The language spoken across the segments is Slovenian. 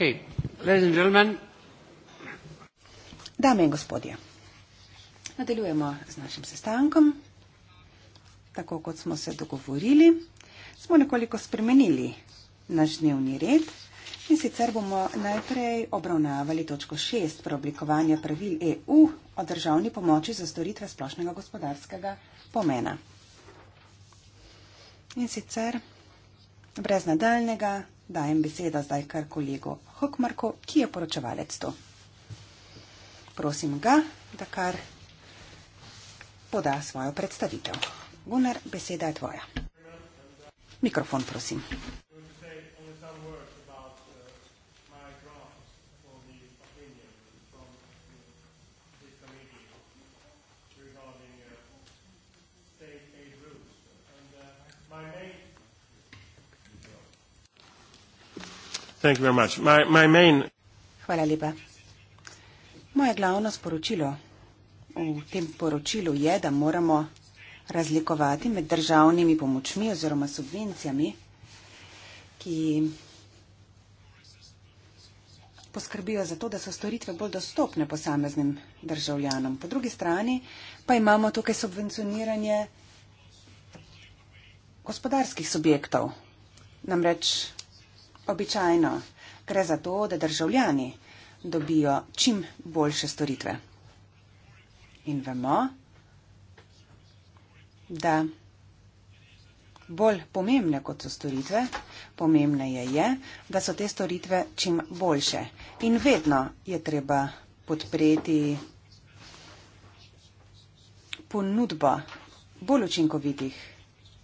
Okay. Ladies and gentlemen. Dame in gospodje, nadaljujemo z našim sestankom. Tako kot smo se dogovorili, smo nekoliko spremenili naš dnevni red in sicer bomo najprej obravnavali točko 6 preoblikovanja pravil EU o državni pomoči za storitve splošnega gospodarskega pomena. In sicer brez nadaljnega dajem beseda zdaj kar kolegu Hokmarku, ki je poročevalec tu. Prosim ga, da kar poda svojo predstavitev. Gunnar, beseda je tvoja. Mikrofon, prosim. Thank you very much. My, my main... Hvala lepa. Moje glavno sporočilo v tem poročilu je, da moramo razlikovati med državnimi pomočmi oziroma subvencijami, ki poskrbijo za to, da so storitve bolj dostopne posameznim državljanom. Po drugi strani pa imamo tukaj subvencioniranje gospodarskih subjektov. Namreč običajno gre za to, da državljani dobijo čim boljše storitve. In vemo, da bolj pomembne kot so storitve, pomembne je, da so te storitve čim boljše. In vedno je treba podpreti ponudbo bolj učinkovitih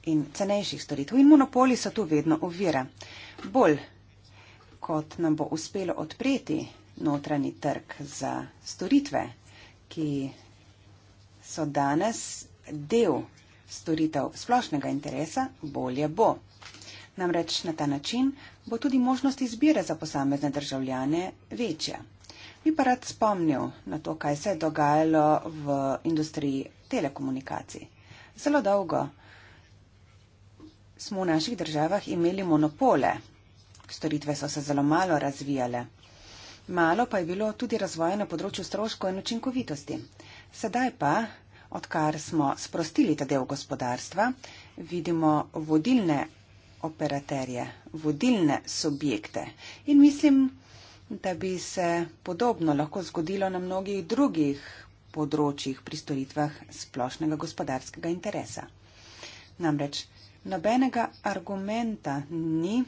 in cenejših storitev. In monopoli so tu vedno ovira. Bolj kot nam bo uspelo odpreti notranji trg za storitve, ki so danes del storitev splošnega interesa, bolje bo. Namreč na ta način bo tudi možnost izbire za posamezne državljane večja. Bi pa rad spomnil na to, kaj se je dogajalo v industriji telekomunikacij. Zelo dolgo smo v naših državah imeli monopole Storitve so se zelo malo razvijale. Malo pa je bilo tudi razvoja na področju stroškov in učinkovitosti. Sedaj pa, odkar smo sprostili ta del gospodarstva, vidimo vodilne operaterje, vodilne subjekte. In mislim, da bi se podobno lahko zgodilo na mnogih drugih področjih pri storitvah splošnega gospodarskega interesa. Namreč nobenega argumenta ni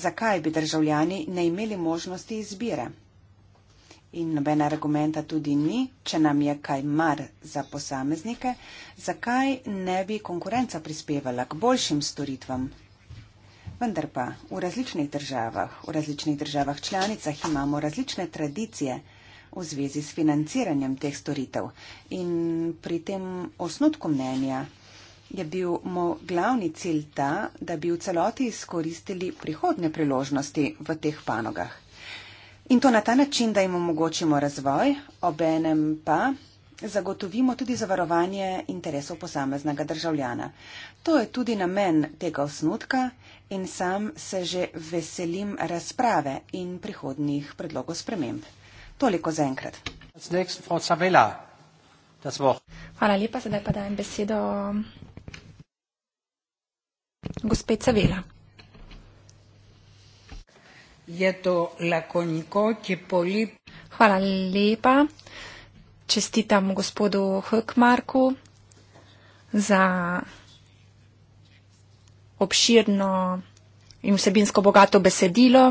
Zakaj bi državljani ne imeli možnosti izbire? In nobena argumenta tudi ni, če nam je kaj mar za posameznike, zakaj ne bi konkurenca prispevala k boljšim storitvam? Vendar pa v različnih državah, v različnih državah članicah imamo različne tradicije v zvezi s financiranjem teh storitev in pri tem osnutku mnenja je bil moj glavni cilj ta, da bi v celoti izkoristili prihodne priložnosti v teh panogah. In to na ta način, da jim omogočimo razvoj, obenem pa zagotovimo tudi zavarovanje interesov posameznega državljana. To je tudi namen tega osnutka in sam se že veselim razprave in prihodnih predlogov sprememb. Toliko za enkrat. Hvala lepa, sedaj pa dajem besedo Gospe Cavela. Je to lahko nikoli poli. Hvala lepa. Čestitam gospodu Hkmarku za obširno in vsebinsko bogato besedilo.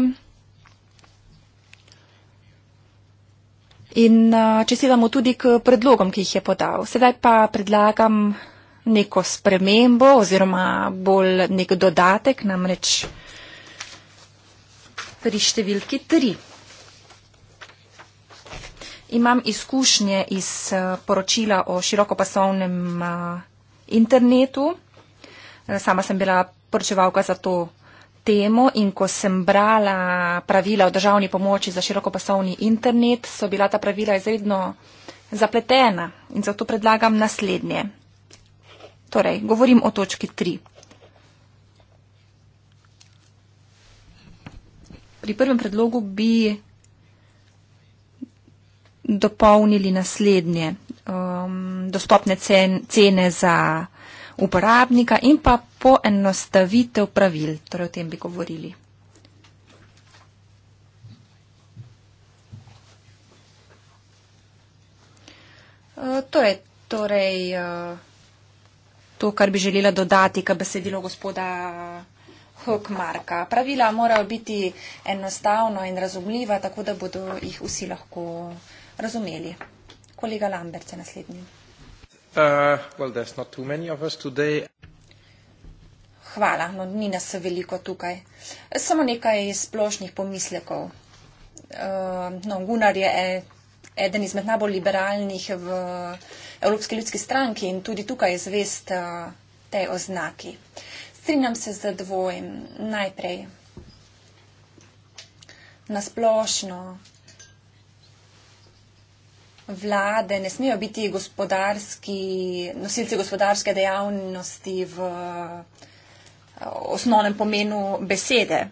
In eh, čestitam mu tudi k predlogom, ki jih je podal. Sedaj pa predlagam neko spremembo oziroma bolj nek dodatek, namreč pri številki 3. Imam izkušnje iz eh, poročila o širokopasovnem eh, internetu. Eh, sama sem bila poročevalka za to temo in ko sem brala pravila o državni pomoči za širokopasovni internet, so bila ta pravila izredno zapletena in zato predlagam naslednje. Torej, govorim o točki 3. Pri prvem predlogu bi dopolnili naslednje um, dostopne cen, cene za uporabnika in pa poenostavitev pravil. Torej, o tem bi govorili. Uh, to je torej. Uh, to, kar bi želela dodati, kar besedilo gospoda Hokmarka. Pravila morajo biti enostavno in razumljiva, tako da bodo jih vsi lahko razumeli. Kolega Lambert je naslednji. Uh, well, Hvala, no ni nas veliko tukaj. Samo nekaj splošnih pomislekov. Uh, no, Gunnar je e-, eden izmed najbolj liberalnih v Evropski ljudski stranki in tudi tukaj je zvest eh, te oznaki. Strinjam se z dvojem. Najprej nasplošno vlade ne smejo biti gospodarski, nosilci gospodarske dejavnosti v eh, osnovnem pomenu besede.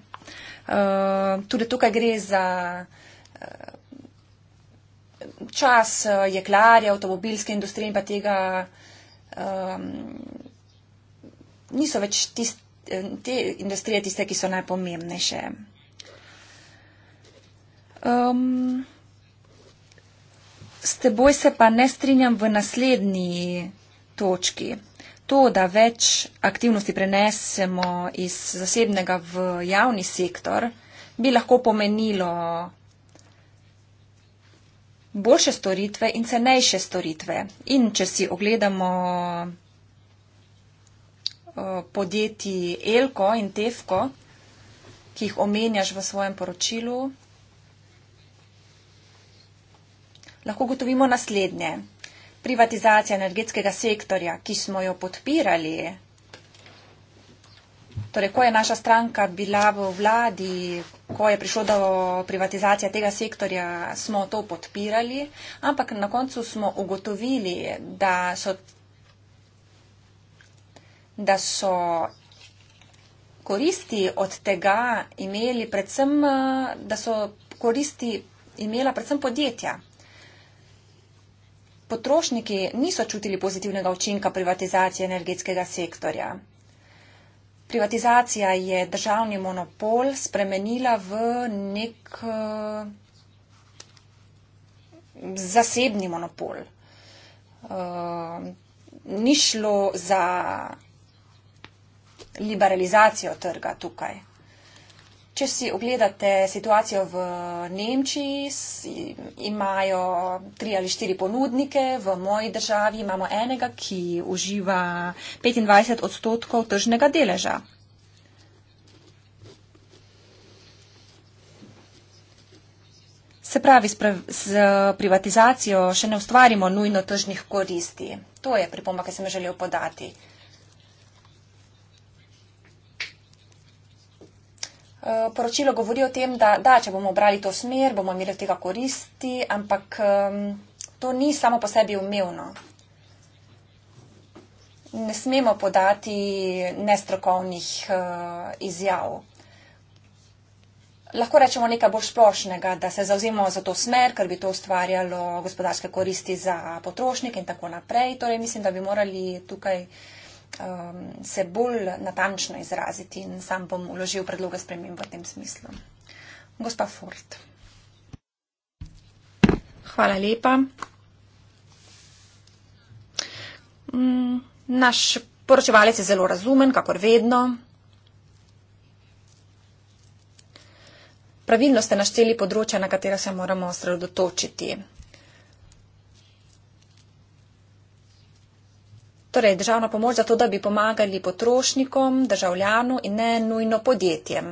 Eh, tudi tukaj gre za čas eh, jeklarja, avtomobilske industrije in pa tega um, niso več tist, te industrije tiste, ki so najpomembnejše. Um, s teboj se pa ne strinjam v naslednji točki. To, da več aktivnosti prenesemo iz zasebnega v javni sektor, bi lahko pomenilo boljše storitve in cenejše storitve. In če si ogledamo eh, podjetji Elko in Tefko, ki jih omenjaš v svojem poročilu, lahko gotovimo naslednje. Privatizacija energetskega sektorja, ki smo jo podpirali Torej, ko je naša stranka bila v vladi, ko je prišlo do privatizacije tega sektorja, smo to podpirali, ampak na koncu smo ugotovili, da so, da so koristi od tega imeli predvsem, da so koristi imela predvsem podjetja. Potrošniki niso čutili pozitivnega učinka privatizacije energetskega sektorja. Privatizacija je državni monopol spremenila v nek eh, zasebni monopol. Eh, ni šlo za liberalizacijo trga tukaj. Če si ogledate situacijo v Nemčiji, imajo tri ali štiri ponudnike, v moji državi imamo enega, ki uživa 25 odstotkov tržnega deleža. Se pravi, s privatizacijo še ne ustvarimo nujno tržnih koristi. To je pripomba, ki sem želel podati. Eh, poročilo govori o tem, da, da če bomo obrali to smer, bomo imeli od tega koristi, ampak um, to ni samo po sebi umevno. Ne smemo podati nestrokovnih uh, izjav. Lahko rečemo nekaj bolj splošnega, da se zauzemamo za to smer, ker bi to ustvarjalo gospodarske koristi za potrošnike in tako naprej. Torej, mislim, da bi morali tukaj uh, um, se bolj natančno izraziti in sam bom uložil predloge spremem v tem smislu. Gospa Furt. Hvala lepa. Mm, naš poročevalec je zelo razumen, kakor vedno. Pravilno ste našteli področja, na katera se moramo osredotočiti. torej državna pomoč za to, da bi pomagali potrošnikom, državljanu in ne nujno podjetjem.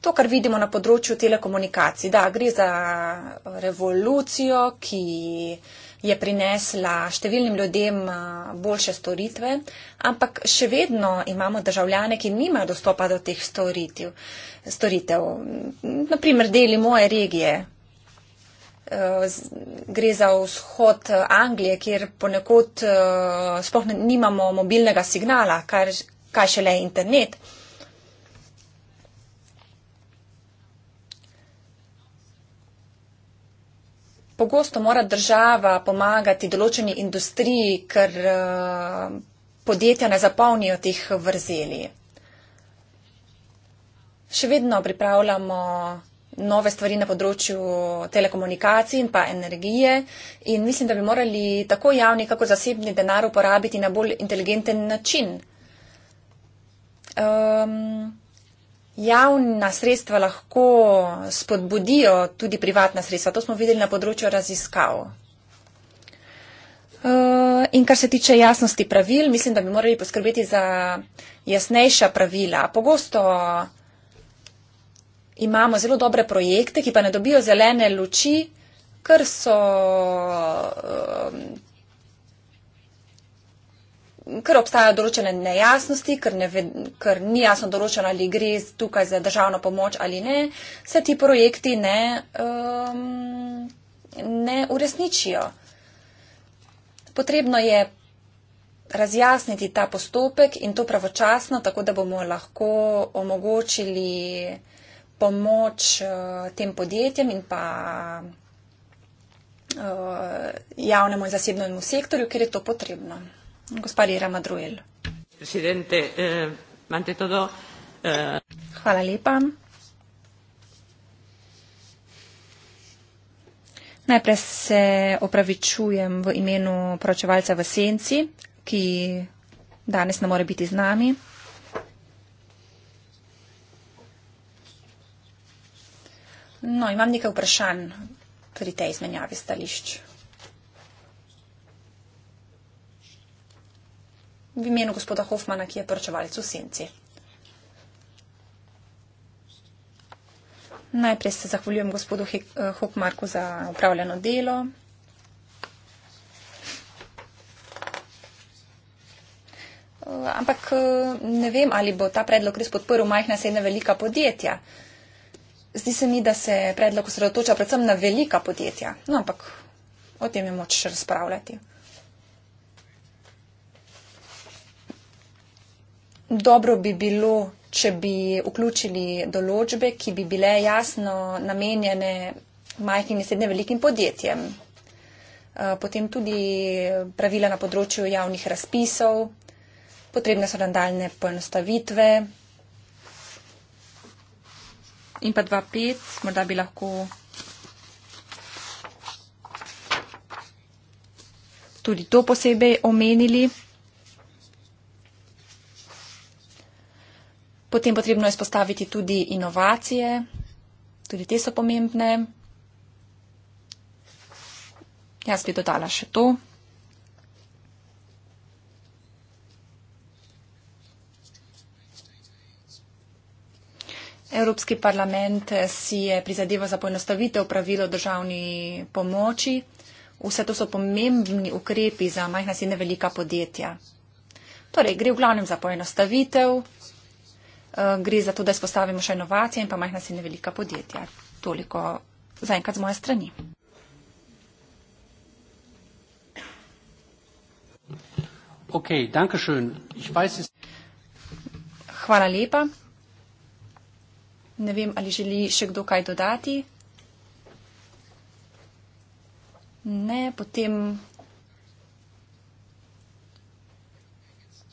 To, kar vidimo na področju telekomunikacij, da gre za revolucijo, ki je prinesla številnim ljudem boljše storitve, ampak še vedno imamo državljane, ki nimajo dostopa do teh storitev. Naprimer, deli moje regije, Eh, gre za vzhod Anglije, kjer ponekod eh, sploh nimamo mobilnega signala, kar, kaj šele internet. Pogosto mora država pomagati določeni industriji, ker eh, podjetja ne zapolnijo teh vrzeli. Še vedno pripravljamo nove stvari na področju telekomunikacij in pa energije. In mislim, da bi morali tako javni, kako zasebni denar uporabiti na bolj inteligenten način. Um, javna sredstva lahko spodbudijo tudi privatna sredstva. To smo videli na področju raziskav. Uh, in kar se tiče jasnosti pravil, mislim, da bi morali poskrbeti za jasnejša pravila. Pogosto imamo zelo dobre projekte, ki pa ne dobijo zelene luči, ker so. Um, Ker obstajajo določene nejasnosti, ker, ne ve, ker ni jasno določeno, ali gre tukaj za državno pomoč ali ne, se ti projekti ne, um, ne uresničijo. Potrebno je razjasniti ta postopek in to pravočasno, tako da bomo lahko omogočili pomoč eh, tem podjetjem in pa eh, javnemu in zasebnemu sektorju, kjer je to potrebno. Gospa Rira Madruel. Eh, Hvala lepa. Najprej se opravičujem v imenu poročevalca v Senci, ki danes ne more biti z nami. No, imam nekaj vprašanj pri tej izmenjavi stališč. V imenu gospoda Hofmana, ki je poročevalec v Senci. Najprej se zahvaljujem gospodu eh, Hofmarku za upravljeno delo. Eh, ampak eh, ne vem, ali bo ta predlog res podporil majhna srednja velika podjetja. Uh, Zdi se mi, da se predlog osredotoča predvsem na velika podjetja, no, ampak o tem je moč še razpravljati. Dobro bi bilo, če bi vključili določbe, ki bi bile jasno namenjene majhnim in srednje velikim podjetjem. Eh, potem tudi pravila na področju javnih razpisov, potrebne so nadaljne poenostavitve, in pa 2,5, morda bi lahko tudi to posebej omenili. Potem potrebno je spostaviti tudi inovacije, tudi te so pomembne. Jaz bi dodala še to. Evropski parlament si je prizadeval za poenostavitev pravil o državni pomoči. Vse to so pomembni ukrepi za majhna in velika podjetja. Torej, gre v glavnem za poenostavitev, eh, gre za to, da izpostavimo še inovacije in pa majhna in velika podjetja. Toliko zaenkrat z moje strani. Okay, Hvala lepa. Ne vem, ali želi še kdo kaj dodati. Ne, potem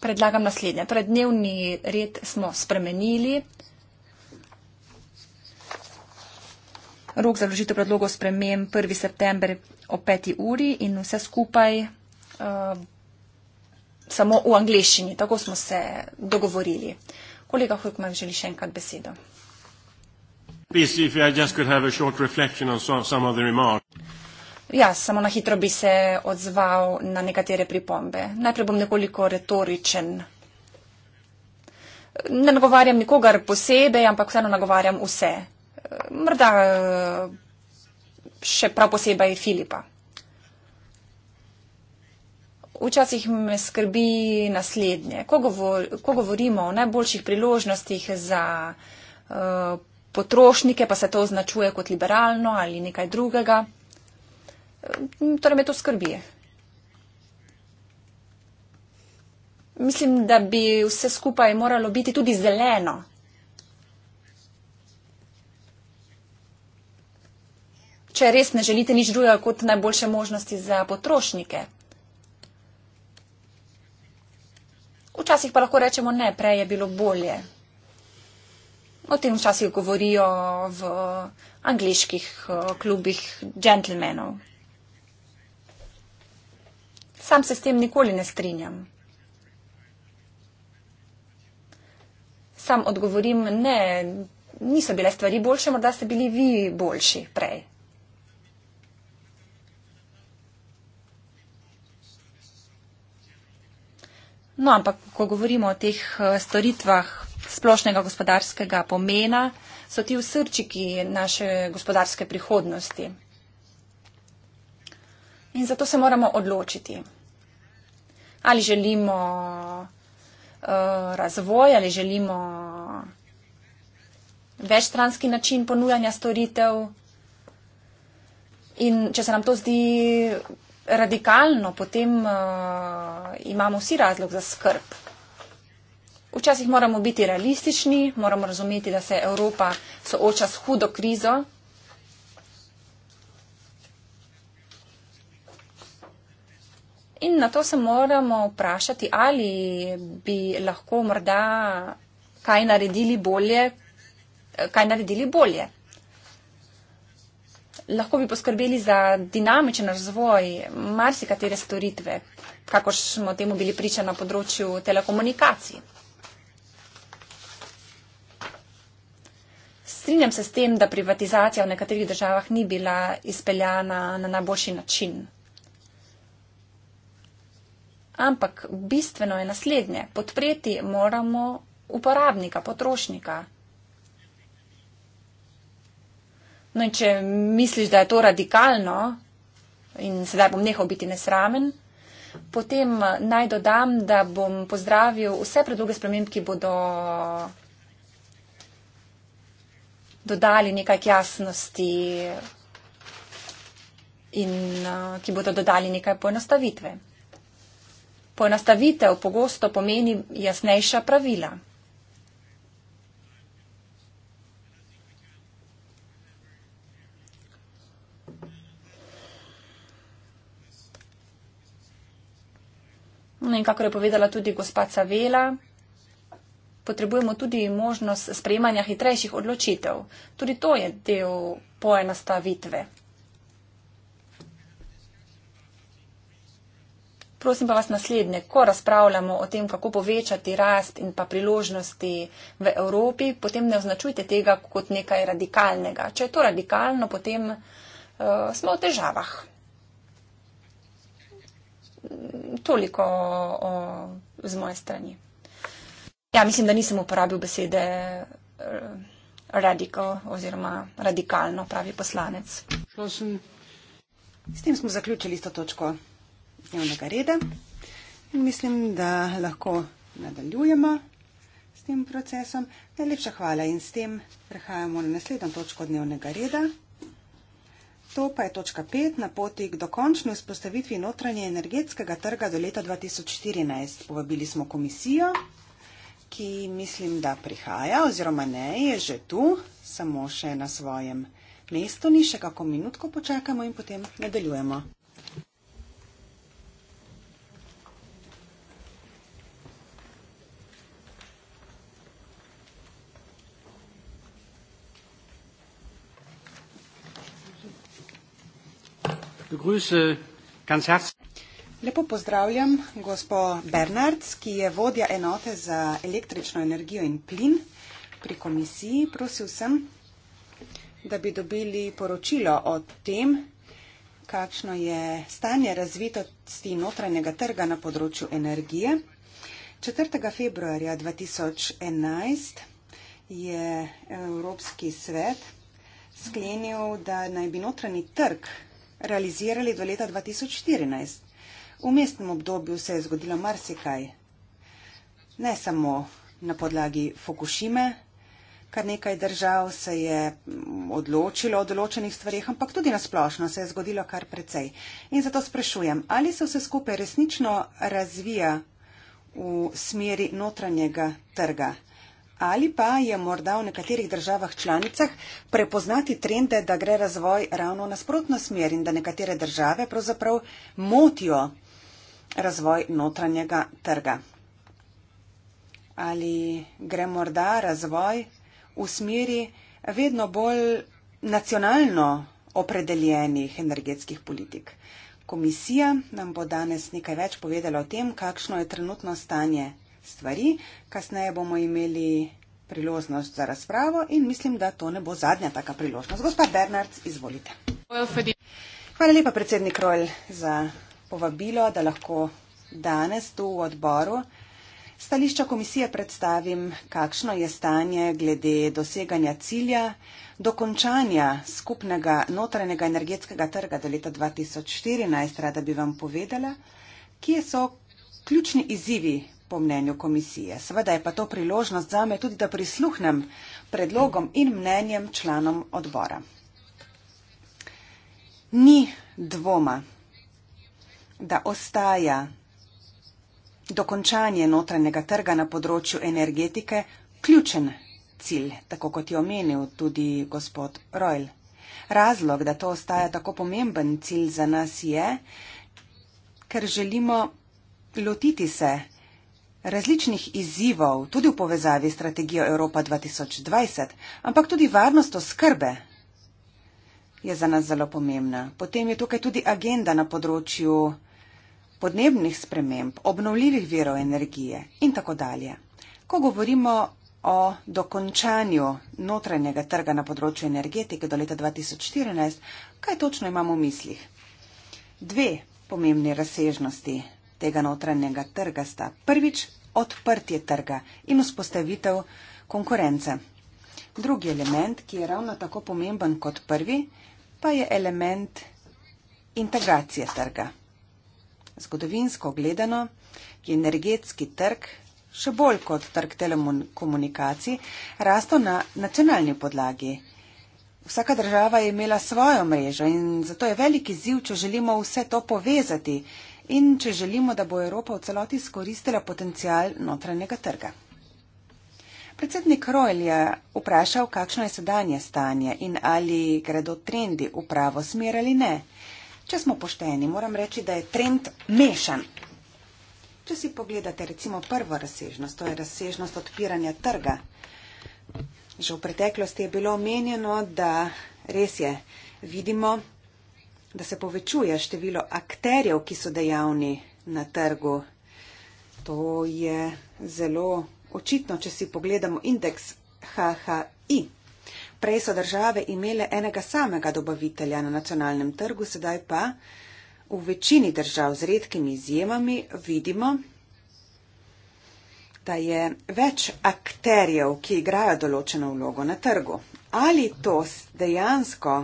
predlagam naslednje. Prednevni torej, red smo spremenili. Rok za vložitev predlogov spremem 1. september o 5. uri in vse skupaj uh, samo v angleščini. Tako smo se dogovorili. Kolega Hukman želi še enkrat besedo. Please, if I just could have a short reflection on some, some of the remarks. Ja, samo na hitro bi se odzval na nekatere pripombe. Najprej bom nekoliko retoričen. Ne nagovarjam nikogar posebej, ampak vseeno nagovarjam vse. Morda še prav posebej Filipa. Včasih me skrbi naslednje. Ko, govor, ko govorimo o najboljših priložnostih za uh, potrošnike, pa se to označuje kot liberalno ali nekaj drugega. Ehm, torej, me to skrbi. Mislim, da bi vse skupaj moralo biti tudi zeleno. Če res ne želite nič drugega kot najboljše možnosti za potrošnike. Včasih pa lahko rečemo ne, prej je bilo bolje o tem včasih govorijo v angliških eh, klubih džentlmenov. Sam se s tem nikoli ne strinjam. Sam odgovorim, ne, niso bile stvari boljše, morda ste bili vi boljši prej. No, ampak, ko govorimo o teh eh, storitvah splošnega gospodarskega pomena, so ti usrčiki naše gospodarske prihodnosti. In zato se moramo odločiti, ali želimo uh, razvoj, ali želimo večstranski način ponujanja storitev. In če se nam to zdi radikalno, potem uh, imamo vsi razlog za skrb. Včasih moramo biti realistični, moramo razumeti, da se Evropa sooča s hudo krizo. In na to se moramo vprašati, ali bi lahko morda kaj naredili bolje. Kaj naredili bolje. Lahko bi poskrbeli za dinamičen razvoj marsikatere storitve, kakor smo temu bili priča na področju telekomunikacij. strinjam se s tem, da privatizacija v nekaterih državah ni bila izpeljana na najboljši način. Ampak bistveno je naslednje. Podpreti moramo uporabnika, potrošnika. No in če misliš, da je to radikalno in sedaj bom nehal biti nesramen, potem naj dodam, da bom pozdravil vse predloge sprememb, ki bodo dodali nekaj jasnosti in uh, ki bodo dodali nekaj poenostavitve. Poenostavitev pogosto pomeni jasnejša pravila. No in kako je povedala tudi gospa Cavela, potrebujemo tudi možnost sprejemanja hitrejših odločitev. Tudi to je del poenostavitve. Prosim pa vas naslednje, ko razpravljamo o tem, kako povečati rast in pa priložnosti v Evropi, potem ne označujte tega kot nekaj radikalnega. Če je to radikalno, potem uh, smo v težavah. Toliko o, z moje strani. Ja, mislim, da nisem uporabil besede eh, radical oziroma radikalno, pravi poslanec. Prosim. S tem smo zaključili isto točko dnevnega reda in mislim, da lahko nadaljujemo s tem procesom. Najlepša hvala in s tem prehajamo na naslednjo točko dnevnega reda. To pa je točka 5 na poti k dokončni vzpostavitvi notranje energetskega trga do leta 2014. Povabili smo komisijo ki mislim, da prihaja, oziroma ne, je že tu, samo še na svojem mestu, ni še kako minutko počakamo in potem nadaljujemo. Grüße, ganz herzlich. Lepo pozdravljam gospo Bernard, ki je vodja enote za električno energijo in plin pri komisiji. Prosil sem, da bi dobili poročilo o tem, kakšno je stanje razvitosti notranjega trga na področju energije. 4. februarja 2011 je Evropski svet sklenil, da naj bi notranji trg realizirali do leta 2014. V mestnem obdobju se je zgodilo marsikaj. Ne samo na podlagi Fukushime, kar nekaj držav se je odločilo o določenih stvarih, ampak tudi nasplošno se je zgodilo kar precej. In zato sprašujem, ali se vse skupaj resnično razvija v smeri notranjega trga. Ali pa je morda v nekaterih državah članicah prepoznati trende, da gre razvoj ravno v nasprotno smer in da nekatere države pravzaprav motijo razvoj notranjega trga. Ali gre morda razvoj v smeri vedno bolj nacionalno opredeljenih energetskih politik? Komisija nam bo danes nekaj več povedala o tem, kakšno je trenutno stanje stvari. Kasneje bomo imeli priložnost za razpravo in mislim, da to ne bo zadnja taka priložnost. Gospod Bernard, izvolite. Hvala lepa, predsednik Rojl, za povabilo, da lahko danes tu v odboru stališča komisije predstavim, kakšno je stanje glede doseganja cilja dokončanja skupnega notranjega energetskega trga do leta 2014. Rada bi vam povedala, kje so ključni izzivi po mnenju komisije. Seveda je pa to priložnost zame tudi, da prisluhnem predlogom in mnenjem članom odbora. Ni dvoma, da ostaja dokončanje notranjega trga na področju energetike ključen cilj, tako kot je omenil tudi gospod Rojl. Razlog, da to ostaja tako pomemben cilj za nas je, ker želimo lotiti se različnih izzivov tudi v povezavi s strategijo Evropa 2020, ampak tudi varnost oskrbe je za nas zelo pomembna. Potem je tukaj tudi agenda na področju podnebnih sprememb, obnovljivih virov energije in tako dalje. Ko govorimo o dokončanju notranjega trga na področju energetike do leta 2014, kaj točno imamo v mislih? Dve pomembni razsežnosti tega notranjega trga sta. Prvič, odprtje trga in vzpostavitev konkurence. Drugi element, ki je ravno tako pomemben kot prvi, pa je element integracije trga zgodovinsko gledano, je energetski trg še bolj kot trg telekomunikacij rasto na nacionalni podlagi. Vsaka država je imela svojo mrežo in zato je veliki ziv, če želimo vse to povezati in če želimo, da bo Evropa v celoti skoristila potencial notranjega trga. Predsednik Rojl je vprašal, kakšno je sedanje stanje in ali gredo trendi v pravo smer ali ne. Če smo pošteni, moram reči, da je trend mešan. Če si pogledate recimo prvo razsežnost, to je razsežnost odpiranja trga, že v preteklosti je bilo omenjeno, da res je, vidimo, da se povečuje število akterjev, ki so dejavni na trgu. To je zelo očitno, če si pogledamo indeks HHI. Prej so države imele enega samega dobavitelja na nacionalnem trgu, sedaj pa v večini držav z redkimi izjemami vidimo, da je več akterjev, ki igrajo določeno vlogo na trgu. Ali to dejansko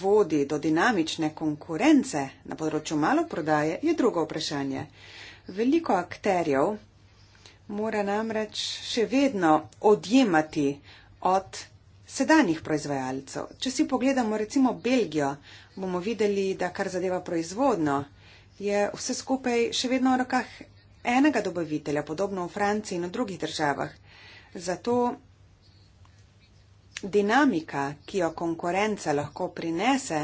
vodi do dinamične konkurence na področju maloprodaje, je drugo vprašanje. Veliko akterjev mora namreč še vedno odjemati od sedanjih proizvajalcev. Če si pogledamo recimo Belgijo, bomo videli, da kar zadeva proizvodno, je vse skupaj še vedno v rokah enega dobavitelja, podobno v Franciji in v drugih državah. Zato dinamika, ki jo konkurenca lahko prinese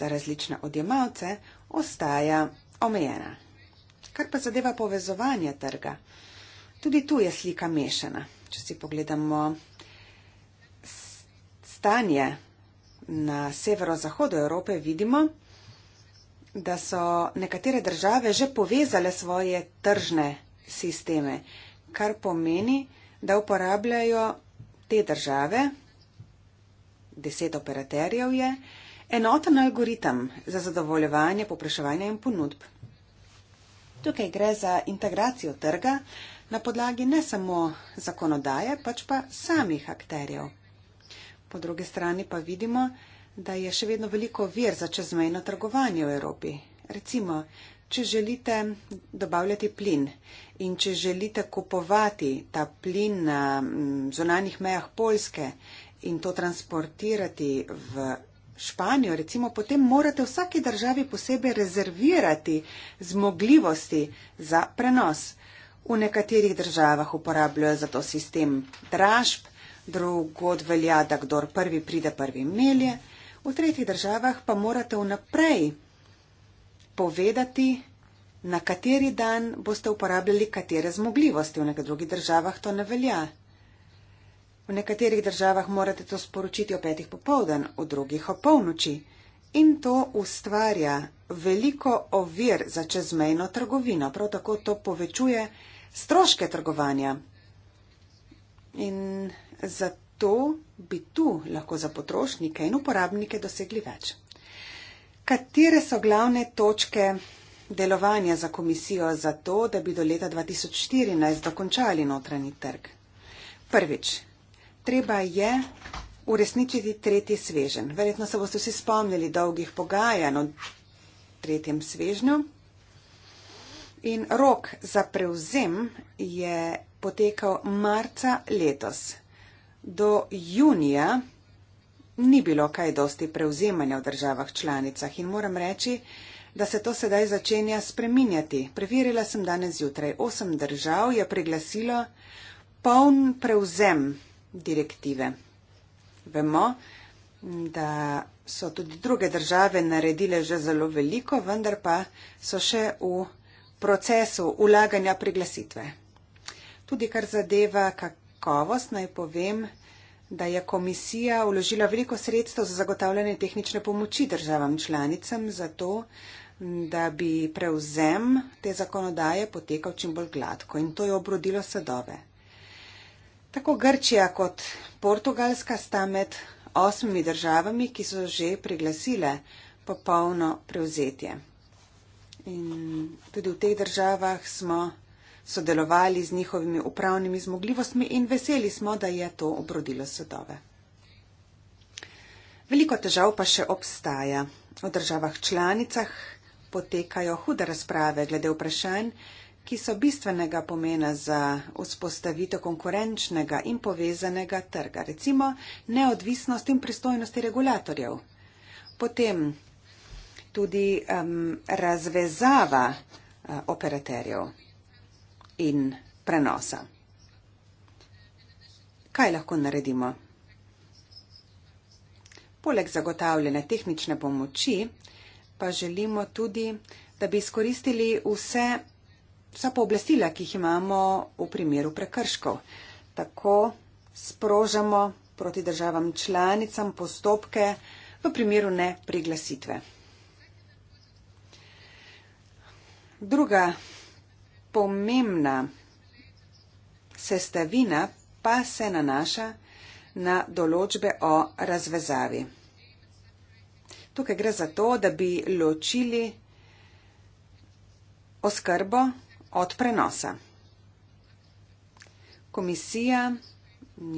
za različne odjemalce, ostaja omejena. Kar pa zadeva povezovanje trga, tudi tu je slika mešana. Če si pogledamo stanje na severozahodu Evrope vidimo, da so nekatere države že povezale svoje tržne sisteme, kar pomeni, da uporabljajo te države, deset operaterjev je, enoten algoritem za zadovoljevanje popraševanja in ponudb. Tukaj gre za integracijo trga na podlagi ne samo zakonodaje, pač pa samih akterjev. Po drugi strani pa vidimo, da je še vedno veliko vir za čezmejno trgovanje v Evropi. Recimo, če želite dobavljati plin in če želite kupovati ta plin na mm, zonanih mejah Poljske in to transportirati v Španijo, recimo, potem morate vsaki državi posebej rezervirati zmogljivosti za prenos. V nekaterih državah uporabljajo za to sistem dražb, drugod velja, da kdor prvi pride, prvi melje. V tretjih državah pa morate vnaprej povedati, na kateri dan boste uporabljali katere zmogljivosti. V nekaj drugih državah to ne velja. V nekaterih državah morate to sporočiti o petih popovdan, v drugih o polnoči. In to ustvarja veliko ovir za čezmejno trgovino. Prav tako to povečuje stroške trgovanja. In zato bi tu lahko za potrošnike in uporabnike dosegli več. Katere so glavne točke delovanja za komisijo za to, da bi do leta 2014 dokončali notranji trg? Prvič, treba je uresničiti tretji svežen. Verjetno se boste vsi spomnili dolgih pogajanj o tretjem svežnju. In rok za prevzem je potekal marca letos. Do junija ni bilo kaj dosti prevzemanja v državah članicah in moram reči, da se to sedaj začenja spreminjati. Preverila sem danes zjutraj. Osem držav je priglasilo poln prevzem direktive. Vemo, da so tudi druge države naredile že zelo veliko, vendar pa so še v procesu ulaganja priglasitve. Tudi kar zadeva, kako kakovost, naj povem, da je komisija vložila veliko sredstev za zagotavljanje tehnične pomoči državam članicam, zato da bi prevzem te zakonodaje potekal čim bolj gladko in to je obrodilo sadove. Tako Grčija kot Portugalska sta med osmimi državami, ki so že priglasile popolno prevzetje. In tudi v teh državah smo sodelovali z njihovimi upravnimi zmogljivostmi in veseli smo, da je to obrodilo sodove. Veliko težav pa še obstaja. V državah članicah potekajo hude razprave glede vprašanj, ki so bistvenega pomena za vzpostavitev konkurenčnega in povezanega trga, recimo neodvisnost in pristojnosti regulatorjev. Potem tudi um, razvezava uh, operaterjev in prenosa. Kaj lahko naredimo? Poleg zagotavljene tehnične pomoči, pa želimo tudi, da bi izkoristili vse, vsa pooblastila, ki jih imamo v primeru prekrškov. Tako sprožamo proti državam članicam postopke v primeru ne priglasitve. Druga pomembna sestavina pa se nanaša na določbe o razvezavi. Tukaj gre za to, da bi ločili oskrbo od prenosa. Komisija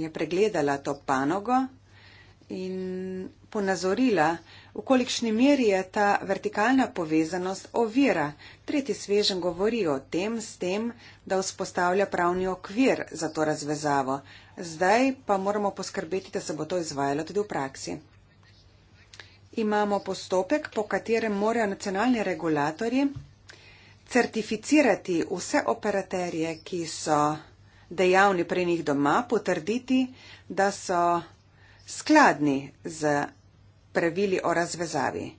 je pregledala to panogo in ponazorila, V kolikšni meri je ta vertikalna povezanost ovira? Tretji svežen govori o tem s tem, da vzpostavlja pravni okvir za to razvezavo. Zdaj pa moramo poskrbeti, da se bo to izvajalo tudi v praksi. Imamo postopek, po katerem morajo nacionalni regulatorji certificirati vse operaterje, ki so dejavni pri njih doma, potrditi, da so skladni z pravili o razvezavi.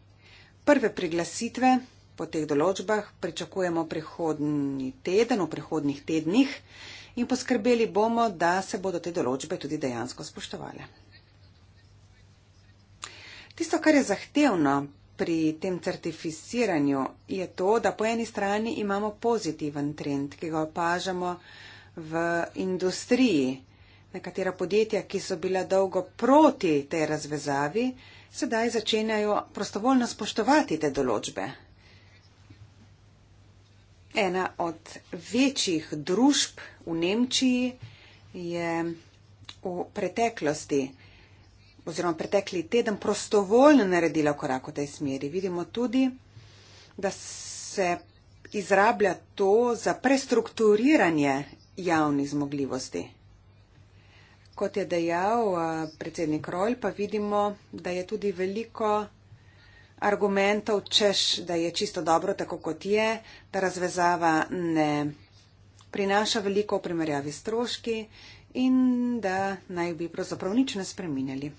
Prve priglasitve po teh določbah pričakujemo prihodnji teden, v prihodnih tednih in poskrbeli bomo, da se bodo te določbe tudi dejansko spoštovale. Tisto, kar je zahtevno pri tem certificiranju, je to, da po eni strani imamo pozitiven trend, ki ga opažamo v industriji. Nekatera podjetja, ki so bila dolgo proti tej razvezavi, sedaj začenjajo prostovoljno spoštovati te določbe. Ena od večjih družb v Nemčiji je v preteklosti oziroma pretekli teden prostovoljno naredila korak v tej smeri. Vidimo tudi, da se izrablja to za prestrukturiranje javnih zmogljivosti kot je dejal eh, predsednik Rojl, pa vidimo, da je tudi veliko argumentov, češ, da je čisto dobro tako, kot je, da razvezava ne prinaša veliko v primerjavi stroški in da naj bi pravzaprav nič ne spreminjali.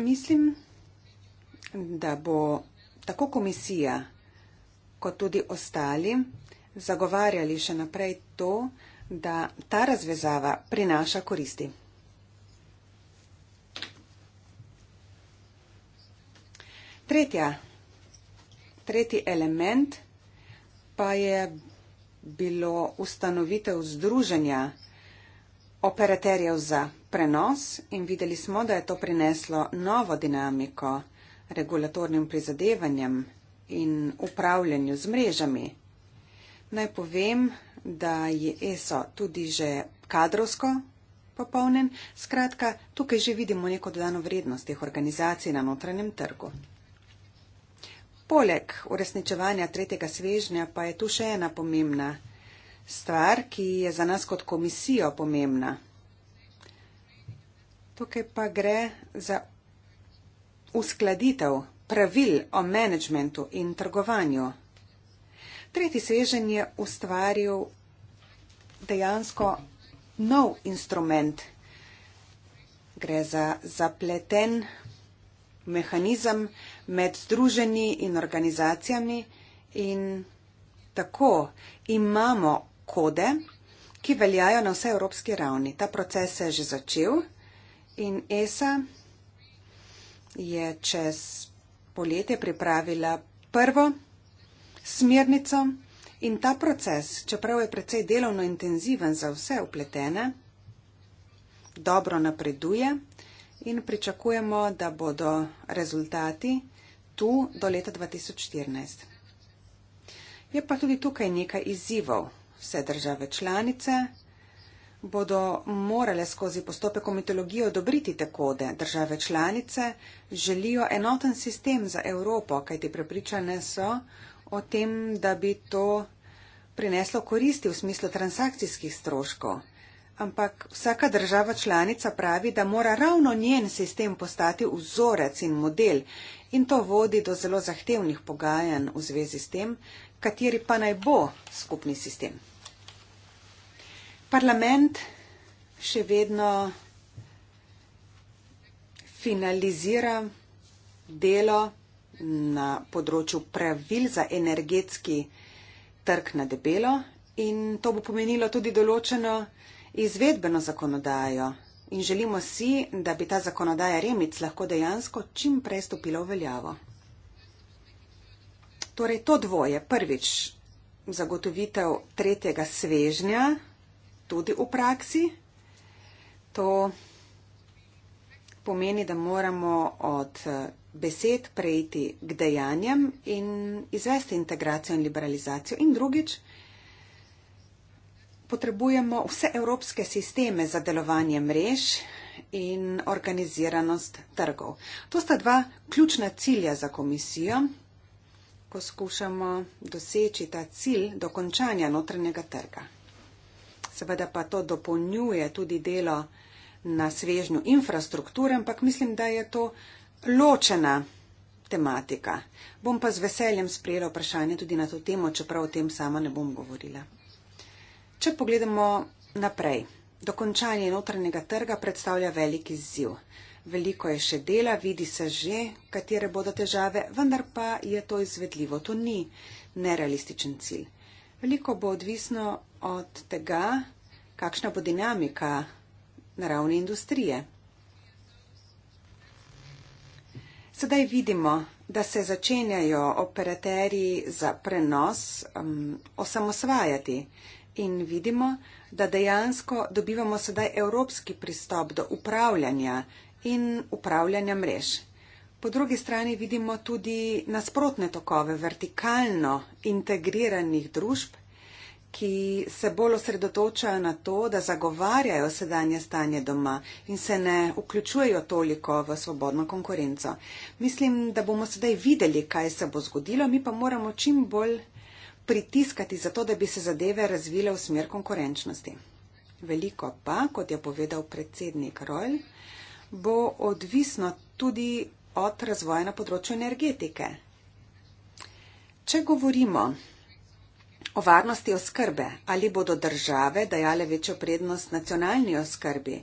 Mislim, da bo tako komisija kot tudi ostali zagovarjali še naprej to, da ta razvezava prinaša koristi. Tretja, tretji element pa je bilo ustanovitev združenja operaterjev za prenos in videli smo, da je to prineslo novo dinamiko regulatornim prizadevanjem in upravljanju z mrežami. Naj povem, da je ESO tudi že kadrovsko popolnen. Skratka, tukaj že vidimo neko dodano vrednost teh organizacij na notranjem trgu. Poleg uresničevanja tretjega svežnja pa je tu še ena pomembna stvar, ki je za nas kot komisijo pomembna. Tukaj pa gre za uskladitev pravil o menedžmentu in trgovanju. Tretji seženj je ustvaril dejansko nov instrument. Gre za zapleten mehanizem med združenji in organizacijami in tako imamo kode, ki veljajo na vse evropski ravni. Ta proces se je že začel in ESA je čez poletje pripravila prvo smernico in ta proces, čeprav je precej delovno intenziven za vse upletene, dobro napreduje in pričakujemo, da bodo rezultati tu do leta 2014. Je pa tudi tukaj nekaj izzivov. Vse države članice bodo morale skozi postopek komitologije odobriti te kode. Države članice želijo enoten sistem za Evropo, kajti prepričane so, o tem, da bi to prineslo koristi v smislu transakcijskih stroškov. Ampak vsaka država članica pravi, da mora ravno njen sistem postati vzorec in model in to vodi do zelo zahtevnih pogajanj v zvezi s tem, kateri pa naj bo skupni sistem. Parlament še vedno finalizira delo na področju pravil za energetski trg na debelo in to bo pomenilo tudi določeno izvedbeno zakonodajo. In želimo si, da bi ta zakonodaja Remic lahko dejansko čim prej stopila v veljavo. Torej, to dvoje. Prvič, zagotovitev tretjega svežnja tudi v praksi. To pomeni, da moramo od eh, besed prejti k dejanjem in izvesti integracijo in liberalizacijo. In drugič, potrebujemo vse evropske sisteme za delovanje mrež in organiziranost trgov. To sta dva ključna cilja za komisijo, ko skušamo doseči ta cilj dokončanja notranjega trga. Seveda pa to dopolnjuje tudi delo na svežnju infrastrukture, ampak mislim, da je to ločena tematika. Bom pa z veseljem sprejela vprašanje tudi na to temo, čeprav o tem sama ne bom govorila. Če pogledamo naprej, dokončanje notranjega trga predstavlja velik izziv. Veliko je še dela, vidi se že, katere bodo težave, vendar pa je to izvedljivo. To ni nerealističen cilj. Veliko bo odvisno od tega, kakšna bo dinamika na ravni industrije. Sedaj vidimo, da se začenjajo operaterji za prenos um, osamosvajati in vidimo, da dejansko dobivamo sedaj evropski pristop do upravljanja in upravljanja mrež. Po drugi strani vidimo tudi nasprotne tokove vertikalno integriranih družb, ki se bolj osredotočajo na to, da zagovarjajo sedanje stanje doma in se ne vključujejo toliko v svobodno konkurenco. Mislim, da bomo sedaj videli, kaj se bo zgodilo, mi pa moramo čim bolj pritiskati za to, da bi se zadeve razvile v smer konkurenčnosti. Veliko pa, kot je povedal predsednik Rojl, bo odvisno tudi od razvoja na področju energetike. Če govorimo O varnosti oskrbe. Ali bodo države dajale večjo prednost nacionalni oskrbi?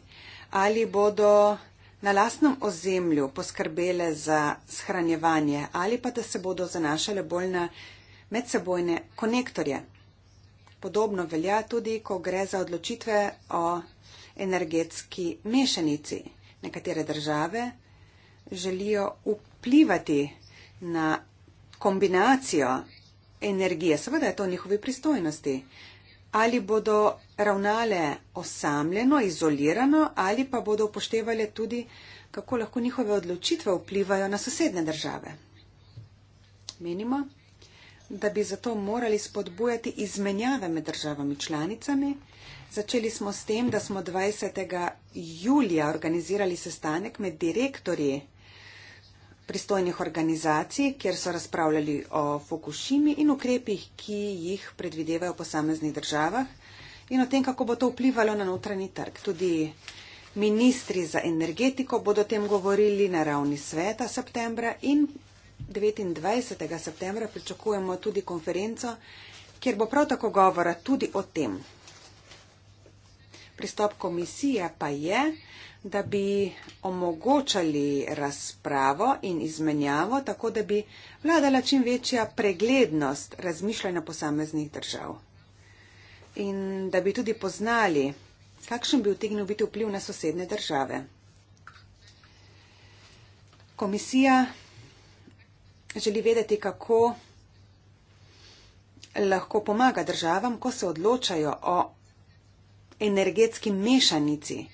Ali bodo na lastnem ozemlju poskrbele za shranjevanje? Ali pa da se bodo zanašale bolj na medsebojne konektorje? Podobno velja tudi, ko gre za odločitve o energetski mešanici. Nekatere države želijo vplivati na kombinacijo energije. Seveda je to njihove pristojnosti. Ali bodo ravnale osamljeno, izolirano, ali pa bodo upoštevali tudi, kako lahko njihove odločitve vplivajo na sosedne države. Menimo, da bi zato morali spodbujati izmenjave med državami članicami. Začeli smo s tem, da smo 20. julija organizirali sestanek med direktorji pristojnih organizacij, kjer so razpravljali o Fukushimi in ukrepih, ki jih predvidevajo v posameznih državah in o tem, kako bo to vplivalo na notranji trg. Tudi ministri za energetiko bodo o tem govorili na ravni sveta septembra in 29. septembra pričakujemo tudi konferenco, kjer bo prav tako govora tudi o tem. Pristop komisije pa je, da bi omogočali razpravo in izmenjavo, tako da bi vladala čim večja preglednost razmišljanja posameznih držav. In da bi tudi poznali, kakšen bi utegnil biti vpliv na sosedne države. Komisija želi vedeti, kako lahko pomaga državam, ko se odločajo o energetski mešanici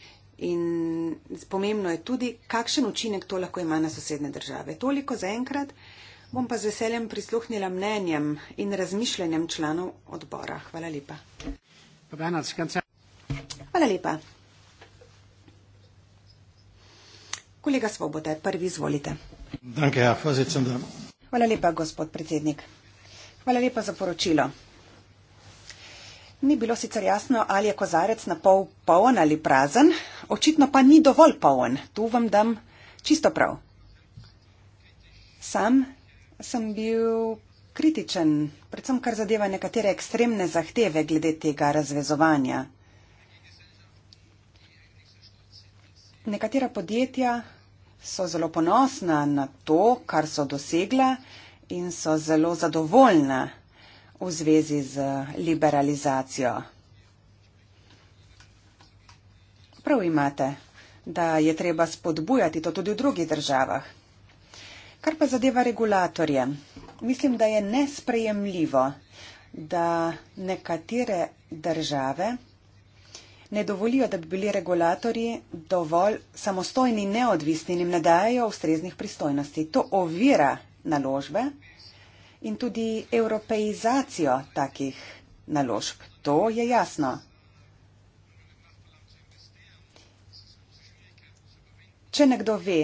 In pomembno je tudi, kakšen učinek to lahko ima na sosedne države. Toliko za enkrat. Bom pa z veseljem prisluhnila mnenjem in razmišljanjem članov odbora. Hvala lepa. Hvala lepa. Kolega Svobode, prvi izvolite. Hvala lepa, gospod predsednik. Hvala lepa za poročilo. Ni bilo sicer jasno, ali je kozarec na pol poln ali prazen, očitno pa ni dovolj poln, tu vam dam čisto prav. Sam sem bil kritičen, predvsem kar zadeva nekatere ekstremne zahteve glede tega razvezovanja. Nekatera podjetja so zelo ponosna na to, kar so dosegla in so zelo zadovoljna v zvezi z liberalizacijo. Prav imate, da je treba spodbujati to tudi v drugih državah. Kar pa zadeva regulatorje, mislim, da je nesprejemljivo, da nekatere države ne dovolijo, da bi bili regulatorji dovolj samostojni in neodvisni in jim ne dajo ustreznih pristojnosti. To ovira naložbe in tudi evropeizacijo takih naložb. To je jasno. Če nekdo ve,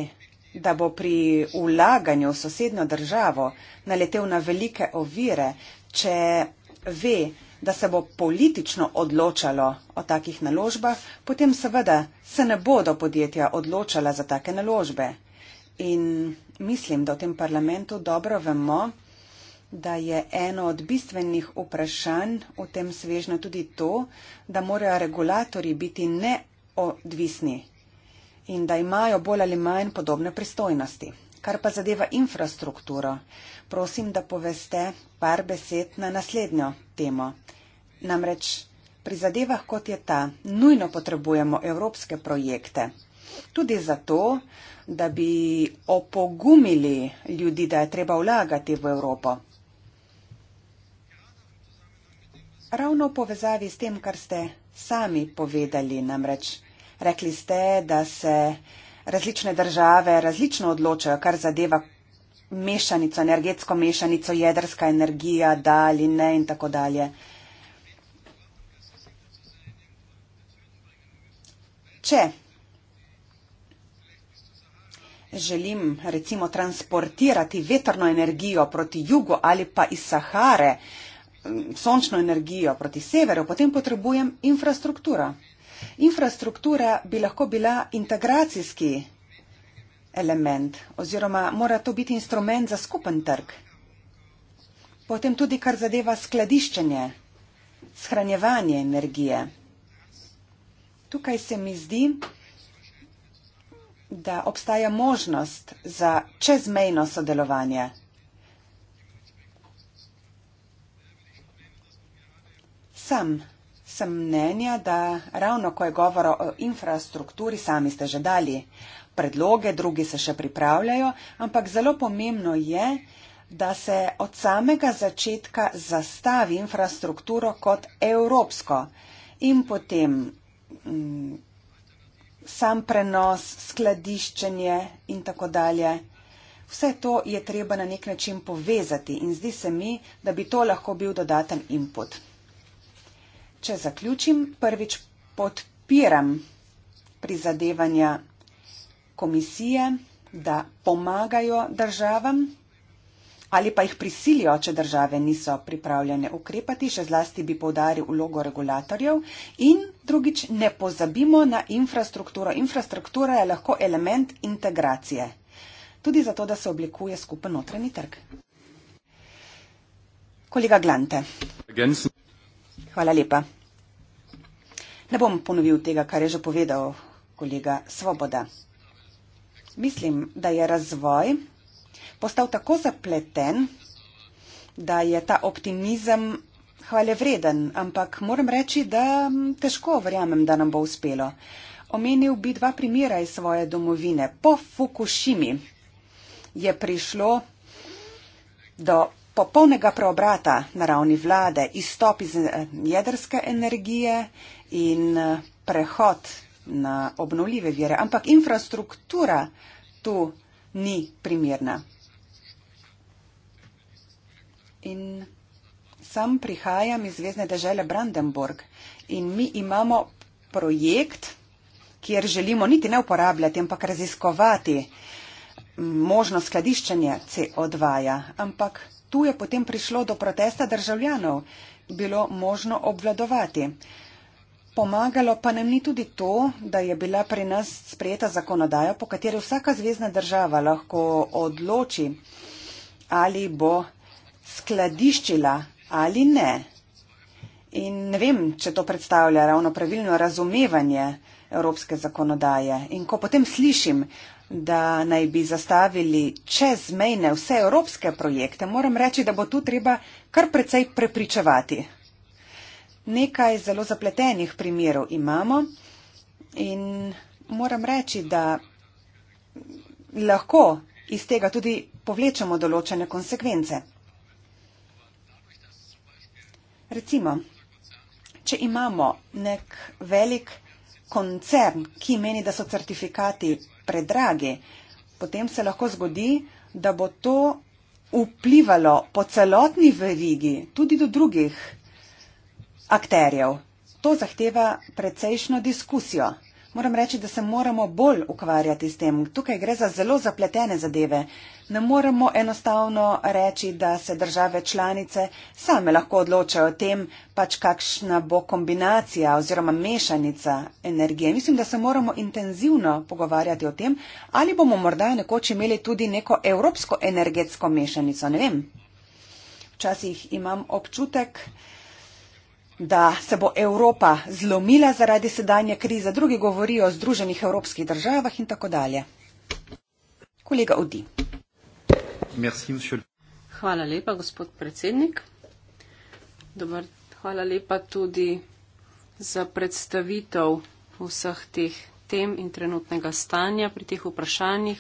da bo pri vlaganju v sosedno državo naletel na velike ovire, če ve, da se bo politično odločalo o takih naložbah, potem seveda se ne bodo podjetja odločala za take naložbe. In mislim, da v tem parlamentu dobro vemo, da je eno od bistvenih vprašanj v tem svežnju tudi to, da morajo regulatori biti neodvisni in da imajo bolj ali manj podobne pristojnosti. Kar pa zadeva infrastrukturo, prosim, da poveste par besed na naslednjo temo. Namreč pri zadevah kot je ta nujno potrebujemo evropske projekte. Tudi zato, da bi opogumili ljudi, da je treba vlagati v Evropo. Ravno v povezavi s tem, kar ste sami povedali, namreč rekli ste, da se različne države različno odločajo, kar zadeva mešanico, energetsko mešanico, jedrska energija, da ali ne in tako dalje. Če želim recimo transportirati vetrno energijo proti jugu ali pa iz Sahare, sončno energijo proti severu, potem potrebujem infrastrukturo. Infrastruktura bi lahko bila integracijski element oziroma mora to biti instrument za skupen trg. Potem tudi, kar zadeva skladiščenje, shranjevanje energije. Tukaj se mi zdi, da obstaja možnost za čezmejno sodelovanje. sam sem mnenja, da ravno ko je govora o infrastrukturi, sami ste že dali predloge, drugi se še pripravljajo, ampak zelo pomembno je, da se od samega začetka zastavi infrastrukturo kot evropsko in potem m, mm, sam prenos, skladiščenje in tako dalje. Vse to je treba na nek način povezati in zdi se mi, da bi to lahko bil dodaten input če zaključim, prvič podpiram prizadevanja komisije, da pomagajo državam ali pa jih prisilijo, če države niso pripravljene ukrepati, še zlasti bi povdaril vlogo regulatorjev. In drugič, ne pozabimo na infrastrukturo. Infrastruktura je lahko element integracije. Tudi zato, da se oblikuje skupen notranji trg. Kolega Glante. Agencij. Hvala lepa. Ne bom ponovil tega, kar je že povedal kolega Svoboda. Mislim, da je razvoj postal tako zapleten, da je ta optimizem hvale vreden, ampak moram reči, da težko verjamem, da nam bo uspelo. Omenil bi dva primera iz svoje domovine. Po Fukushimi je prišlo do popolnega preobrata na ravni vlade, izstop iz eh, jedrske energije in eh, prehod na obnovljive vire, ampak infrastruktura tu ni primerna. In sam prihajam iz zvezdne države Brandenburg in mi imamo projekt, kjer želimo niti ne uporabljati, ampak raziskovati možno skladiščenje CO2-ja, ampak Tu je potem prišlo do protesta državljanov, bilo možno obvladovati. Pomagalo pa nam ni tudi to, da je bila pri nas sprejeta zakonodaja, po kateri vsaka zvezdna država lahko odloči, ali bo skladiščila ali ne. In ne vem, če to predstavlja ravno pravilno razumevanje evropske zakonodaje. In ko potem slišim, da naj bi zastavili čezmejne vse evropske projekte, moram reči, da bo tu treba kar precej prepričevati. Nekaj zelo zapletenih primerov imamo in moram reči, da lahko iz tega tudi povlečemo določene konsekvence. Recimo, če imamo nek velik koncern, ki meni, da so certifikati predragi, potem se lahko zgodi, da bo to vplivalo po celotni verigi tudi do drugih akterjev. To zahteva precejšno diskusijo moram reči, da se moramo bolj ukvarjati s tem. Tukaj gre za zelo zapletene zadeve. Ne moremo enostavno reči, da se države članice same lahko odločajo o tem, pač kakšna bo kombinacija oziroma mešanica energije. Mislim, da se moramo intenzivno pogovarjati o tem, ali bomo morda nekoč imeli tudi neko evropsko energetsko mešanico. Ne vem. Včasih imam občutek, da se bo Evropa zlomila zaradi sedanje krize, drugi govorijo o združenih evropskih državah in tako dalje. Kolega Udi. Merci, hvala lepa, gospod predsednik. Dobar, hvala lepa tudi za predstavitev vseh teh tem in trenutnega stanja pri teh vprašanjih.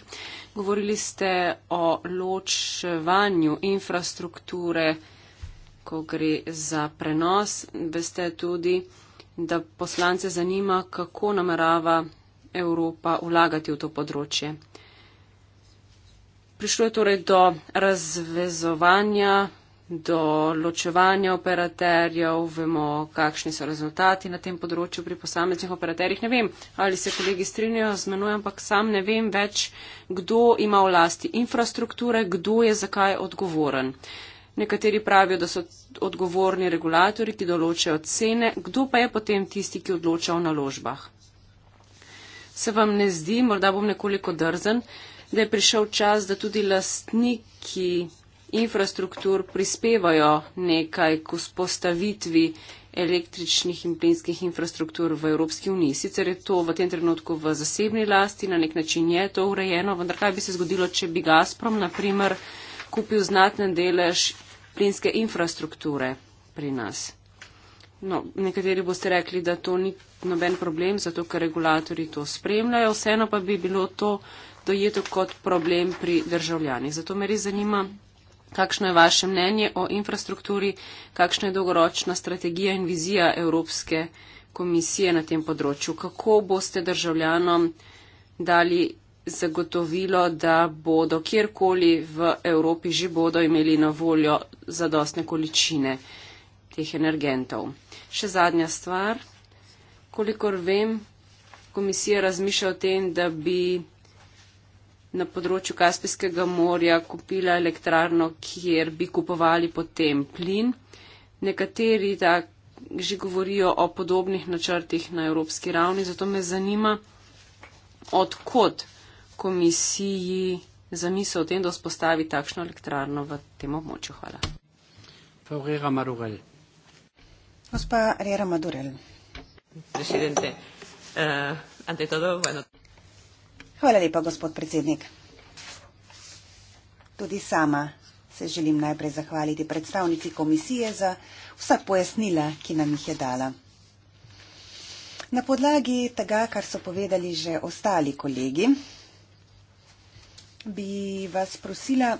Govorili ste o ločevanju infrastrukture, ko gre za prenos, veste tudi, da poslance zanima, kako namerava Evropa vlagati v to področje. Prišlo je torej do razvezovanja, do ločevanja operaterjev, vemo, kakšni so rezultati na tem področju pri posameznih operaterjih. Ne vem, ali se kolegi strinjajo z menoj, ampak sam ne vem več, kdo ima v lasti infrastrukture, kdo je zakaj odgovoren. Nekateri pravijo, da so odgovorni regulatori, ki določajo cene. Kdo pa je potem tisti, ki odloča o naložbah? Se vam ne zdi, morda bom nekoliko drzen, da je prišel čas, da tudi lastniki infrastruktur prispevajo nekaj k vzpostavitvi električnih in plinskih infrastruktur v Evropski uniji. Sicer je to v tem trenutku v zasebni lasti, na nek način je to urejeno, vendar kaj bi se zgodilo, če bi Gazprom, na primer, kupil znatne delež plinske infrastrukture pri nas. No, nekateri boste rekli, da to ni noben problem, zato ker regulatori to spremljajo, vseeno pa bi bilo to dojeto kot problem pri državljanih. Zato me res zanima, kakšno je vaše mnenje o infrastrukturi, kakšna je dolgoročna strategija in vizija Evropske komisije na tem področju. Kako boste državljanom dali zagotovilo, da bodo kjerkoli v Evropi že bodo imeli na voljo zadostne količine teh energentov. Še zadnja stvar. Kolikor vem, komisija razmišlja o tem, da bi na področju Kaspijskega morja kupila elektrarno, kjer bi kupovali potem plin. Nekateri tak že govorijo o podobnih načrtih na evropski ravni, zato me zanima, odkot komisiji zamisel o tem, da spostavi takšno elektrarno v tem območju? Hvala. Gospa Rera Madurel. Eh, Hvala lepa, gospod predsednik. Tudi sama se želim najprej zahvaliti predstavnici komisije za vsa pojasnila, ki nam jih je dala. Na podlagi tega, kar so povedali že ostali kolegi, bi vas prosila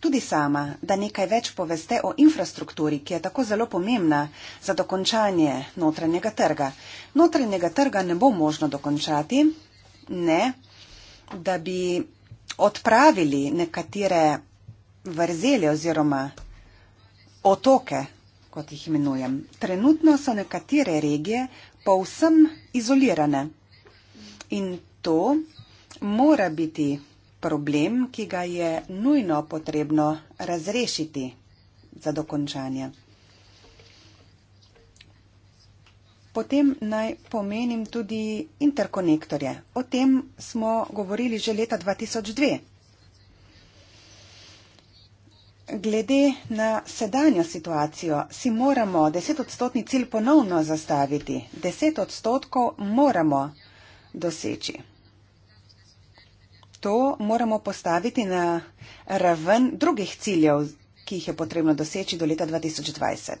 tudi sama, da nekaj več poveste o infrastrukturi, ki je tako zelo pomembna za dokončanje notranjega trga. Notranjega trga ne bo možno dokončati, ne, da bi odpravili nekatere vrzeli oziroma otoke, kot jih imenujem. Trenutno so nekatere regije povsem izolirane in to mora biti problem, ki ga je nujno potrebno razrešiti za dokončanje. Potem naj pomenim tudi interkonektorje. O tem smo govorili že leta 2002. Glede na sedanjo situacijo si moramo 10 odstotni cilj ponovno zastaviti. 10 odstotkov moramo doseči to moramo postaviti na raven drugih ciljev, ki jih je potrebno doseči do leta 2020.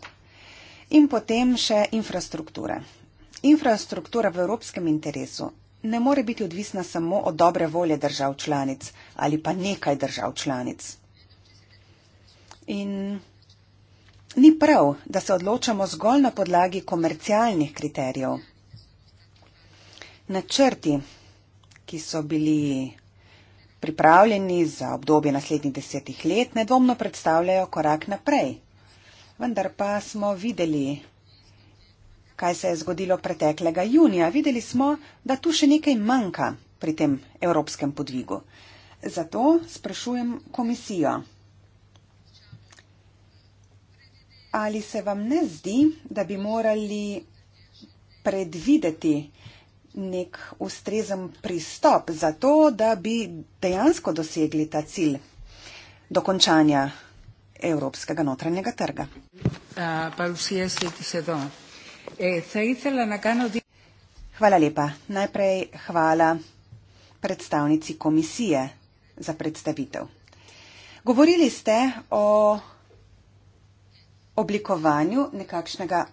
In potem še infrastrukture. Infrastruktura v evropskem interesu ne more biti odvisna samo od dobre volje držav članic ali pa nekaj držav članic. In ni prav, da se odločamo zgolj na podlagi komercialnih kriterijev. Načrti, ki so bili pripravljeni za obdobje naslednjih desetih let, nedvomno predstavljajo korak naprej. Vendar pa smo videli, kaj se je zgodilo preteklega junija. Videli smo, da tu še nekaj manjka pri tem evropskem podvigu. Zato sprašujem komisijo. Ali se vam ne zdi, da bi morali predvideti, nek ustrezen pristop za to, da bi dejansko dosegli ta cilj dokončanja evropskega notranjega trga. Eh, hvala lepa. Najprej hvala predstavnici komisije za predstavitev. Govorili ste o oblikovanju nekakšnega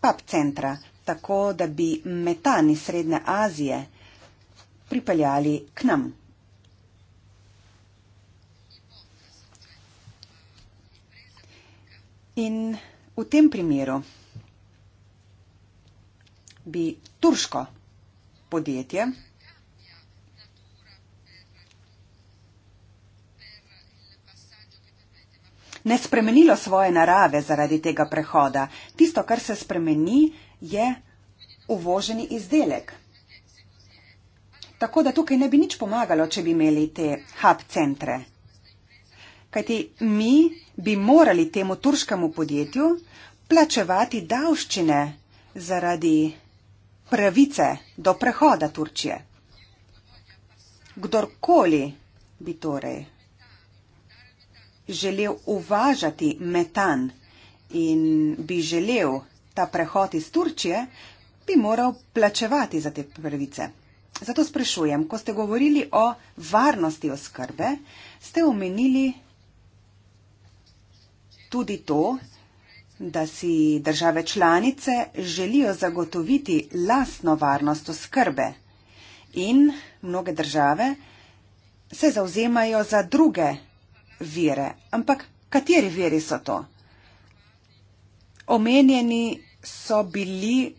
PAP centra, tako, da bi metan iz Srednje Azije pripeljali k nam. In v tem primeru bi turško podjetje ne spremenilo svoje narave zaradi tega prehoda. Tisto, kar se spremeni, je uvoženi izdelek. Tako da tukaj ne bi nič pomagalo, če bi imeli te hub centre. Kajti mi bi morali temu turškemu podjetju plačevati davščine zaradi pravice do prehoda Turčije. Kdorkoli bi torej želel uvažati metan in bi želel ta prehod iz Turčije, bi moral plačevati za te pravice. Zato sprašujem, ko ste govorili o varnosti oskrbe, ste omenili tudi to, da si države članice želijo zagotoviti lasno varnost oskrbe in mnoge države se zauzemajo za druge vire. Ampak kateri viri so to? Omenjeni so bili,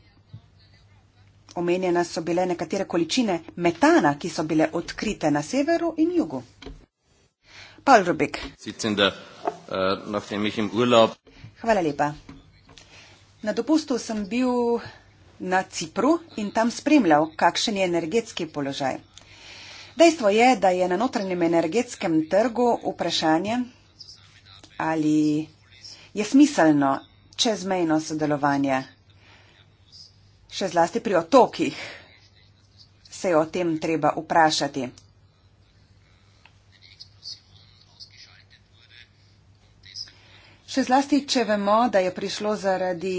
omenjene so bile nekatere količine metana, ki so bile odkrite na severu in jugu. Paul Rubik. Eh, Hvala lepa. Na dopustu sem bil na Cipru in tam spremljal, kakšen je energetski položaj. Dejstvo je, da je na notranjem energetskem trgu vprašanje, ali je smiselno čezmejno sodelovanje. Še zlasti pri otokih se je o tem treba vprašati. Še zlasti, če vemo, da je prišlo zaradi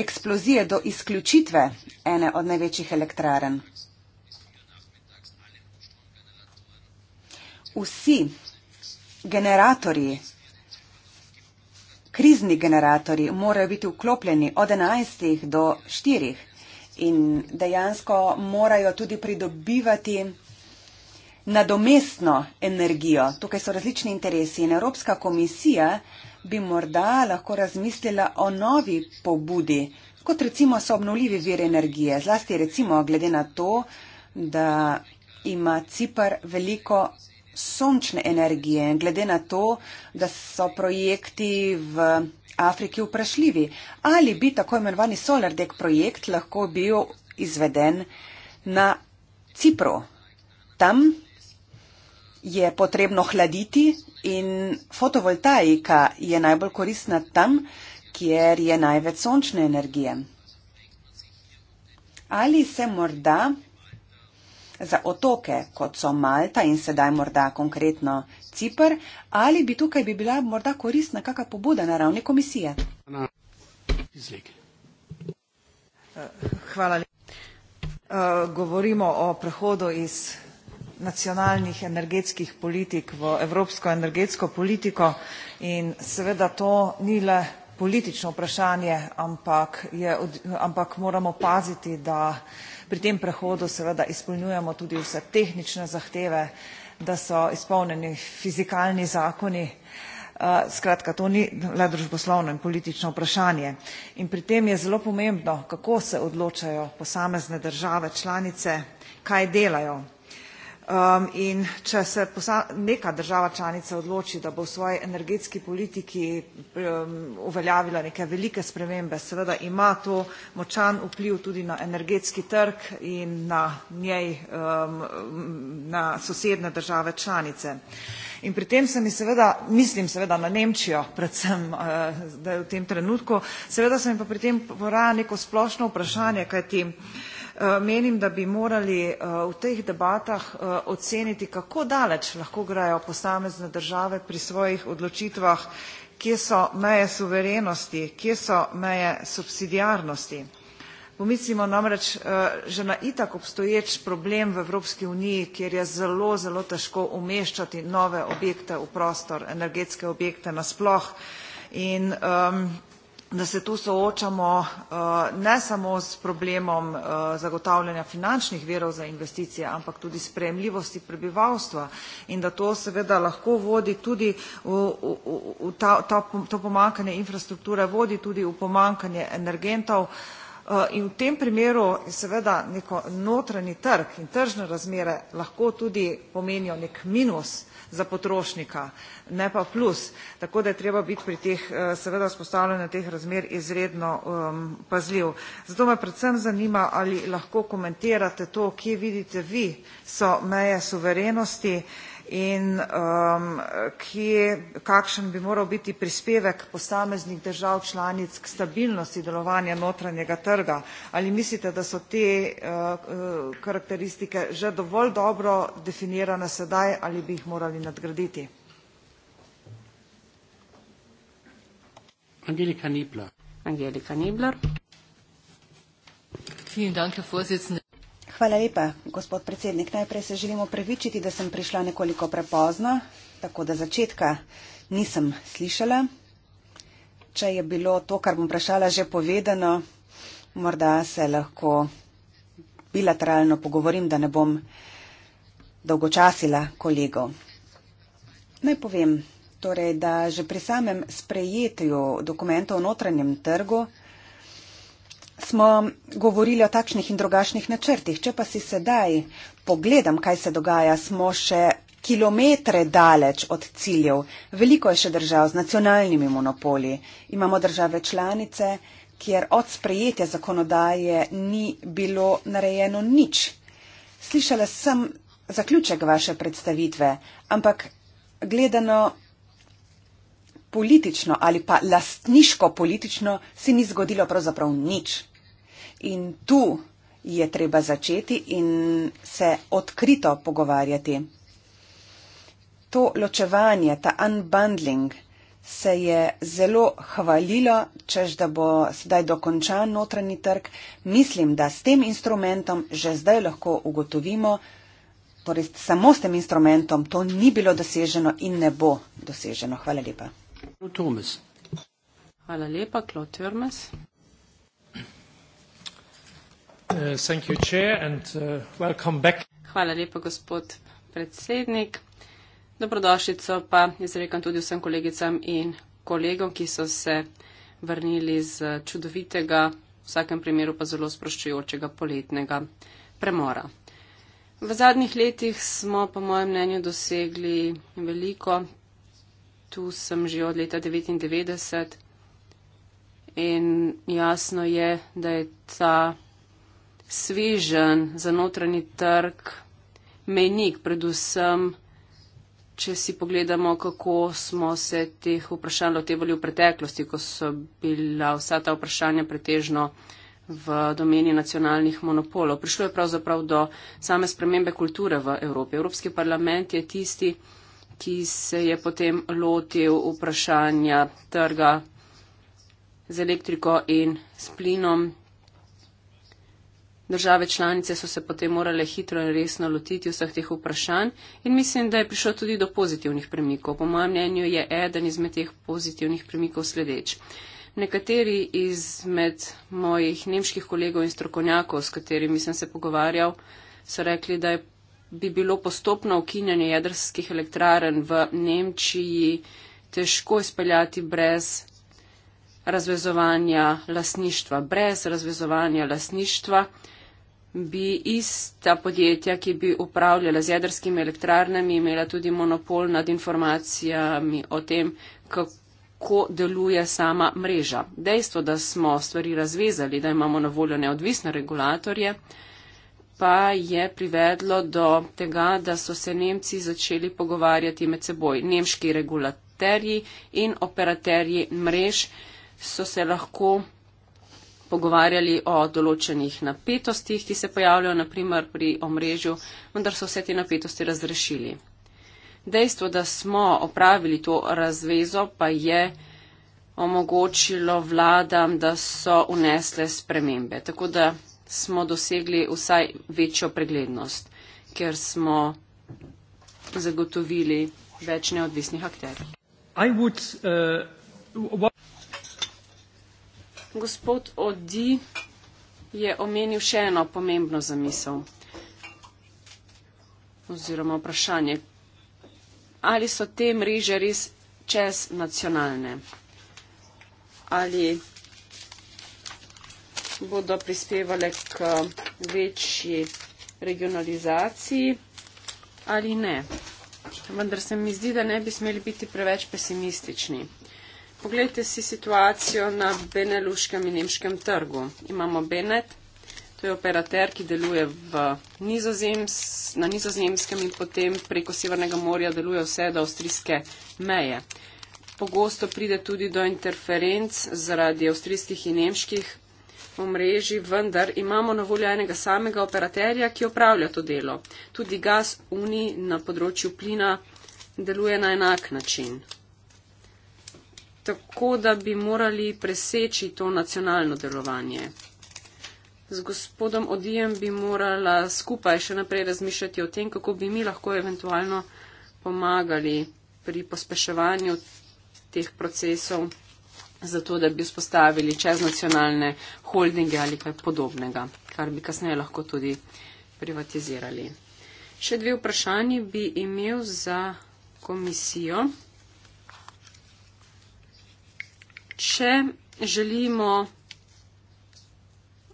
eksplozije do izključitve ene od največjih elektraren. Vsi generatorji krizni generatori morajo biti vklopljeni od 11 do 4 in dejansko morajo tudi pridobivati nadomestno energijo. Tukaj so različni interesi in Evropska komisija bi morda lahko razmislila o novi pobudi, kot recimo so obnovljivi viri energije, zlasti recimo glede na to, da ima Cipr veliko sončne energije, glede na to, da so projekti v Afriki vprašljivi. Ali bi tako imenovani SolarDeck projekt lahko bil izveden na Cipru? Tam je potrebno hladiti in fotovoltaika je najbolj koristna tam, kjer je največ sončne energije. Ali se morda za otoke, kot so Malta in sedaj morda konkretno Cipr, ali bi tukaj bi bila morda koristna kakšna pobuda na ravni komisije? Eh, hvala lepa. Eh, govorimo o prehodu iz nacionalnih energetskih politik v evropsko energetsko politiko in seveda to ni le politično vprašanje, ampak, je, ampak moramo paziti, da pri tem prehodu seveda izpolnjujemo tudi vse tehnične zahteve, da so izpolneni fizikalni zakoni. Eh, skratka, to ni le družboslovno in politično vprašanje. In pri tem je zelo pomembno, kako se odločajo posamezne države članice, kaj delajo. Um, in če se posa, neka država članica odloči, da bo v svoji energetski politiki um, uveljavila neke velike spremembe, seveda ima to močan vpliv tudi na energetski trg in na njej, um, na sosedne države članice. In pri tem se mi seveda, mislim seveda na Nemčijo, predvsem uh, v tem trenutku, seveda se mi pa pri tem poraja neko splošno vprašanje, kajti Eh, menim, da bi morali eh, v teh debatah eh, oceniti, kako daleč lahko grejo posamezne države pri svojih odločitvah, kje so meje suverenosti, kje so meje subsidiarnosti. Pomislimo namreč že na itak obstoječ problem v Evropski uniji, kjer je zelo, zelo težko umeščati nove objekte v prostor, energetske objekte nasploh. In um, da se tu soočamo eh, ne samo s problemom eh, zagotavljanja finančnih virov za investicije, ampak tudi sprejemljivosti prebivalstva in da to seveda lahko vodi tudi v, v, v ta, ta, to pomankanje infrastrukture vodi tudi v pomankanje energentov. Eh, in v tem primeru je seveda neko notranji trg in tržne razmere lahko tudi pomenijo nek minus za potrošnika, ne pa plus. Tako da je treba biti pri teh, eh, seveda vzpostavljanju teh razmer izredno pazljiv. Zato me predvsem zanima, ali lahko komentirate to, kje vidite vi so meje suverenosti in um, kakšen bi moral biti prispevek posameznih držav članic k stabilnosti delovanja notranjega trga. Ali mislite, da so te uh, uh, karakteristike že dovolj dobro definirane sedaj ali bi jih morali nadgraditi? Angelika Nibler. Angelika Nibler. Vielen Dank, Herr Vorsitzender. Hvala lepa, gospod predsednik. Najprej se želimo previčiti, da sem prišla nekoliko prepozno, tako da začetka nisem slišala. Če je bilo to, kar bom vprašala, že povedano, morda se lahko bilateralno pogovorim, da ne bom dolgočasila kolegov. Naj povem, torej, da že pri samem sprejetju dokumentov o notranjem trgu smo govorili o takšnih in drugačnih načrtih. Če pa si sedaj pogledam, kaj se dogaja, smo še kilometre daleč od ciljev. Veliko je še držav z nacionalnimi monopoli. Imamo države članice, kjer od sprejetja zakonodaje ni bilo narejeno nič. Slišala sem zaključek vaše predstavitve, ampak gledano politično ali pa lastniško politično se ni zgodilo pravzaprav nič. In tu je treba začeti in se odkrito pogovarjati. To ločevanje, ta unbundling se je zelo hvalilo, čež da bo sedaj dokončan notranji trg. Mislim, da s tem instrumentom že zdaj lahko ugotovimo, torej samo s tem instrumentom to ni bilo doseženo in ne bo doseženo. Hvala lepa. Hvala lepa, Klot Vrmes. Uh, uh, Hvala lepa, gospod predsednik. Dobrodošlico pa izrekam tudi vsem kolegicam in kolegom, ki so se vrnili z čudovitega, v vsakem primeru pa zelo sproščujočega poletnega premora. V zadnjih letih smo, po mojem mnenju, dosegli veliko. Tu sem že od leta 1999 in jasno je, da je ta svežen za notranji trg menik, predvsem, če si pogledamo, kako smo se teh vprašanj lotevali v preteklosti, ko so bila vsa ta vprašanja pretežno v domeni nacionalnih monopolov. Prišlo je pravzaprav do same spremembe kulture v Evropi. Evropski parlament je tisti, ki se je potem lotil vprašanja trga z elektriko in s plinom Države članice so se potem morale hitro in resno lotiti vseh teh vprašanj in mislim, da je prišlo tudi do pozitivnih premikov. Po mojem mnenju je eden izmed teh pozitivnih premikov sledeč. Nekateri izmed mojih nemških kolegov in strokovnjakov, s katerimi sem se pogovarjal, so rekli, da je, bi bilo postopno ukinjanje jedrskih elektraren v Nemčiji težko izpeljati brez razvezovanja lasništva. Brez razvezovanja lasništva bi ista podjetja, ki bi upravljala z jedrskimi elektrarnami, imela tudi monopol nad informacijami o tem, kako deluje sama mreža. Dejstvo, da smo stvari razvezali, da imamo na voljo neodvisne regulatorje, pa je privedlo do tega, da so se Nemci začeli pogovarjati med seboj. Nemški regulatorji in operaterji mrež so se lahko pogovarjali o določenih napetostih, ki se pojavljajo naprimer pri omrežju, vendar so vse te napetosti razrešili. Dejstvo, da smo opravili to razvezo, pa je omogočilo vladam, da so unesle spremembe, tako da smo dosegli vsaj večjo preglednost, ker smo zagotovili več neodvisnih akterjev gospod Odi je omenil še eno pomembno zamisel oziroma vprašanje, ali so te mreže res čez nacionalne, ali bodo prispevale k večji regionalizaciji ali ne. Vendar se mi zdi, da ne bi smeli biti preveč pesimistični. Poglejte si situacijo na beneluškem in nemškem trgu. Imamo Benet, to je operater, ki deluje nizozems, na nizozemskem in potem preko Severnega morja deluje vse do avstrijske meje. Pogosto pride tudi do interferenc zaradi avstrijskih in nemških omrežji, vendar imamo na voljo enega samega operaterja, ki opravlja to delo. Tudi gaz Uni na področju plina deluje na enak način tako, da bi morali preseči to nacionalno delovanje. Z gospodom Odijem bi morala skupaj še naprej razmišljati o tem, kako bi mi lahko eventualno pomagali pri pospeševanju teh procesov, zato da bi vzpostavili čeznacionalne holdinge ali kaj podobnega, kar bi kasneje lahko tudi privatizirali. Še dve vprašanje bi imel za komisijo. če želimo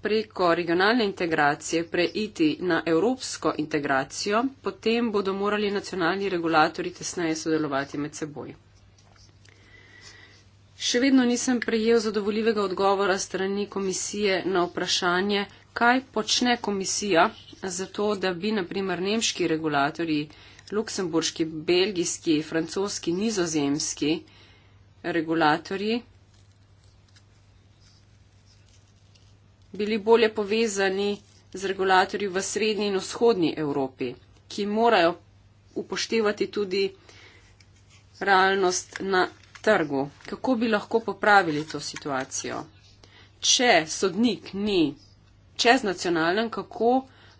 preko regionalne integracije preiti na evropsko integracijo, potem bodo morali nacionalni regulatori tesneje sodelovati med seboj. Še vedno nisem prejel zadovoljivega odgovora strani komisije na vprašanje, kaj počne komisija za to, da bi naprimer nemški regulatori, luksemburški, belgijski, francoski, nizozemski regulatori bili bolje povezani z regulatorji v srednji in vzhodnji Evropi, ki morajo upoštevati tudi realnost na trgu. Kako bi lahko popravili to situacijo? Če sodnik ni čeznacionalen, kako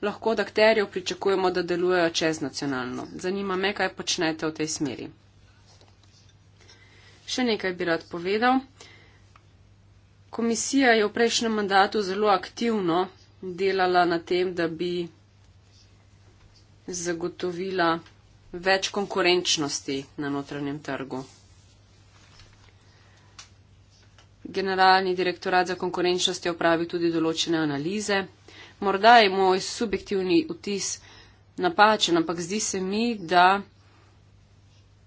lahko od akterjev pričakujemo, da delujejo čeznacionalno? Zanima me, kaj počnete v tej smeri. Še nekaj bi rad povedal. Komisija je v prejšnjem mandatu zelo aktivno delala na tem, da bi zagotovila več konkurenčnosti na notranjem trgu. Generalni direktorat za konkurenčnost je upravil tudi določene analize. Morda je moj subjektivni vtis napačen, ampak zdi se mi, da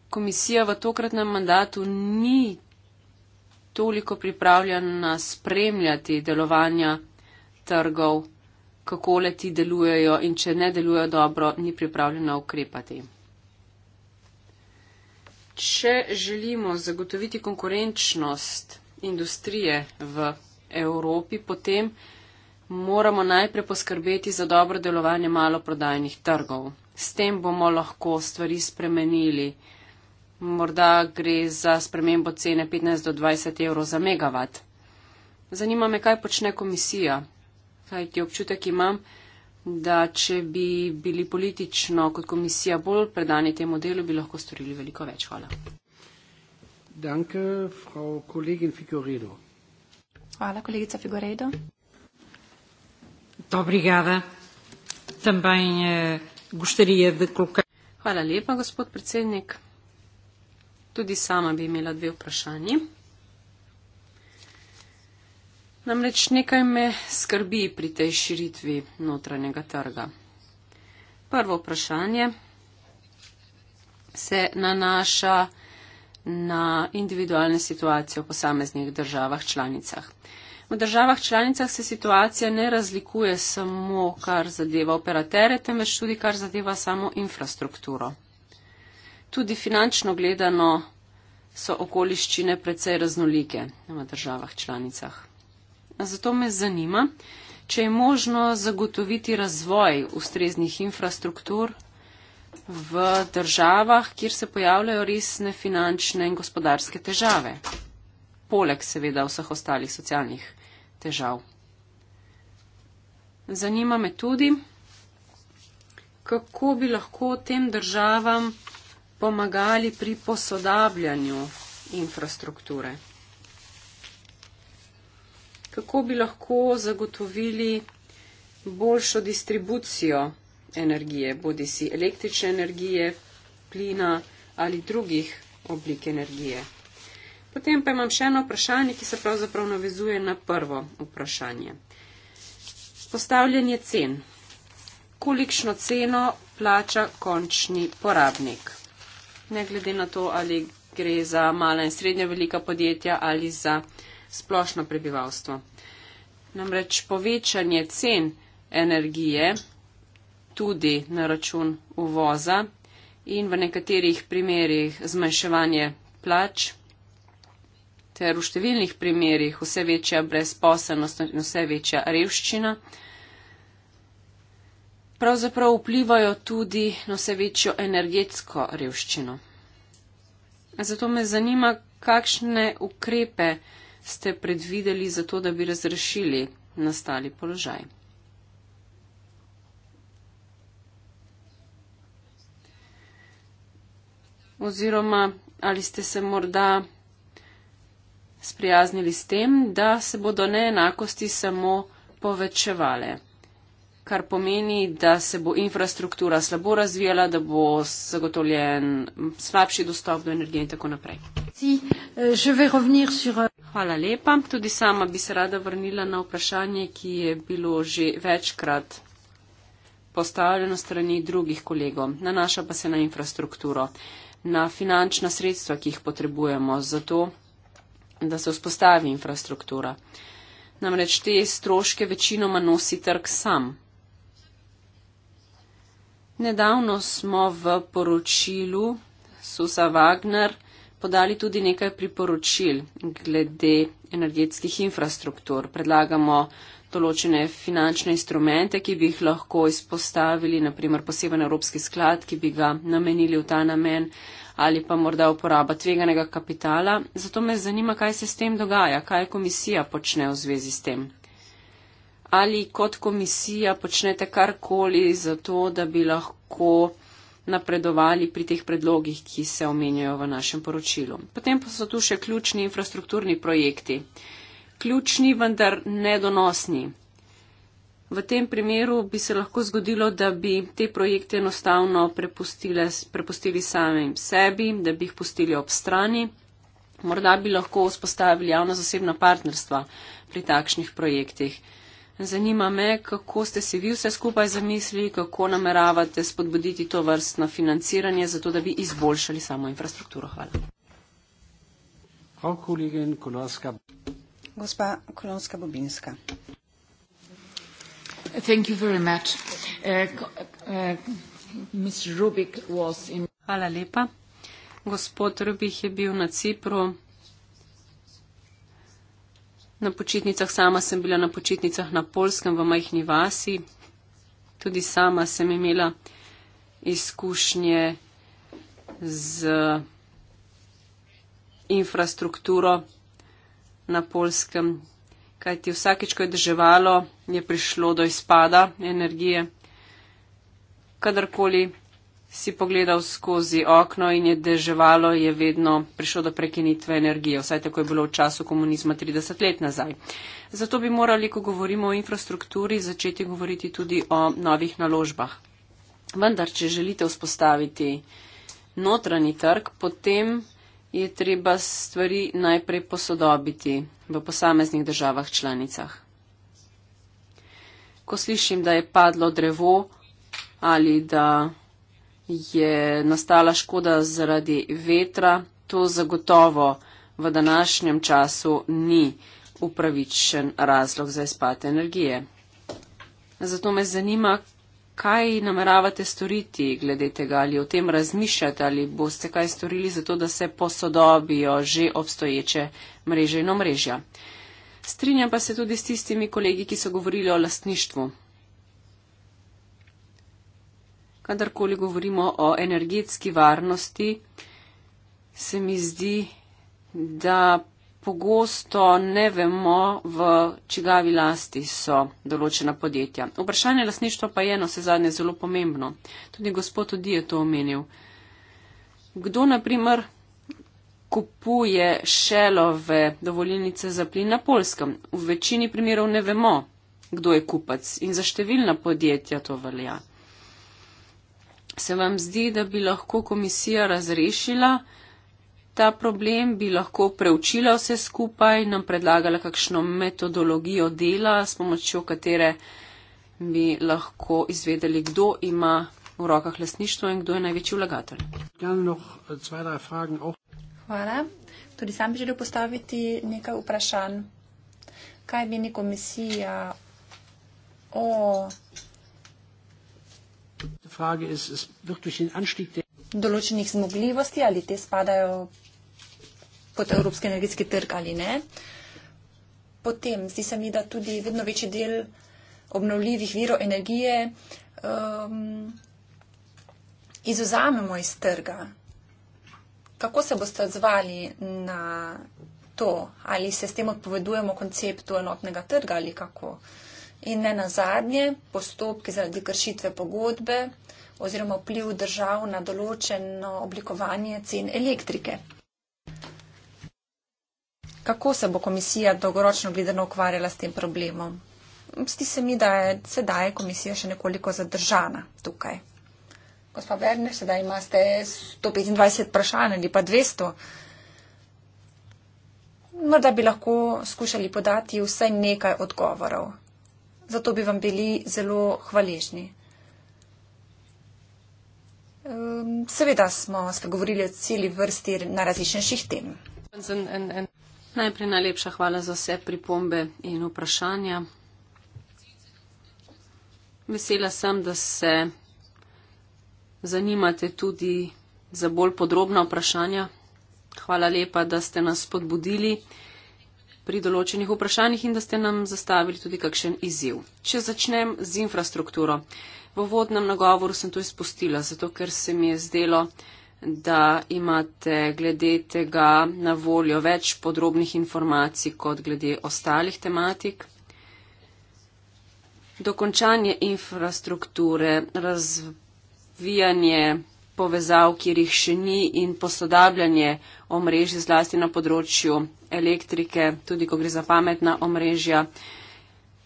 komisija v tokratnem mandatu ni toliko pripravljen na spremljati delovanja trgov, kako le ti delujejo in če ne delujejo dobro, ni pripravljena ukrepati. Če želimo zagotoviti konkurenčnost industrije v Evropi, potem moramo najprej poskrbeti za dobro delovanje maloprodajnih trgov. S tem bomo lahko stvari spremenili. Morda gre za spremembo cene 15 do 20 evrov za megavat. Zanima me, kaj počne komisija. Kaj ti občutek imam, da če bi bili politično kot komisija bolj predani temu delu, bi lahko storili veliko več. Hvala. Danke, frau kolegin Figoredo. Hvala, kolegica Figoredo. Dobrigada. Tambajnje gušterije, da kolka. Hvala lepa, gospod predsednik. Tudi sama bi imela dve vprašanji. Namreč nekaj me skrbi pri tej širitvi notranjega trga. Prvo vprašanje se nanaša na individualne situacije v posameznih državah članicah. V državah članicah se situacija ne razlikuje samo, kar zadeva operatere, temveč tudi, kar zadeva samo infrastrukturo tudi finančno gledano so okoliščine precej raznolike v državah članicah. Zato me zanima, če je možno zagotoviti razvoj ustreznih infrastruktur v državah, kjer se pojavljajo resne finančne in gospodarske težave, poleg seveda vseh ostalih socialnih težav. Zanima me tudi, kako bi lahko tem državam pomagali pri posodabljanju infrastrukture? Kako bi lahko zagotovili boljšo distribucijo energije, bodi si električne energije, plina ali drugih oblik energije? Potem pa imam še eno vprašanje, ki se pravzaprav navezuje na prvo vprašanje. Postavljanje cen. Kolikšno ceno plača končni porabnik? ne glede na to, ali gre za mala in srednja velika podjetja ali za splošno prebivalstvo. Namreč povečanje cen energije tudi na račun uvoza in v nekaterih primerjih zmanjševanje plač ter v številnih primerjih vse večja brezposelnost in vse večja revščina pravzaprav vplivajo tudi na vse večjo energetsko revščino. Zato me zanima, kakšne ukrepe ste predvideli za to, da bi razrešili nastali položaj. Oziroma, ali ste se morda sprijaznili s tem, da se bodo neenakosti samo povečevale kar pomeni, da se bo infrastruktura slabo razvijala, da bo zagotovljen slabši dostop do energije in tako naprej. Eh, euh, Hvala lepa. Tudi sama bi se rada vrnila na vprašanje, ki je bilo že večkrat postavljeno strani drugih kolegov. Nanaša pa se na infrastrukturo, na finančna sredstva, ki jih potrebujemo za to, da se vzpostavi infrastruktura. Namreč te stroške večinoma nosi trg sam. Nedavno smo v poročilu Susa Wagner podali tudi nekaj priporočil glede energetskih infrastruktur. Predlagamo določene finančne instrumente, ki bi jih lahko izpostavili, naprimer poseben Evropski sklad, ki bi ga namenili v ta namen ali pa morda uporaba tveganega kapitala. Zato me zanima, kaj se s tem dogaja, kaj komisija počne v zvezi s tem ali kot komisija počnete karkoli za to, da bi lahko napredovali pri teh predlogih, ki se omenjajo v našem poročilu. Potem pa so tu še ključni infrastrukturni projekti. Ključni, vendar nedonosni. V tem primeru bi se lahko zgodilo, da bi te projekte enostavno prepustile, prepustili samim sebi, da bi jih pustili ob strani. Morda bi lahko vzpostavili javno-zasebna partnerstva pri takšnih projektih. Zanima me, kako ste si vi vse skupaj zamislili, kako nameravate spodbuditi to vrstno financiranje, zato da bi izboljšali samo infrastrukturo. Hvala. Gospa Kolonska-Bobinska. Uh, uh, Hvala lepa. Gospod Rubih je bil na Cipru na počitnicah, sama sem bila na počitnicah na Polskem v majhni vasi. Tudi sama sem imela izkušnje z infrastrukturo na Polskem, kajti vsakeč, ko je drževalo, je prišlo do izpada energije. Kadarkoli si pogledal skozi okno in je deževalo, je vedno prišlo do prekinitve energije, vsaj tako je bilo v času komunizma 30 let nazaj. Zato bi morali, ko govorimo o infrastrukturi, začeti govoriti tudi o novih naložbah. Vendar, če želite vzpostaviti notranji trg, potem je treba stvari najprej posodobiti v posameznih državah članicah. Ko slišim, da je padlo drevo ali da je nastala škoda zaradi vetra, to zagotovo v današnjem času ni upravičen razlog za izpate energije. Zato me zanima, kaj nameravate storiti glede tega, ali o tem razmišljate, ali boste kaj storili za to, da se posodobijo že obstoječe mreže in omrežja. Strinjam pa se tudi s tistimi kolegi, ki so govorili o lastništvu kadarkoli govorimo o energetski varnosti, se mi zdi, da pogosto ne vemo, v čigavi lasti so določena podjetja. Vprašanje lasništva pa je eno se zadnje zelo pomembno. Tudi gospod Odi je to omenil. Kdo, na primer, kupuje šelove dovoljenice za plin na polskem? V večini primerov ne vemo, kdo je kupac in za številna podjetja to velja se vam zdi, da bi lahko komisija razrešila ta problem, bi lahko preučila vse skupaj, nam predlagala kakšno metodologijo dela, s pomočjo katere bi lahko izvedeli, kdo ima v rokah lasništvo in kdo je največji vlagatelj. Äh, Hvala. Tudi sam bi želel postaviti nekaj vprašanj. Kaj meni komisija o določenih zmogljivosti, ali te spadajo pod evropski energetski trg ali ne. Potem zdi se mi, da tudi vedno večji del obnovljivih virov energije um, izuzamemo iz trga. Kako se boste odzvali na to, ali se s tem odpovedujemo konceptu enotnega trga ali kako? Uh, in ne na zadnje postopki zaradi kršitve pogodbe oziroma vpliv držav na določeno oblikovanje cen elektrike. Kako se bo komisija dolgoročno gledano ukvarjala s tem problemom? Zdi se mi, da je sedaj komisija še nekoliko zadržana tukaj. Gospa Berne, sedaj imate 125 vprašanj ali pa 200. Morda bi lahko skušali podati vsaj nekaj odgovorov zato bi vam bili zelo hvaležni. Seveda smo spregovorili o celi vrsti na različnejših tem. Najprej najlepša hvala za vse pripombe in vprašanja. Vesela sem, da se zanimate tudi za bolj podrobna vprašanja. Hvala lepa, da ste nas spodbudili pri določenih vprašanjih in da ste nam zastavili tudi kakšen izziv. Če začnem z infrastrukturo. V vodnem nagovoru sem to izpustila, zato ker se mi je zdelo, da imate glede tega na voljo več podrobnih informacij kot glede ostalih tematik. Dokončanje infrastrukture, razvijanje povezav, kjer jih še ni in posodabljanje omrežja zlasti na področju elektrike, tudi ko gre za pametna omrežja,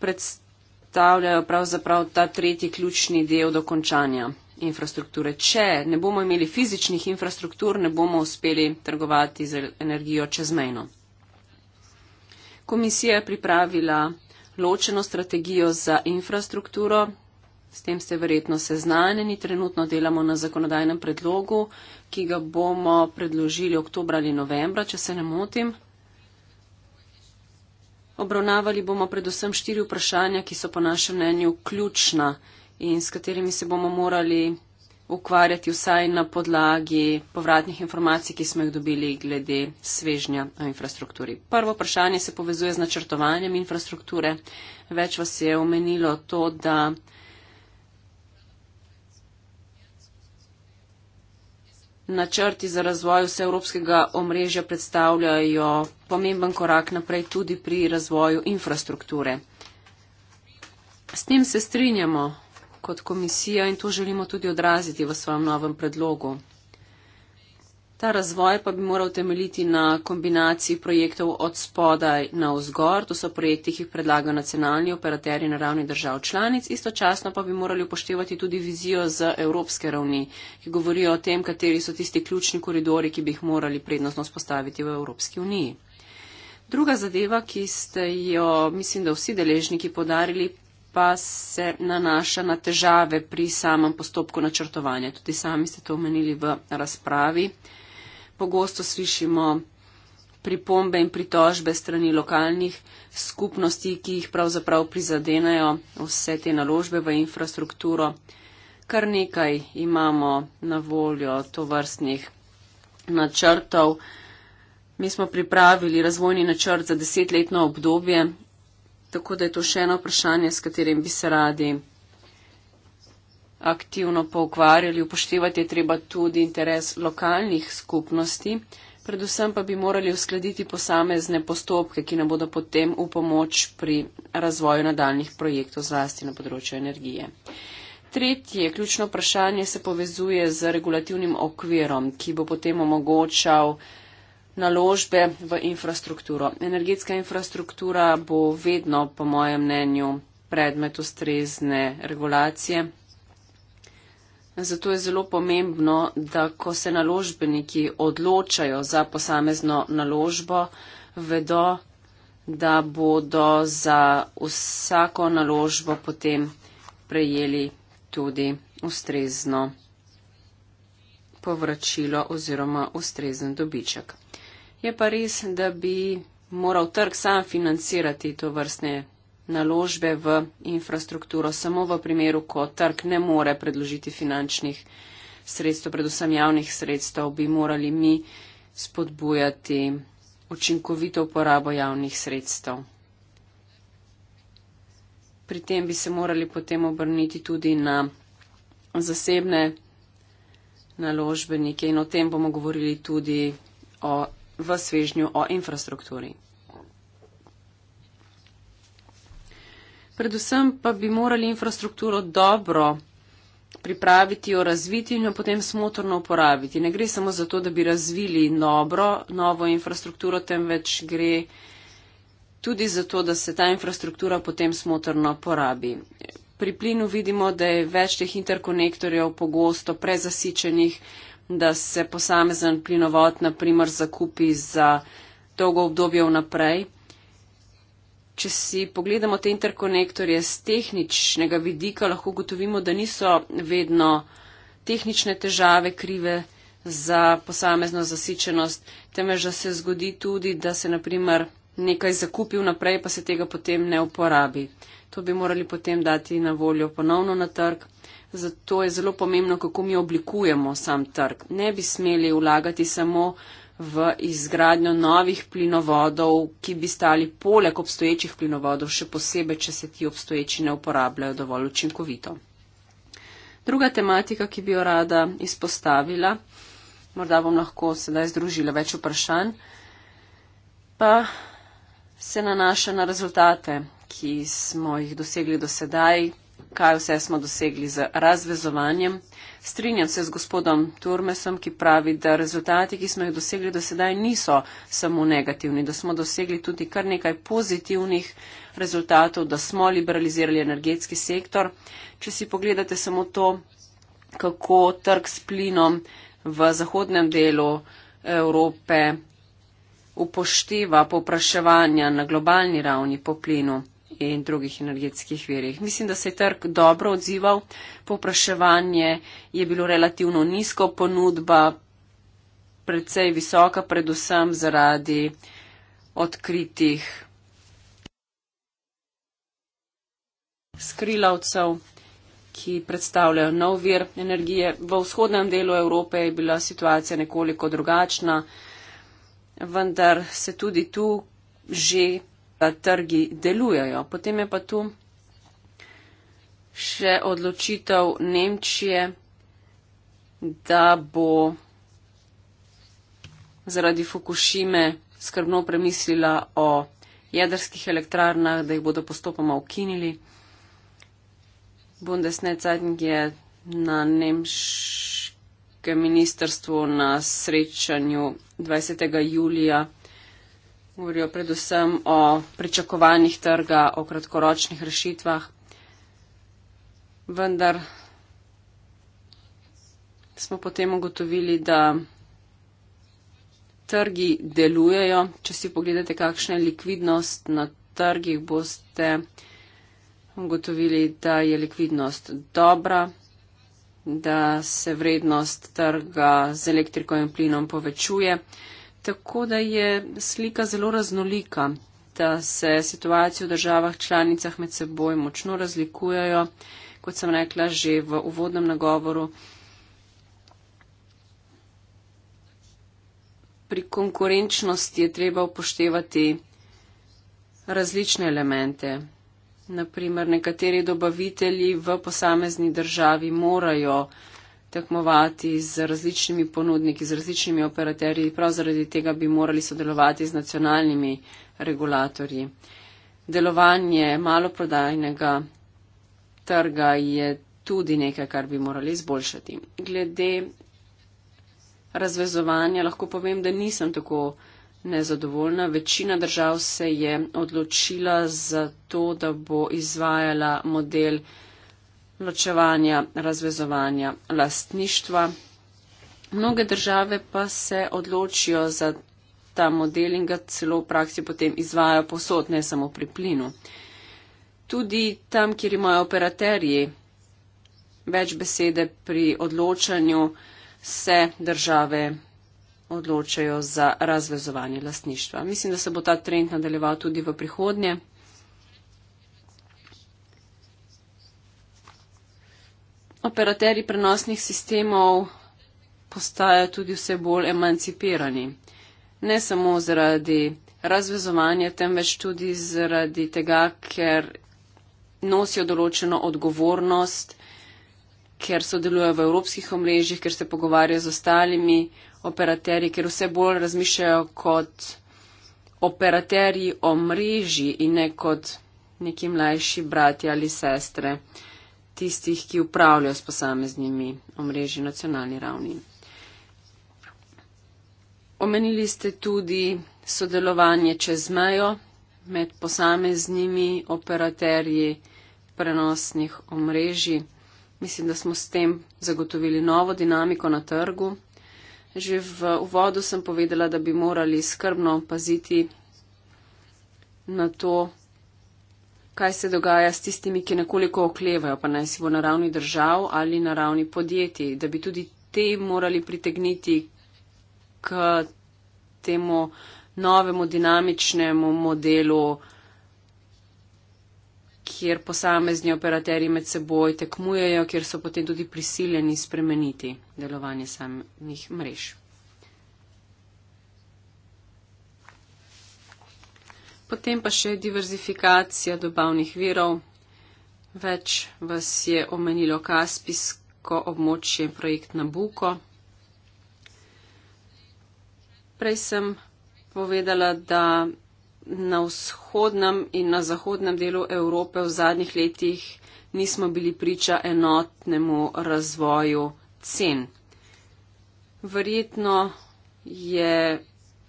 predstavljajo pravzaprav ta tretji ključni del dokončanja infrastrukture. Če ne bomo imeli fizičnih infrastruktur, ne bomo uspeli trgovati z energijo čezmejno. Komisija je pripravila ločeno strategijo za infrastrukturo, S tem ste verjetno seznanjeni. Trenutno delamo na zakonodajnem predlogu, ki ga bomo predložili oktober ali novembra, če se ne motim. Obravnavali bomo predvsem štiri vprašanja, ki so po našem mnenju ključna in s katerimi se bomo morali ukvarjati vsaj na podlagi povratnih informacij, ki smo jih dobili glede svežnja na infrastrukturi. Prvo vprašanje se povezuje z načrtovanjem infrastrukture. Več vas je omenilo to, da načrti za razvoj vseevropskega omrežja predstavljajo pomemben korak naprej tudi pri razvoju infrastrukture. S tem se strinjamo kot komisija in to želimo tudi odraziti v svojem novem predlogu. Ta razvoj pa bi moral temeljiti na kombinaciji projektov od spodaj na vzgor. To so projekti, ki jih predlagajo nacionalni operaterji na ravni držav članic. Istočasno pa bi morali upoštevati tudi vizijo z evropske ravni, ki govorijo o tem, kateri so tisti ključni koridori, ki bi jih morali prednostno spostaviti v Evropski uniji. Druga zadeva, ki ste jo, mislim, da vsi deležniki podarili, pa se nanaša na težave pri samem postopku načrtovanja. Tudi sami ste to omenili v razpravi. Uh, pogosto slišimo pripombe in pritožbe strani lokalnih skupnosti, ki jih pravzaprav prizadenajo vse te naložbe v infrastrukturo. Kar nekaj imamo na voljo tovrstnih načrtov. Mi smo pripravili razvojni načrt za desetletno obdobje, tako da je to še eno vprašanje, s katerim bi se radi aktivno poukvarjali, upoštevati je treba tudi interes lokalnih skupnosti, predvsem pa bi morali uskladiti posamezne postopke, ki nam bodo potem v pomoč pri razvoju nadaljnih projektov zlasti na področju energije. Tretje ključno vprašanje se povezuje z regulativnim okvirom, ki bo potem omogočal naložbe v infrastrukturo. Energetska infrastruktura bo vedno, po mojem mnenju, predmet ustrezne regulacije, Zato je zelo pomembno, da ko se naložbeniki odločajo za posamezno naložbo, vedo, da bodo za vsako naložbo potem prejeli tudi ustrezno povračilo oziroma ustrezen dobiček. Je pa res, da bi moral trg sam financirati to vrstne naložbe v infrastrukturo, samo v primeru, ko trg ne more predložiti finančnih sredstev, predvsem javnih sredstev, bi morali mi spodbujati učinkovito uporabo javnih sredstev. Pri tem bi se morali potem obrniti tudi na zasebne naložbenike in o tem bomo govorili tudi o, v svežnju o infrastrukturi. predvsem pa bi morali infrastrukturo dobro pripraviti, jo razviti in jo potem smotrno uporabiti. Ne gre samo za to, da bi razvili dobro, novo infrastrukturo, temveč gre tudi za to, da se ta infrastruktura potem smotrno porabi. Pri plinu vidimo, da je več teh interkonektorjev pogosto prezasičenih, da se posamezen plinovod, na primer, zakupi za dolgo obdobje vnaprej, če si pogledamo te interkonektorje z tehničnega vidika, lahko gotovimo, da niso vedno tehnične težave krive za posamezno zasičenost, temveč da se zgodi tudi, da se naprimer nekaj zakupi vnaprej, pa se tega potem ne uporabi. To bi morali potem dati na voljo ponovno na trg. Zato je zelo pomembno, kako mi oblikujemo sam trg. Ne bi smeli vlagati samo v izgradnjo novih plinovodov, ki bi stali poleg obstoječih plinovodov, še posebej, če se ti obstoječi ne uporabljajo dovolj učinkovito. Druga tematika, ki bi jo rada izpostavila, morda bom lahko sedaj združila več vprašanj, pa se nanaša na rezultate, ki smo jih dosegli do sedaj, kaj vse smo dosegli z razvezovanjem Strinjam se z gospodom Turmesom, ki pravi, da rezultati, ki smo jih dosegli do sedaj, niso samo negativni, da smo dosegli tudi kar nekaj pozitivnih rezultatov, da smo liberalizirali energetski sektor. Če si pogledate samo to, kako trg s plinom v zahodnem delu Evrope upošteva popraševanja na globalni ravni po plinu in drugih energetskih verjih. Mislim, da se je trg dobro odzival, popraševanje je bilo relativno nizko, ponudba predvsej visoka, predvsem zaradi odkritih skrilavcev, ki predstavljajo nov vir energije. V vzhodnem delu Evrope je bila situacija nekoliko drugačna, vendar se tudi tu že trgi delujejo. Potem je pa tu še odločitev Nemčije, da bo zaradi Fukushime skrbno premislila o jedrskih elektrarnah, da jih bodo postopoma ukinili. Bundesnetzadnik je na nemškem ministrstvu na srečanju 20. julija govorijo predvsem o pričakovanjih trga, o kratkoročnih rešitvah. Vendar smo potem ugotovili, da trgi delujejo. Če si pogledate, kakšna je likvidnost na trgih, boste ugotovili, da je likvidnost dobra, da se vrednost trga z elektriko in plinom povečuje tako da je slika zelo raznolika, da se situacije v državah članicah med seboj močno razlikujejo, kot sem rekla že v uvodnem nagovoru. Pri konkurenčnosti je treba upoštevati različne elemente. Naprimer, nekateri dobavitelji v posamezni državi morajo tekmovati z različnimi ponudniki, z različnimi operaterji. Prav zaradi tega bi morali sodelovati z nacionalnimi regulatorji. Delovanje maloprodajnega trga je tudi nekaj, kar bi morali izboljšati. Glede razvezovanja lahko povem, da nisem tako nezadovoljna. Večina držav se je odločila za to, da bo izvajala model ločevanja, razvezovanja lastništva. Mnoge države pa se odločijo za ta model in ga celo v praksi potem izvajo posod, ne samo pri plinu. Tudi tam, kjer imajo operaterji več besede pri odločanju, se države odločajo za razvezovanje lastništva. Mislim, da se bo ta trend nadaljeval tudi v prihodnje. operateri prenosnih sistemov postajajo tudi vse bolj emancipirani. Ne samo zaradi razvezovanja, temveč tudi zaradi tega, ker nosijo določeno odgovornost, ker sodelujejo v evropskih omrežjih, ker se pogovarjajo z ostalimi operaterji, ker vse bolj razmišljajo kot operaterji omrežji in ne kot neki mlajši brati ali sestre tistih, ki upravljajo s posameznimi omrežji na nacionalni ravni. Omenili ste tudi sodelovanje čez mejo med posameznimi operaterji prenosnih omrežji. Mislim, da smo s tem zagotovili novo dinamiko na trgu. Že v uvodu sem povedala, da bi morali skrbno paziti na to, kaj se dogaja s tistimi, ki nekoliko oklevajo, pa naj si bo na ravni držav ali na ravni podjetij, da bi tudi te morali pritegniti k temu novemu dinamičnemu modelu, kjer posamezni operaterji med seboj tekmujejo, kjer so potem tudi prisiljeni spremeniti delovanje samih mrež. Potem pa še diverzifikacija dobavnih virov. Več vas je omenilo Kaspijsko območje in projekt Nabuko. Prej sem povedala, da na vzhodnem in na zahodnem delu Evrope v zadnjih letih nismo bili priča enotnemu razvoju cen. Verjetno je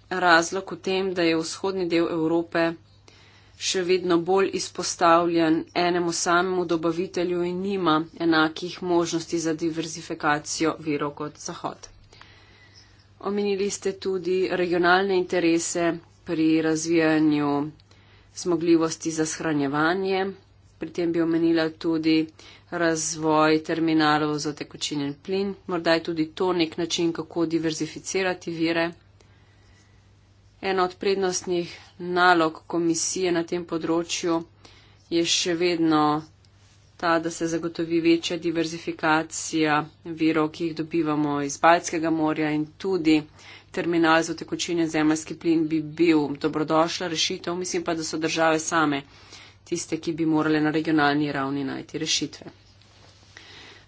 razlog v tem, da je vzhodni del Evrope še vedno bolj izpostavljen enemu samemu dobavitelju in nima enakih možnosti za diverzifikacijo virov kot Zahod. Omenili ste tudi regionalne interese pri razvijanju zmogljivosti za shranjevanje. Pri tem bi omenila tudi razvoj terminalov za tekočinjen plin. Morda je tudi to nek način, kako diverzificirati vire. Ena od prednostnih nalog komisije na tem področju je še vedno ta, da se zagotovi večja diverzifikacija virov, ki jih dobivamo iz Baljskega morja in tudi terminal za tekočine zemljski plin bi bil dobrodošla rešitev. Mislim pa, da so države same tiste, ki bi morale na regionalni ravni najti rešitve.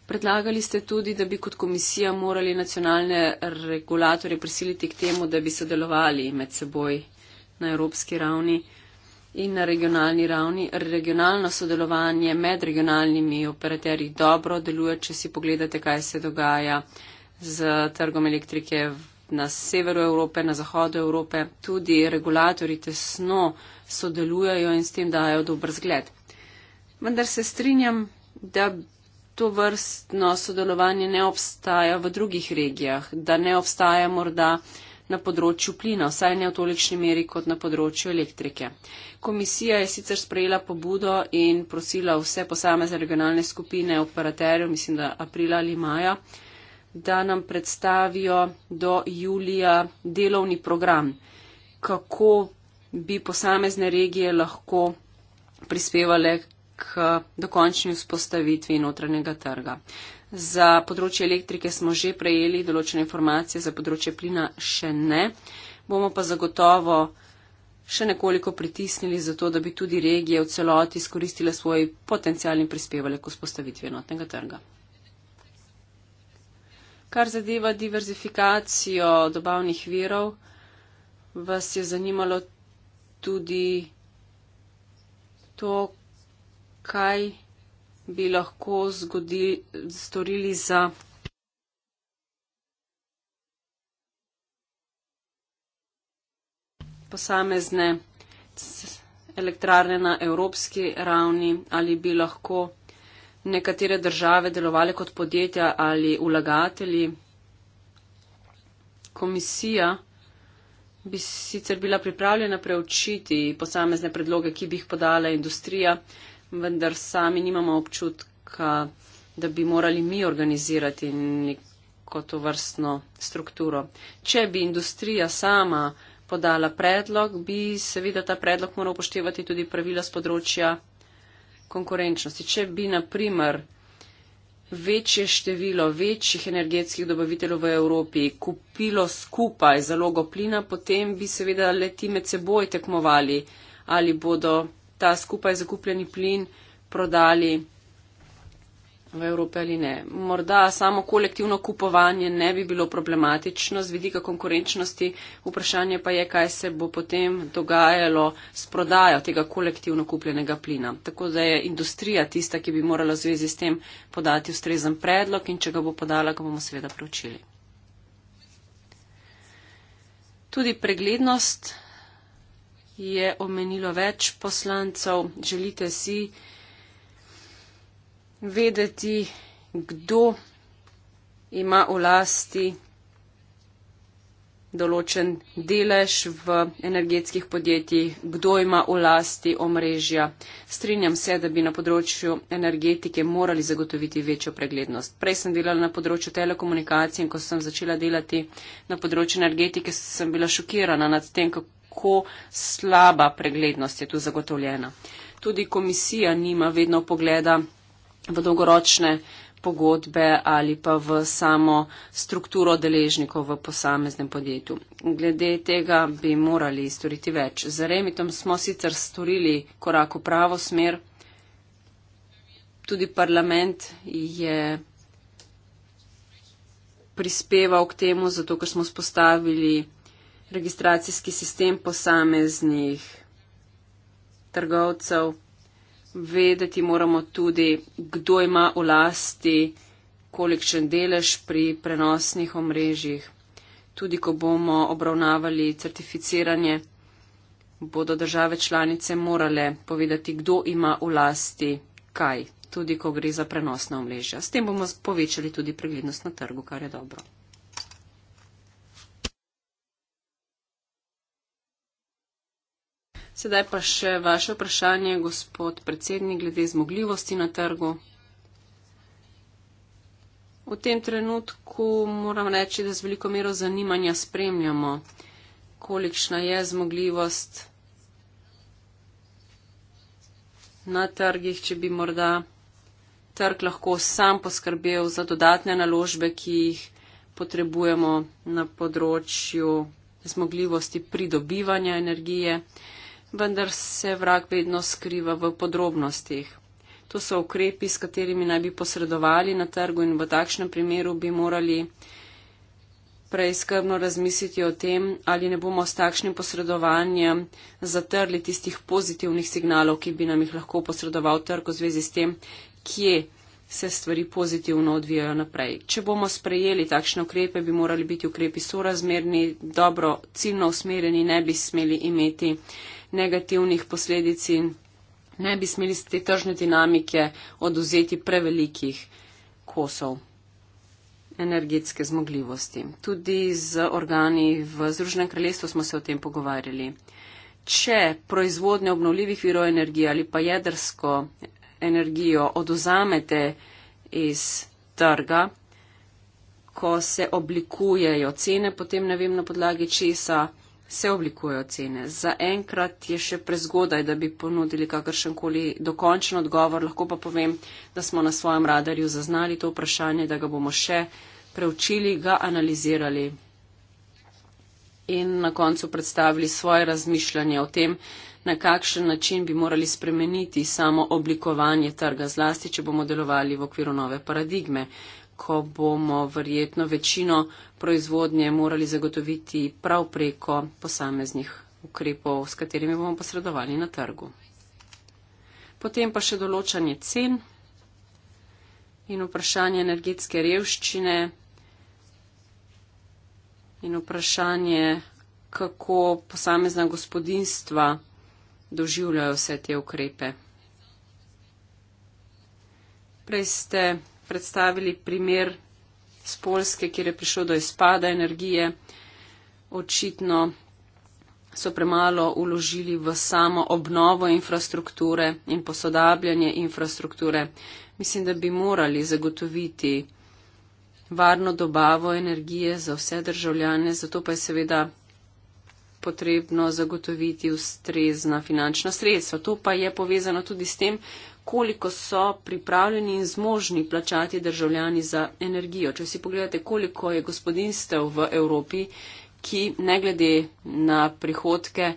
Predlagali ste tudi, da bi kot komisija morali nacionalne regulatorje prisiliti k temu, da bi sodelovali med seboj na evropski ravni in na regionalni ravni. Regionalno sodelovanje med regionalnimi operaterji dobro deluje, če si pogledate, kaj se dogaja z trgom elektrike na severu Evrope, na zahodu Evrope. Tudi regulatori tesno sodelujejo in s tem dajo dober zgled. Vendar se strinjam, da to vrstno sodelovanje ne obstaja v drugih regijah, da ne obstaja morda na področju plina, vsaj ne v tolikšni meri kot na področju elektrike. Komisija je sicer sprejela pobudo in prosila vse posamezne regionalne skupine operaterjev, mislim, da aprila ali maja, da nam predstavijo do julija delovni program, kako bi posamezne regije lahko prispevale k dokončni vzpostavitvi notranjega trga. Za področje elektrike smo že prejeli določene informacije, za področje plina še ne. Bomo pa zagotovo še nekoliko pritisnili za to, da bi tudi regije v celoti izkoristile svoj potencialni prispevek k vzpostavitvi enotnega trga. Kar zadeva diverzifikacijo dobavnih virov, vas je zanimalo tudi to, kaj bi lahko zgodili, storili za. posamezne elektrarne na evropski ravni ali bi lahko nekatere države delovali kot podjetja ali vlagatelji. Komisija bi sicer bila pripravljena preučiti posamezne predloge, ki bi jih podala industrija, vendar sami nimamo občutka, da bi morali mi organizirati neko to vrstno strukturo. Če bi industrija sama podala predlog, bi seveda ta predlog moral upoštevati tudi pravila z področja konkurenčnosti. Če bi naprimer večje število večjih energetskih dobaviteljev v Evropi kupilo skupaj zalogo plina, potem bi seveda leti med seboj tekmovali, ali bodo ta skupaj zakupljeni plin prodali v Evropi ali ne. Morda samo kolektivno kupovanje ne bi bilo problematično z vidika konkurenčnosti, vprašanje pa je, kaj se bo potem dogajalo s prodajo tega kolektivno kupljenega plina. Tako da je industrija tista, ki bi morala v zvezi s tem podati ustrezen predlog in če ga bo podala, ga bomo seveda preučili. Tudi preglednost je omenilo več poslancev. Želite si vedeti, kdo ima v lasti določen delež v energetskih podjetjih, kdo ima v lasti omrežja. Strinjam se, da bi na področju energetike morali zagotoviti večjo preglednost. Prej sem delala na področju telekomunikacij in ko sem začela delati na področju energetike, sem bila šokirana nad tem, kako kako slaba preglednost je tu zagotovljena. Tudi komisija nima vedno pogleda v dolgoročne pogodbe ali pa v samo strukturo deležnikov v posameznem podjetju. Glede tega bi morali storiti več. Z Remitom smo sicer storili korak v pravo smer. Tudi parlament je prispeval k temu, zato ker smo spostavili registracijski sistem posameznih trgovcev. Vedeti moramo tudi, kdo ima v lasti kolikšen delež pri prenosnih omrežjih. Tudi, ko bomo obravnavali certificiranje, bodo države članice morale povedati, kdo ima v lasti kaj, tudi, ko gre za prenosna omrežja. S tem bomo povečali tudi preglednost na trgu, kar je dobro. Sedaj pa še vaše vprašanje, gospod predsednik, glede zmogljivosti na trgu. V tem trenutku moram reči, da z veliko mero zanimanja spremljamo, kolikšna je zmogljivost na trgih, če bi morda trg lahko sam poskrbel za dodatne naložbe, ki jih potrebujemo na področju zmogljivosti pridobivanja energije vendar se vrag vedno skriva v podrobnostih. To so ukrepi, s katerimi naj bi posredovali na trgu in v takšnem primeru bi morali preiskrbno razmisliti o tem, ali ne bomo s takšnim posredovanjem zatrli tistih pozitivnih signalov, ki bi nam jih lahko posredoval trg v zvezi s tem, kje se stvari pozitivno odvijajo naprej. Če bomo sprejeli takšne ukrepe, bi morali biti ukrepi sorazmerni, dobro, ciljno usmerjeni, ne bi smeli imeti negativnih posledic in ne bi smeli z te tržne dinamike oduzeti prevelikih kosov energetske zmogljivosti. Tudi z organi v Združenem kraljestvu smo se o tem pogovarjali. Če proizvodnje obnovljivih virov energije ali pa jedrsko energijo oduzamete iz trga, ko se oblikujejo cene, potem ne vem na podlagi česa, se oblikujejo cene. Za enkrat je še prezgodaj, da bi ponudili kakršen koli dokončen odgovor, lahko pa povem, da smo na svojem radarju zaznali to vprašanje, da ga bomo še preučili, ga analizirali in na koncu predstavili svoje razmišljanje o tem, na kakšen način bi morali spremeniti samo oblikovanje trga, zlasti, če bomo delovali v okviru nove paradigme ko bomo verjetno večino proizvodnje morali zagotoviti prav preko posameznih ukrepov, s katerimi bomo posredovali na trgu. Potem pa še določanje cen in vprašanje energetske revščine in vprašanje, kako posamezna gospodinstva doživljajo vse te ukrepe. Prej ste predstavili primer z Polske, kjer je prišlo do izpada energije. Očitno so premalo uložili v samo obnovo infrastrukture in posodabljanje infrastrukture. Mislim, da bi morali zagotoviti varno dobavo energije za vse državljane, zato pa je seveda potrebno zagotoviti ustrezna finančna sredstva. To pa je povezano tudi s tem, koliko so pripravljeni in zmožni plačati državljani za energijo. Če si pogledate, koliko je gospodinstev v Evropi, ki ne glede na prihodke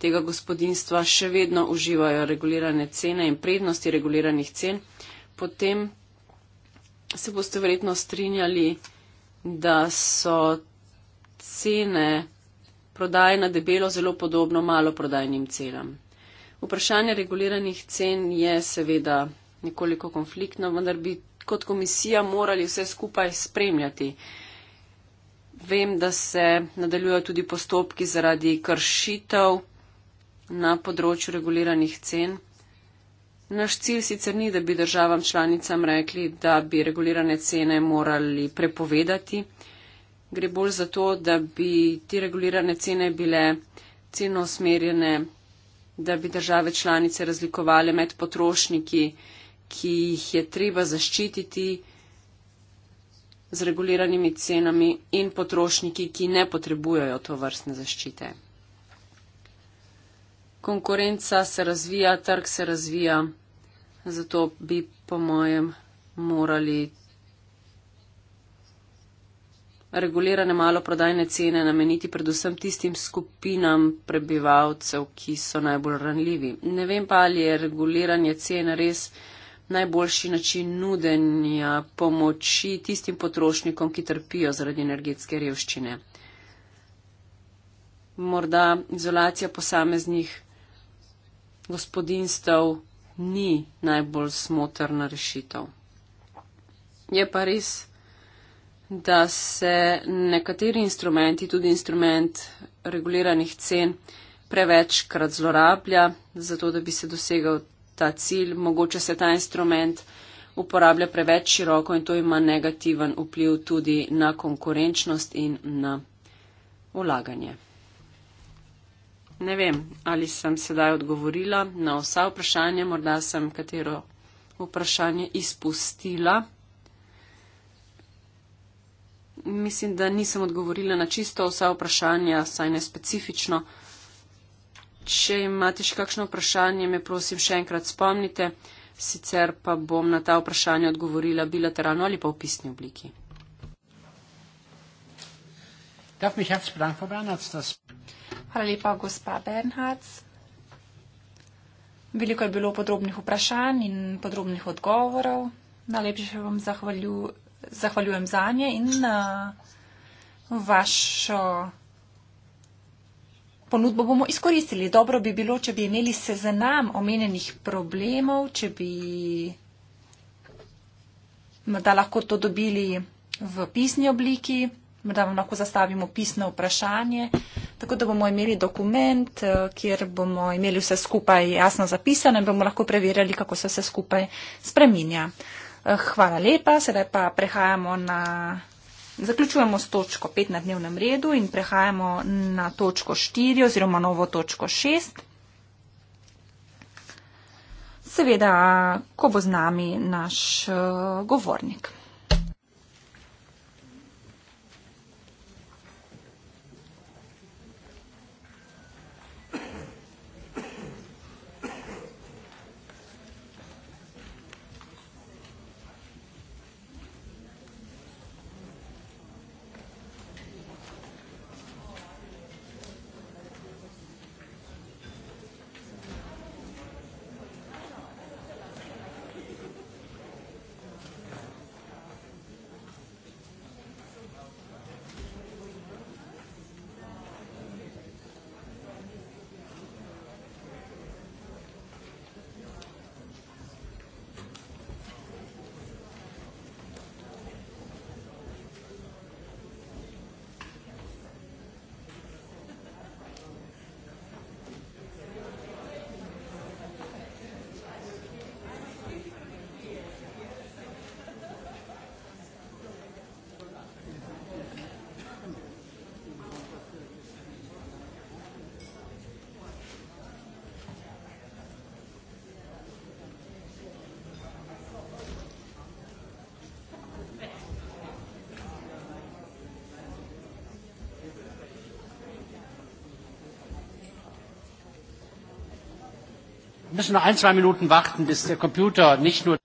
tega gospodinstva še vedno uživajo regulirane cene in prednosti reguliranih cen, potem se boste verjetno strinjali, da so cene prodaje na debelo zelo podobno malo prodajnim cenam. Vprašanje reguliranih cen je seveda nekoliko konfliktno, vendar bi kot komisija morali vse skupaj spremljati. Vem, da se nadaljujejo tudi postopki zaradi kršitev na področju reguliranih cen. Naš cilj sicer ni, da bi državam članicam rekli, da bi regulirane cene morali prepovedati. Gre bolj za to, da bi ti regulirane cene bile cenosmerjene da bi države članice razlikovali med potrošniki, ki jih je treba zaščititi z reguliranimi cenami in potrošniki, ki ne potrebujejo to vrstne zaščite. Konkurenca se razvija, trg se razvija, zato bi po mojem morali regulirane maloprodajne cene nameniti predvsem tistim skupinam prebivalcev, ki so najbolj ranljivi. Ne vem pa, ali je reguliranje cen res najboljši način nudenja pomoči tistim potrošnikom, ki trpijo zaradi energetske revščine. Morda izolacija posameznih gospodinstv ni najbolj smotrna rešitev. Je pa res, da se nekateri instrumenti, tudi instrument reguliranih cen, prevečkrat zlorablja, zato da bi se dosegal ta cilj. Mogoče se ta instrument uporablja preveč široko in to ima negativen vpliv tudi na konkurenčnost in na ulaganje. Ne vem, ali sem sedaj odgovorila na vsa vprašanja, morda sem katero vprašanje izpustila mislim, da nisem odgovorila na čisto vsa vprašanja, saj ne specifično. Če imate še kakšno vprašanje, me prosim še enkrat spomnite, sicer pa bom na ta vprašanja odgovorila bilateralno ali pa v pisni obliki. Hvala lepa, gospa Bernhardt. Veliko je bilo podrobnih vprašanj in podrobnih odgovorov. Najlepše vam zahvaljujem zahvaljujem za nje in uh, vašo ponudbo bomo izkoristili. Dobro bi bilo, če bi imeli seznam omenjenih problemov, če bi morda lahko to dobili v pisni obliki, morda vam lahko zastavimo pisno vprašanje, tako da bomo imeli dokument, eh, kjer bomo imeli vse skupaj jasno zapisano in bomo lahko preverjali, kako se vse skupaj spreminja. Eh, hvala lepa, sedaj pa prehajamo na. Zaključujemo s točko 5 na dnevnem redu in prehajamo na točko 4 oziroma novo točko 6. Seveda, ko bo z nami naš eh, govornik. müssen noch ein, zwei Minuten warten, bis der Computer nicht nur.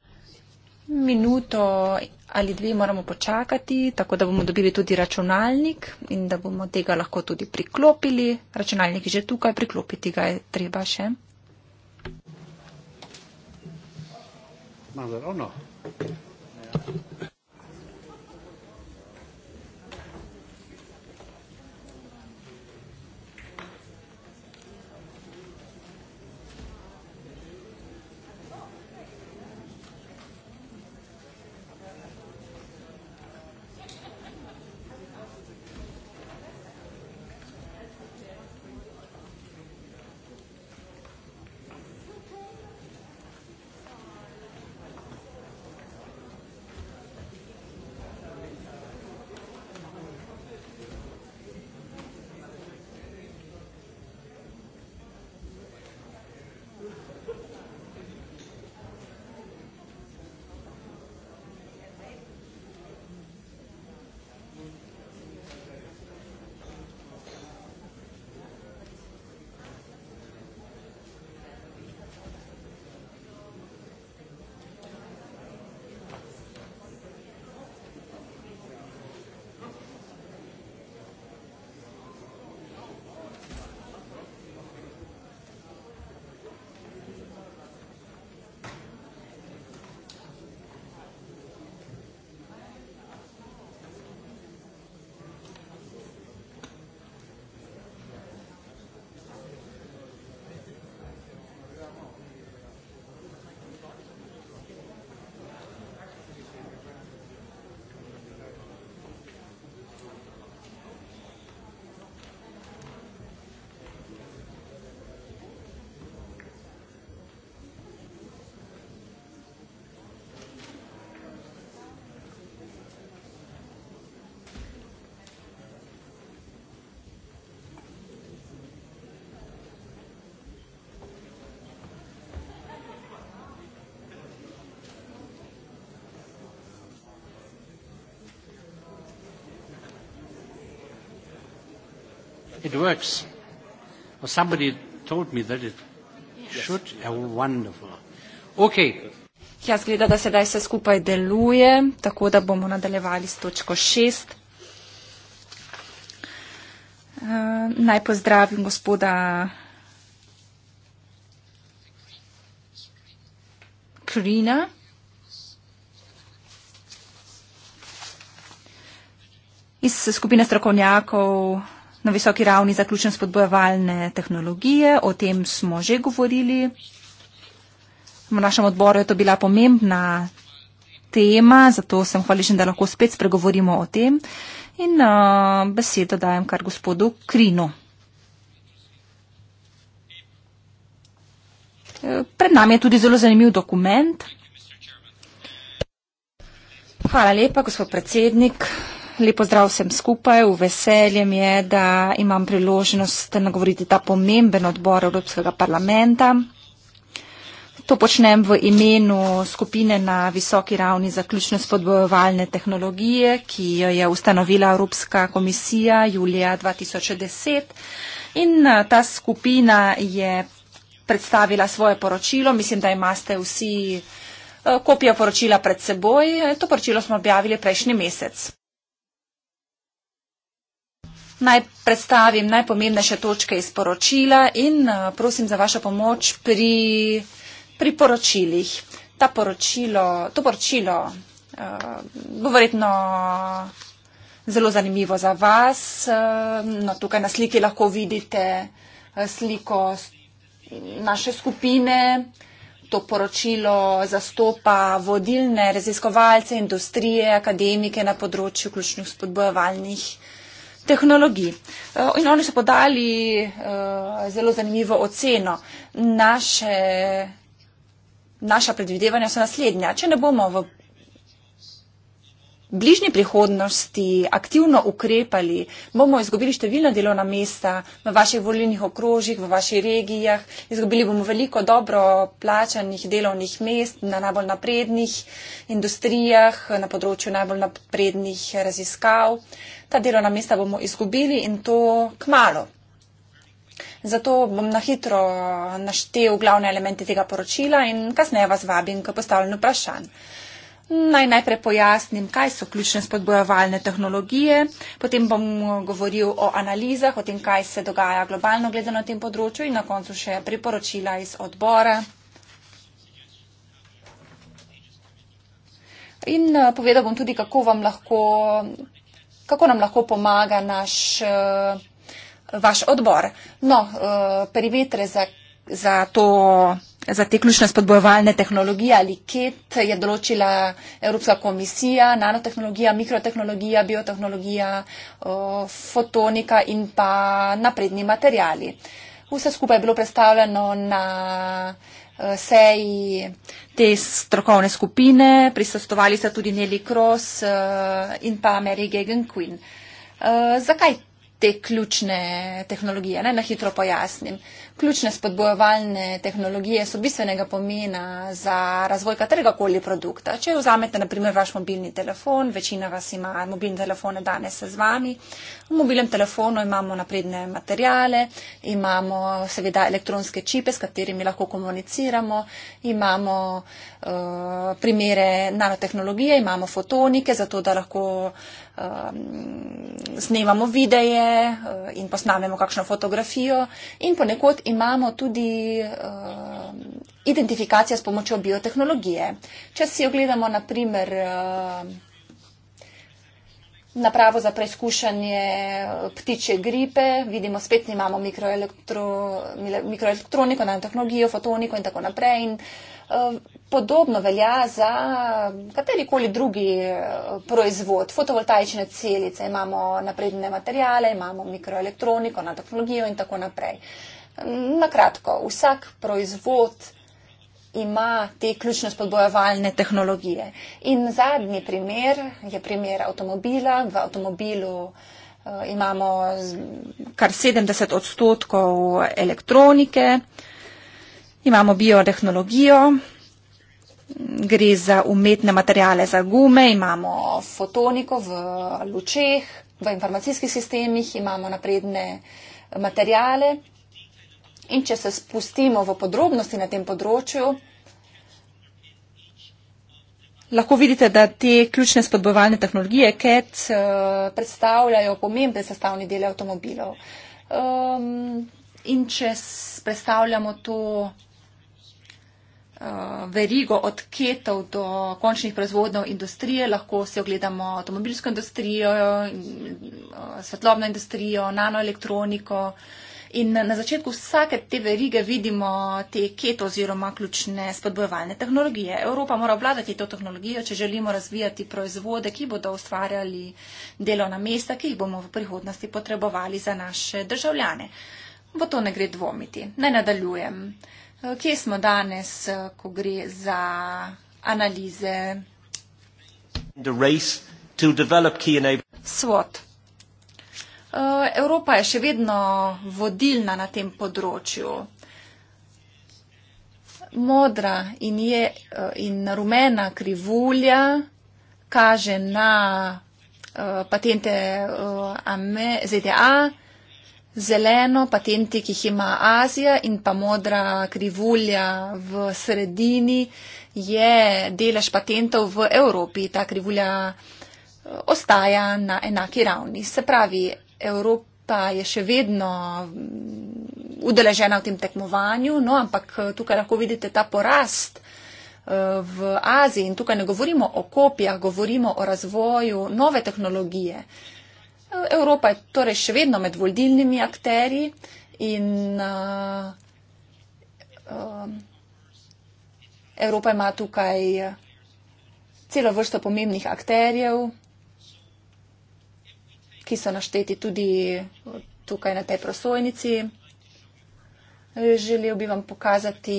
Minuto ali dve moramo počakati, tako da bomo dobili tudi računalnik in da bomo tega lahko tudi priklopili. Računalnik je že tukaj, priklopiti ga je treba še. Malo, ono. Oh it works. Well, somebody told me that it yes. should. Yeah. Oh, wonderful. Okay. Ja, zgleda, da sedaj vse skupaj deluje, tako da bomo nadaljevali s točko šest. Uh, naj pozdravim gospoda Krina. Iz skupine strokovnjakov na visoki ravni zaključen spodbojevalne tehnologije, o tem smo že govorili. V našem odboru je to bila pomembna tema, zato sem hvaležen, da lahko spet spregovorimo o tem. In uh, besedo dajem kar gospodu Krinu. Pred nami je tudi zelo zanimiv dokument. Hvala lepa, gospod predsednik lepo zdrav vsem skupaj. V veseljem je, da imam priložnost nagovoriti ta pomemben odbor Evropskega parlamenta. To počnem v imenu skupine na visoki ravni za ključno spodbojevalne tehnologije, ki jo je ustanovila Evropska komisija julija 2010. In ta skupina je predstavila svoje poročilo. Mislim, da imate vsi kopijo poročila pred seboj. To poročilo smo objavili prejšnji mesec. Naj predstavim najpomembnejše točke iz poročila in eh, prosim za vašo pomoč pri, pri poročilih. Poročilo, to poročilo uh, bo verjetno zelo zanimivo za vas. Uh, no, tukaj na sliki lahko vidite sliko naše skupine. To poročilo zastopa vodilne raziskovalce industrije, akademike na področju ključnih spodbojevalnih uh, tehnologij. Eh, in oni so podali eh, zelo zanimivo oceno. Naše, naša predvidevanja so naslednja. Če ne bomo v bližnji prihodnosti aktivno ukrepali, bomo izgubili številna delovna mesta v vaših volilnih okrožjih, v vaših regijah, izgubili bomo veliko dobro plačanih delovnih mest na najbolj naprednih industrijah, na področju najbolj naprednih raziskav. Uh, ta delovna mesta bomo izgubili in to kmalo. Zato bom na hitro naštel glavne elemente tega poročila in kasneje vas vabim k postavljanju vprašanj. Naj najprej pojasnim, kaj so ključne spodbojevalne tehnologije, potem bom govoril o analizah, o tem, kaj se dogaja globalno gledano na tem področju in na koncu še priporočila iz odbora. In eh, povedal bom tudi, kako vam lahko kako nam lahko pomaga naš, eh, vaš odbor. No, eh, perimetre za, za, to, za te ključne spodbojevalne tehnologije ali KET je določila Evropska komisija, nanotehnologija, mikrotehnologija, biotehnologija, eh, fotonika in pa napredni materijali. Vse skupaj je bilo predstavljeno na seji te strokovne skupine, prisostovali so tudi Neli Kross eh, in pa Mary Gagan Queen. Eh, zakaj te ključne tehnologije? Ne, na hitro pojasnim ključne spodbojevalne tehnologije so bistvenega pomena za razvoj katerega koli produkta. Če vzamete, naprimer, vaš mobilni telefon, večina vas ima mobilne telefone danes z vami. V mobilnem telefonu imamo napredne materijale, imamo seveda elektronske čipe, s katerimi lahko komuniciramo, imamo uh, primere nanotehnologije, imamo fotonike, zato da lahko uh, um, snemamo videe uh, in posnamemo kakšno fotografijo in ponekod imamo tudi um, identifikacijo s pomočjo biotehnologije. Če si ogledamo naprimer um, napravo za preizkušanje ptiče gripe, vidimo spet, da imamo mikroelektro, mikroelektroniko, nanotehnologijo, fotoniko in tako naprej. In, um, Podobno velja za katerikoli drugi eh, proizvod. Fotovoltaične celice imamo napredne materijale, imamo mikroelektroniko, nanotehnologijo in tako naprej. Na kratko, vsak proizvod ima te ključno spodbojevalne tehnologije. In zadnji primer je primer avtomobila. V avtomobilu eh, imamo kar 70 odstotkov elektronike, imamo biotehnologijo gre za umetne materijale za gume, imamo fotoniko v lučeh, v informacijskih sistemih imamo napredne materijale. In če se spustimo v podrobnosti na tem področju, lahko vidite, da te ključne spodbojevalne tehnologije KET eh, predstavljajo pomembne sestavni dele avtomobilov. Ehm, in če predstavljamo to Eh, verigo od ketov do končnih proizvodnov industrije, lahko se ogledamo avtomobilsko industrijo, eh, svetlobno industrijo, nanoelektroniko. In na začetku vsake te verige vidimo te keto oziroma ključne spodbojevalne tehnologije. Evropa mora obladati to tehnologijo, če želimo razvijati proizvode, ki bodo ustvarjali delovna mesta, ki jih bomo v prihodnosti potrebovali za naše državljane. V to ne gre dvomiti. Naj nadaljujem. Eh, kje smo danes, eh, ko gre za analize? Svot. Eh, Evropa je še vedno vodilna na tem področju. Modra in, je, in rumena krivulja kaže na uh, patente uh, ZDA, zeleno, patenti, ki jih ima Azija in pa modra krivulja v sredini, je delež patentov v Evropi. Ta krivulja eh, ostaja na enaki ravni. Se pravi, Evropa je še vedno mm, udeležena v tem tekmovanju, no, ampak eh, tukaj lahko vidite ta porast eh, v Aziji in tukaj ne govorimo o kopijah, govorimo o razvoju nove tehnologije. Uh, Evropa je torej še vedno med voldilnimi akteri in uh, uh, Evropa ima tukaj eh, celo vrsto pomembnih akterjev, ki so našteti tudi eh, tukaj na tej prosojnici. Želel bi vam pokazati,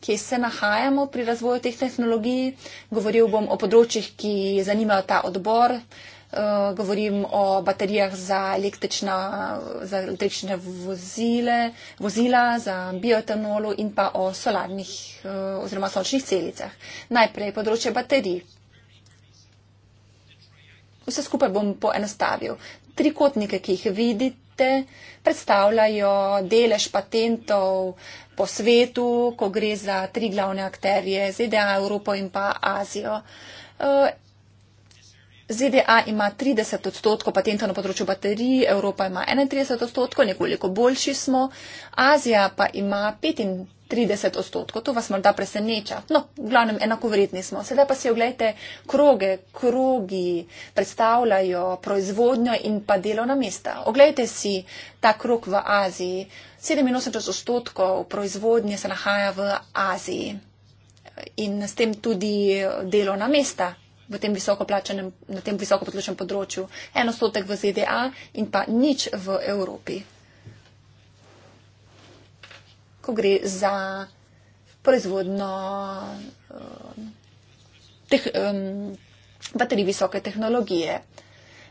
kje se nahajamo pri razvoju teh tehnologij. Govoril bom o področjih, ki zanimajo ta odbor. Uh, Eh, govorim o baterijah za, za električne vozile, vozila, za bioetanolu in pa o solarnih eh, oziroma sončnih celicah. Najprej področje baterij. Vse skupaj bom poenostavil. Trikotnike, ki jih vidite, predstavljajo delež patentov po svetu, ko gre za tri glavne akterje ZDA, Evropo in pa Azijo. Eh, ZDA ima 30 odstotkov patentov na področju baterij, Evropa ima 31 odstotkov, nekoliko boljši smo, Azija pa ima 35 odstotkov. To vas morda preseneča. No, v glavnem enakovredni smo. Sedaj pa si oglejte kroge. Krogi predstavljajo proizvodnjo in pa delovna mesta. Oglejte si ta krog v Aziji. 87 odstotkov proizvodnje se nahaja v Aziji. In s tem tudi delovna mesta v tem visokoplačenem, na tem visokoplačenem področju, en odstotek v ZDA in pa nič v Evropi. Ko gre za proizvodno eh, teh, um, baterij visoke tehnologije.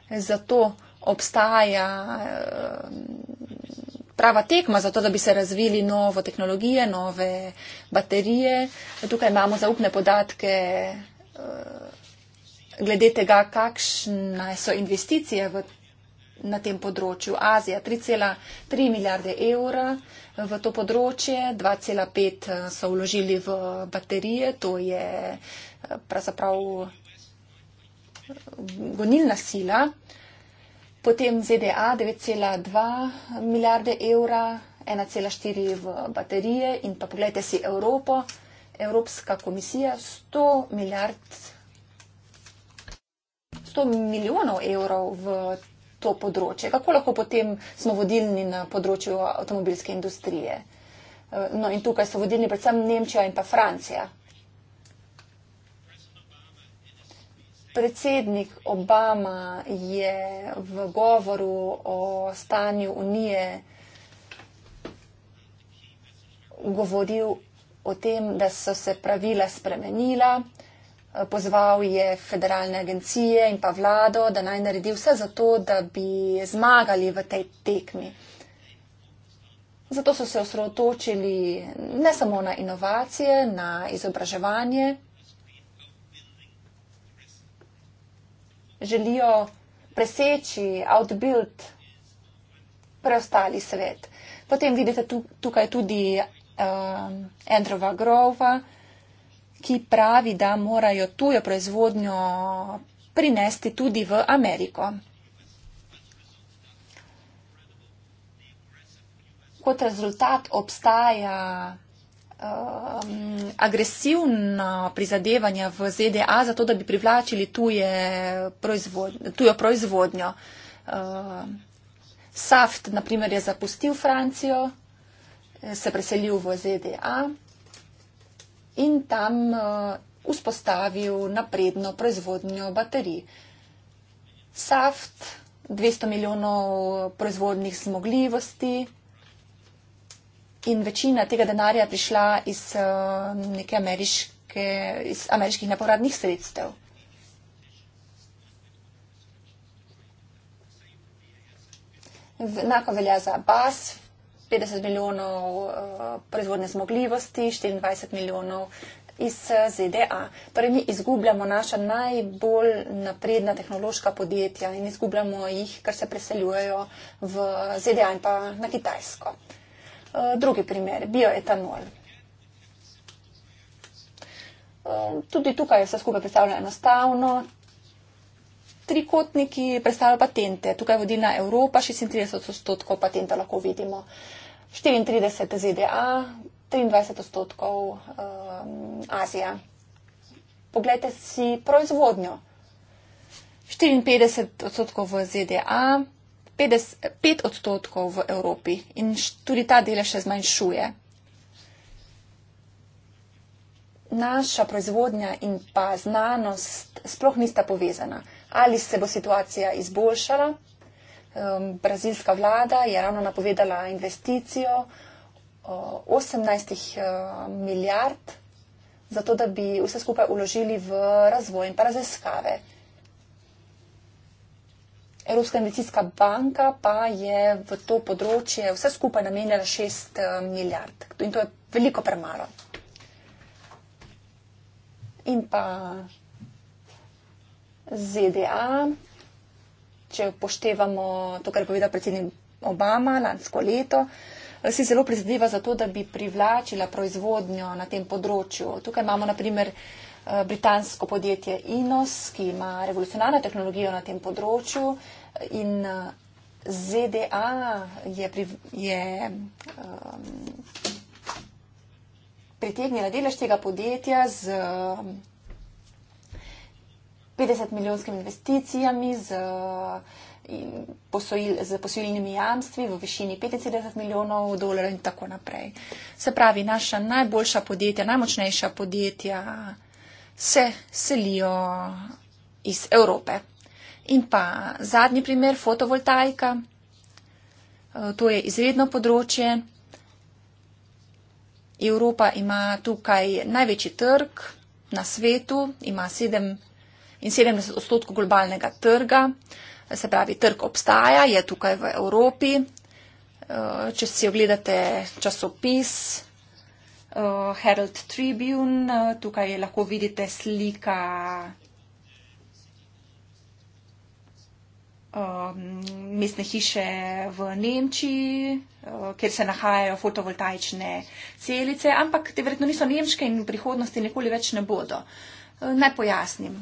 Zato obstaja um, prava tekma, zato da bi se razvili novo tehnologije, nove baterije. Tukaj imamo zaupne podatke. Um, glede tega, kakšne so investicije v, na tem področju. Azija 3,3 milijarde evra v to področje, 2,5 eh, so vložili v baterije, to je eh, pravzaprav eh, gonilna sila. Potem ZDA 9,2 milijarde evra, 1,4 v baterije in pa pogledajte si Evropo, Evropska komisija 100 milijard evra. 100 milijonov evrov v to področje. Kako lahko potem smo vodilni na področju avtomobilske industrije? Eh, no in tukaj so vodilni predvsem Nemčija in pa Francija. Predsednik Obama je v govoru o stanju Unije govoril o tem, da so se pravila spremenila, Pozval je federalne agencije in pa vlado, da naj naredi vse za to, da bi zmagali v tej tekmi. Zato so se osredotočili ne samo na inovacije, na izobraževanje. Želijo preseči outbuild preostali svet. Potem vidite tukaj tudi uh, eh, Androva Grova, ki pravi, da morajo tujo proizvodnjo prinesti tudi v Ameriko. Kot rezultat obstaja um, agresivna prizadevanja v ZDA za to, da bi privlačili tuje proizvodnjo, tujo proizvodnjo. Um, Saft, naprimer, je zapustil Francijo, se preselil v ZDA, in tam uh, vzpostavil napredno proizvodnjo baterij. Saft, 200 milijonov proizvodnih zmogljivosti in večina tega denarja je prišla iz uh, neke ameriške, iz ameriških nepovratnih sredstev. Enako velja za BASF, 50 milijonov eh, proizvodne zmogljivosti, 24 milijonov iz eh, ZDA. Torej, mi izgubljamo naša najbolj napredna tehnološka podjetja in izgubljamo jih, ker se preseljujejo v ZDA in pa na Kitajsko. Eh, drugi primer, bioetanol. Tudi tukaj vse skupaj predstavlja enostavno. Trikotniki predstavljajo patente. Tukaj vodilna Evropa, 36 odstotkov patenta lahko vidimo. Uh, 34 ZDA, 23 odstotkov um, Azija. Poglejte si proizvodnjo. 54 odstotkov v ZDA, 50, 5 odstotkov v Evropi in tudi ta delež še zmanjšuje. Naša proizvodnja in pa znanost sploh nista povezana. Ali se bo situacija izboljšala? Brazilska vlada je ravno napovedala investicijo 18 eh, milijard za to, da bi vse skupaj uložili v razvoj in pa raziskave. Evropska investicijska banka pa je v to področje vse skupaj namenjala 6 eh, milijard in to je veliko premalo. In pa ZDA če upoštevamo to, kar je povedal predsednik Obama lansko leto, si zelo prizadeva za to, da bi privlačila proizvodnjo na tem področju. Tukaj imamo naprimer eh, britansko podjetje Inos, ki ima revolucionarno tehnologijo na tem področju in eh, ZDA je, pri, je um, pritegnila delež tega podjetja z. Um, 50-milijonskimi investicijami, z, posojil, z posojilnimi jamstvi v višini 75 milijonov dolarjev in tako naprej. Se pravi, naša najboljša podjetja, najmočnejša podjetja se selijo iz Evrope. In pa zadnji primer, fotovoltaika. E, to je izredno področje. Evropa ima tukaj največji trg na svetu, ima 7 milijonov in 70 odstotkov globalnega trga. Se pravi, trg obstaja, je tukaj v Evropi. Eh, če si ogledate časopis eh, Herald Tribune, eh, tukaj lahko vidite slika ehm, mestne hiše v Nemčiji, kjer se nahajajo fotovoltaične celice, ampak te verjetno niso nemške in v prihodnosti nikoli več ne bodo. Naj pojasnim.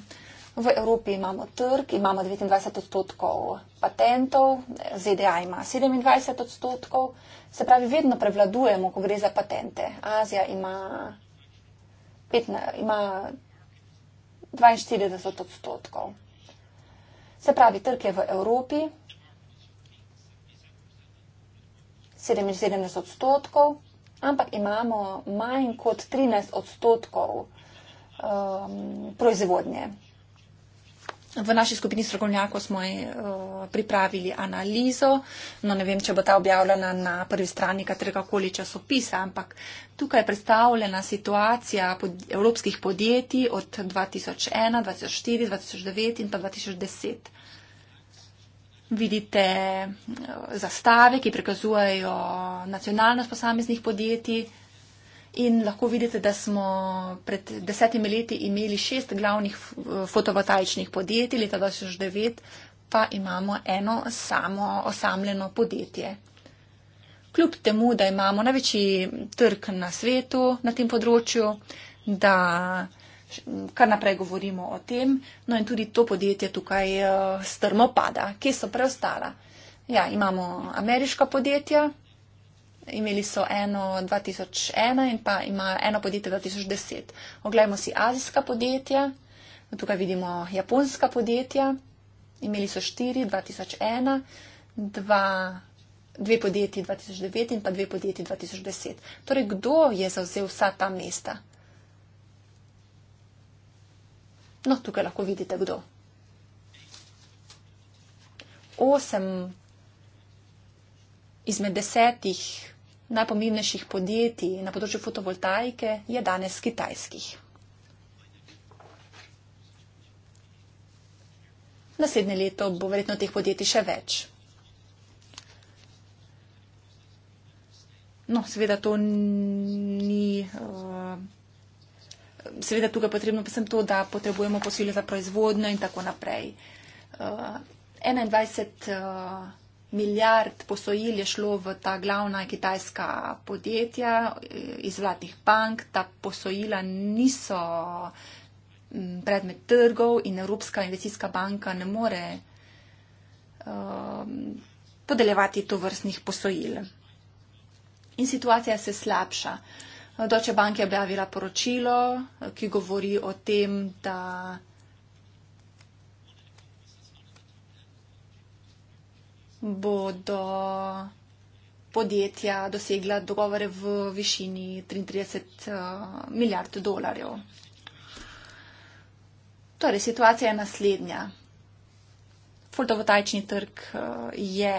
V Evropi imamo trg, imamo 29 odstotkov patentov, ZDA ima 27 odstotkov, se pravi, vedno prevladujemo, ko gre za patente. Azija ima, 15, ima 42 odstotkov. Se pravi, trg je v Evropi 77 odstotkov, ampak imamo manj kot 13 odstotkov um, proizvodnje. V naši skupini strokovnjakov smo eh, pripravili analizo, no ne vem, če bo ta objavljena na prvi strani katerega koli časopisa, ampak tukaj je predstavljena situacija pod, evropskih podjetij od 2001, 2004, 2009 in pa 2010. Vidite eh, zastave, ki prikazujejo nacionalnost posameznih podjetij, in lahko vidite, da smo pred desetimi leti imeli šest glavnih eh, fotovoltaičnih podjetij, leta 2009 pa imamo eno samo osamljeno podjetje. Kljub temu, da imamo največji trg na svetu na tem področju, da kar naprej govorimo o tem, no in tudi to podjetje tukaj eh, strmo pada. Kje so preostala? Ja, imamo ameriška podjetja, imeli so eno 2001 in pa imajo eno podjetje 2010. Oglejmo si azijska podjetja, tukaj vidimo japonska podjetja, imeli so štiri 2001, dva, dve podjetji 2009 in pa dve podjetji 2010. Torej, kdo je zauzel vsa ta mesta? No, tukaj lahko vidite, kdo. Osem izmed desetih najpomembnejših podjetij na področju fotovoltaike je danes kitajskih. Naslednje leto bo verjetno teh podjetij še več. No, seveda to ni. Uh, seveda tukaj potrebno pa sem to, da potrebujemo posilje za proizvodnjo in tako naprej. Uh, 21. Uh, milijard posojil je šlo v ta glavna kitajska podjetja eh, iz vladnih bank, ta posojila niso mm, predmet trgov in Evropska investicijska banka ne more um, podeljevati to vrstnih posojil. In situacija se slabša. Deutsche Bank je objavila poročilo, ki govori o tem, da bodo podjetja dosegla dogovore v višini 33 eh, milijard dolarjev. Torej, situacija je naslednja. Fotovoltaični trg eh, je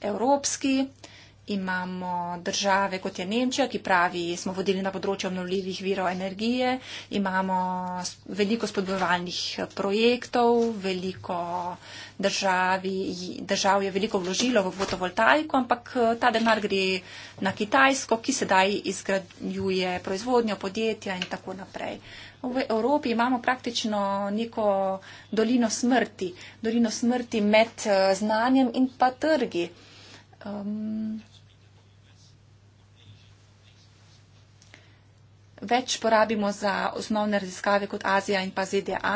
evropski, imamo države, kot je Nemčija, ki pravi, smo vodili na področju obnovljivih virov energije, imamo veliko spodbojevalnih eh, projektov, veliko državi, držav je veliko vložilo v fotovoltaiko, ampak eh, ta denar gre na Kitajsko, ki sedaj izgradjuje proizvodnjo podjetja in tako naprej. V Evropi imamo praktično neko dolino smrti, dolino smrti med eh, znanjem in pa trgi. Um, več porabimo za osnovne raziskave kot Azija in pa ZDA,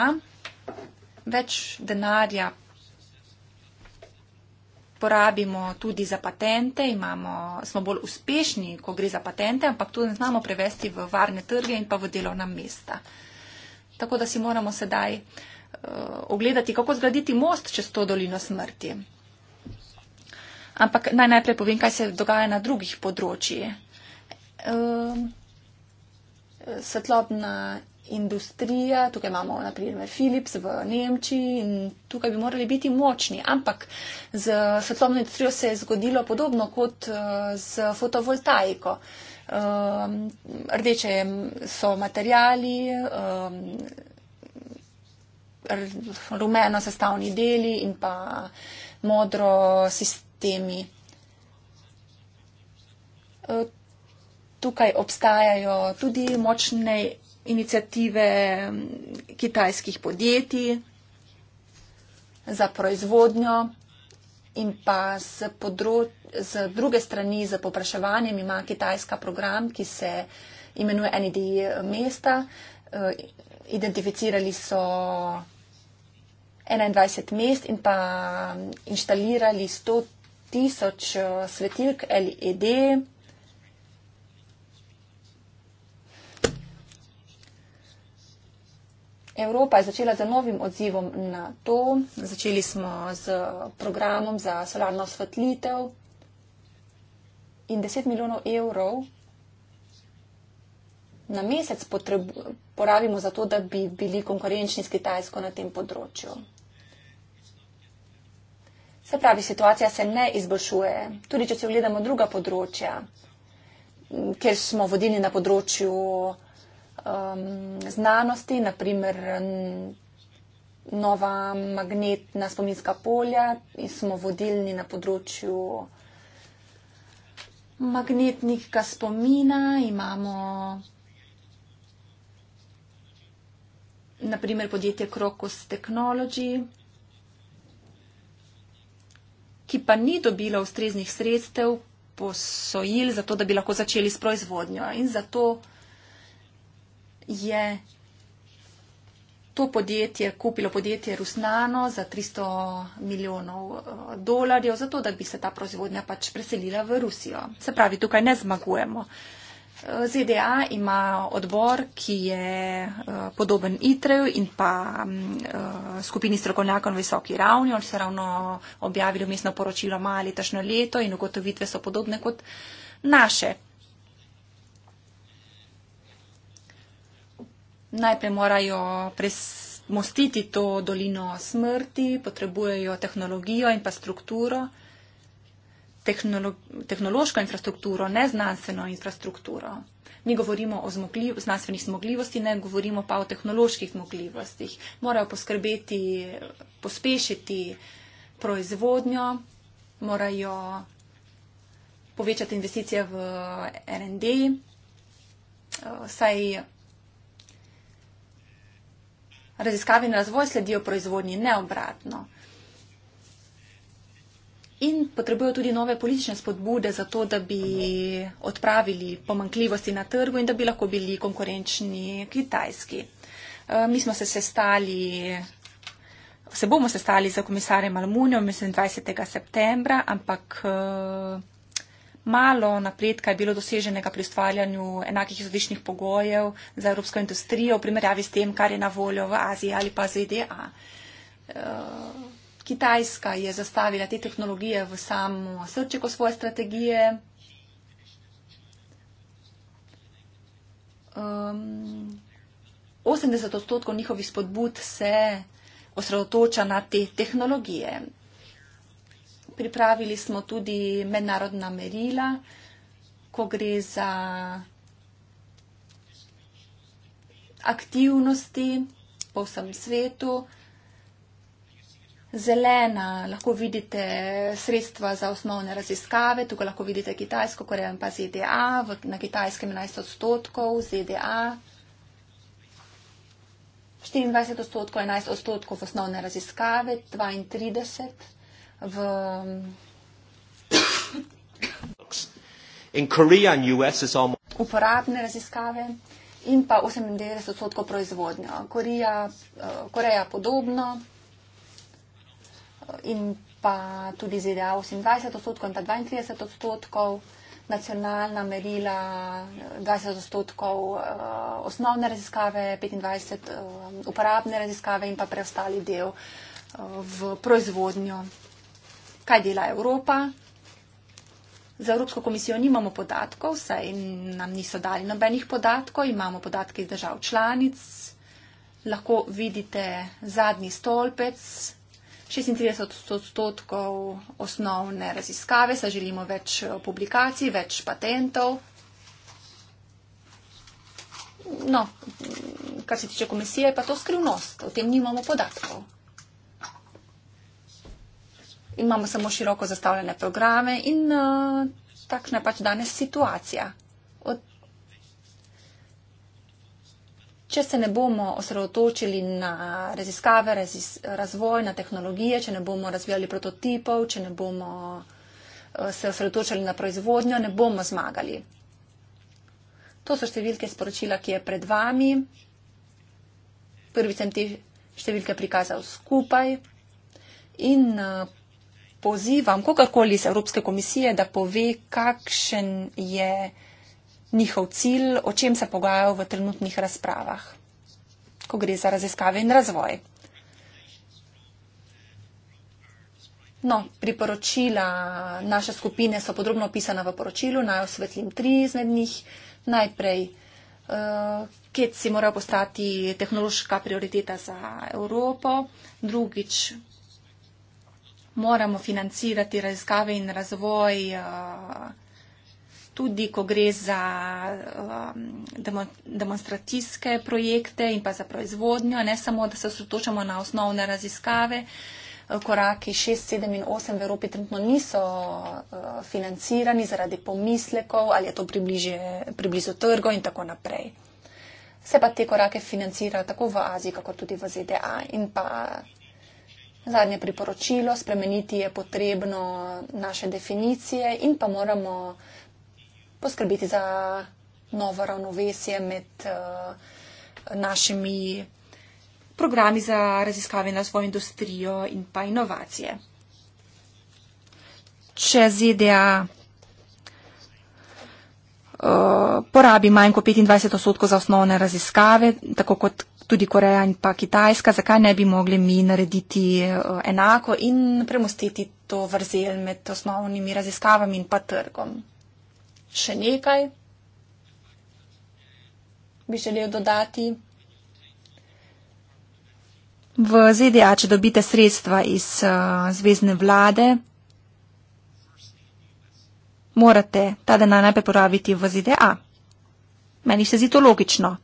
več denarja porabimo tudi za patente, imamo, smo bolj uspešni, ko gre za patente, ampak to ne znamo prevesti v varne trge in pa v delovna mesta. Tako da si moramo sedaj uh, ogledati, kako zgraditi most čez to dolino smrti. Ampak naj najprej povem, kaj se dogaja na drugih področjih. Uh, svetlobna industrija, tukaj imamo naprimer Philips v Nemčiji in tukaj bi morali biti močni, ampak z svetlobno industrijo se je zgodilo podobno kot eh, z fotovoltaiko. Ehm, rdeče so materijali, ehm, rumeno sestavni deli in pa modro sistemi. Eh, tukaj obstajajo tudi močne inicijative kitajskih podjetij za proizvodnjo in pa z, z druge strani z popraševanjem ima kitajska program, ki se imenuje NED mesta. E, identificirali so 21 mest in pa inštalirali 100 tisoč e, svetilk LED. Evropa je začela z novim odzivom na to. Začeli smo z programom za solarno osvetlitev in 10 milijonov evrov na mesec porabimo za to, da bi bili konkurenčni s Kitajsko na tem področju. Se pravi, situacija se ne izboljšuje. Tudi če se ogledamo druga področja, ker smo vodili na področju um, znanosti, naprimer nova magnetna spominska polja in smo vodilni na področju magnetnika spomina. Imamo naprimer podjetje Crocus Technology, ki pa ni dobilo ustreznih sredstev posojil za to, da bi lahko začeli s proizvodnjo. In zato je to podjetje kupilo podjetje Rusnano za 300 milijonov eh, dolarjev, zato da bi se ta proizvodnja pač preselila v Rusijo. Se pravi, tukaj ne zmagujemo. Eh, ZDA ima odbor, ki je eh, podoben ITREju in pa mm, skupini strokovnjakov na visoki ravni. Oni so ravno objavili umestno poročilo Mali tašno leto in ugotovitve so podobne kot naše. najprej morajo premostiti to dolino smrti, potrebujejo tehnologijo in pa strukturo, tehnolo tehnološko infrastrukturo, ne znanstveno infrastrukturo. Mi govorimo o zmogljiv znanstvenih zmogljivosti, ne govorimo pa o tehnoloških zmogljivostih. Morajo poskrbeti, pospešiti proizvodnjo, morajo povečati investicije v RND, eh, saj raziskave in razvoj sledijo proizvodnji neobratno. In potrebujo tudi nove politične spodbude za to, da bi odpravili pomankljivosti na trgu in da bi lahko bili konkurenčni Kitajski. E, mi smo se sestali, se bomo sestali za komisarjem Almunijo, mislim, 20. septembra, ampak e, Malo napredka je bilo doseženega pri ustvarjanju enakih izhodiščnih pogojev za evropsko industrijo v primerjavi s tem, kar je na voljo v Aziji ali pa ZDA. Eh, Kitajska je zastavila te tehnologije v samo srčeko svoje strategije. Um, 80 odstotkov njihovih spodbud se osredotoča na te tehnologije pripravili smo tudi mednarodna merila, ko gre za aktivnosti po vsem svetu. Zelena, lahko vidite sredstva za osnovne raziskave, tukaj lahko vidite Kitajsko, Korejo in pa ZDA, na Kitajskem 11 odstotkov, ZDA 24 odstotkov, 11 odstotkov v osnovne raziskave, 32 odstotkov v... uporabne raziskave in pa 98 odstotkov proizvodnja. Koreja, eh, Koreja podobno eh, in pa tudi ZDA 28 odstotkov in pa 32 odstotkov, nacionalna merila 20 eh, odstotkov, osnovne raziskave 25, uporabne raziskave in pa preostali del v proizvodnjo kaj dela Evropa. Za Evropsko komisijo nimamo podatkov, saj nam niso dali nobenih podatkov, imamo podatke iz držav članic. Lahko vidite zadnji stolpec. 36 odstotkov osnovne raziskave, saj želimo več eh, publikacij, več patentov. No, kar se tiče komisije, pa to skrivnost, o tem nimamo podatkov imamo samo široko zastavljene programe in uh, takšna je pač danes situacija. Od... Če se ne bomo osredotočili na raziskave, razis, razvoj, na tehnologije, če ne bomo razvijali prototipov, če ne bomo uh, se osredotočili na proizvodnjo, ne bomo zmagali. To so številke sporočila, ki je pred vami. Prvi sem te številke prikazal skupaj in uh, pozivam kogarkoli iz Evropske komisije, da pove, kakšen je njihov cilj, o čem se pogajajo v trenutnih razpravah, ko gre za raziskave in razvoj. No, priporočila naše skupine so podrobno opisana v poročilu, naj osvetlim tri izmed njih. Najprej, uh, kje si mora postati tehnološka prioriteta za Evropo, drugič, moramo financirati raziskave in razvoj, eh, tudi ko gre za eh, demonstracijske projekte in pa za proizvodnjo, ne samo, da se osredotočamo na osnovne raziskave. Eh, koraki 6, 7 in 8 v Evropi trenutno niso financirani zaradi pomislekov, ali je to približe, priblizu trgo in tako naprej. Se pa te korake financirajo tako v Aziji, kako tudi v ZDA in pa Zadnje priporočilo, spremeniti je potrebno naše definicije in pa moramo poskrbiti za novo ravnovesje med uh, našimi programi za raziskave na svojo industrijo in pa inovacije. Če ZDA uh, eh, porabi manj kot 25 odstotkov za osnovne raziskave, tako kot tudi Koreja in pa Kitajska, zakaj ne bi mogli mi narediti eh, enako in premostiti to vrzel med osnovnimi raziskavami in pa trgom. Še nekaj bi želel dodati. V ZDA, če dobite sredstva iz uh, zvezdne vlade, morate ta denar najprej poraviti v ZDA. Meni se zdi to logično.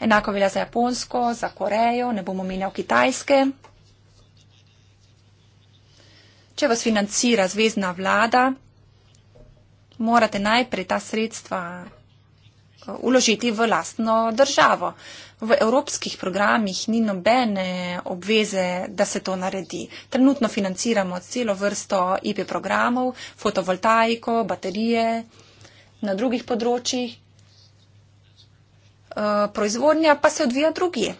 Enako velja za Japonsko, za Korejo, ne bomo menjal Kitajske. Če vas financira zvezdna vlada, morate najprej ta sredstva uh, uložiti v lastno državo. V evropskih programih ni nobene obveze, da se to naredi. Trenutno financiramo celo vrsto IP programov, fotovoltaiko, baterije na drugih področjih. Eh, proizvodnja pa se odvija drugje.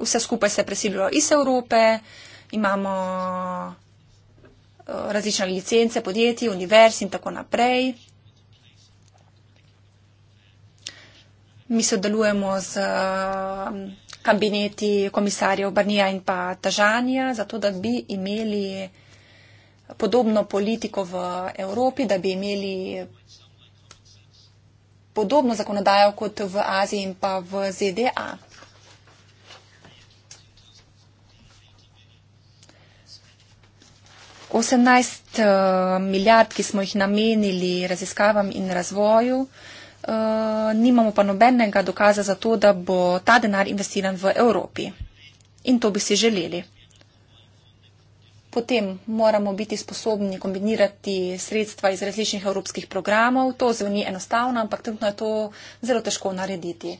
Vse skupaj se presiljuje iz Evrope, imamo eh, različne licence podjetij, univerz in tako naprej. Mi sodelujemo z eh, kabineti komisarjev Barnija in pa Tažanja, zato da bi imeli podobno politiko v Evropi, da bi imeli podobno zakonodajo kot v Aziji in pa v ZDA. Osemnajst eh, milijard, ki smo jih namenili raziskavam in razvoju, eh, nimamo pa nobenega dokaza za to, da bo ta denar investiran v Evropi. In to bi si želeli. Potem moramo biti sposobni kombinirati sredstva iz različnih evropskih programov. To zveni enostavno, ampak trenutno je to zelo težko narediti.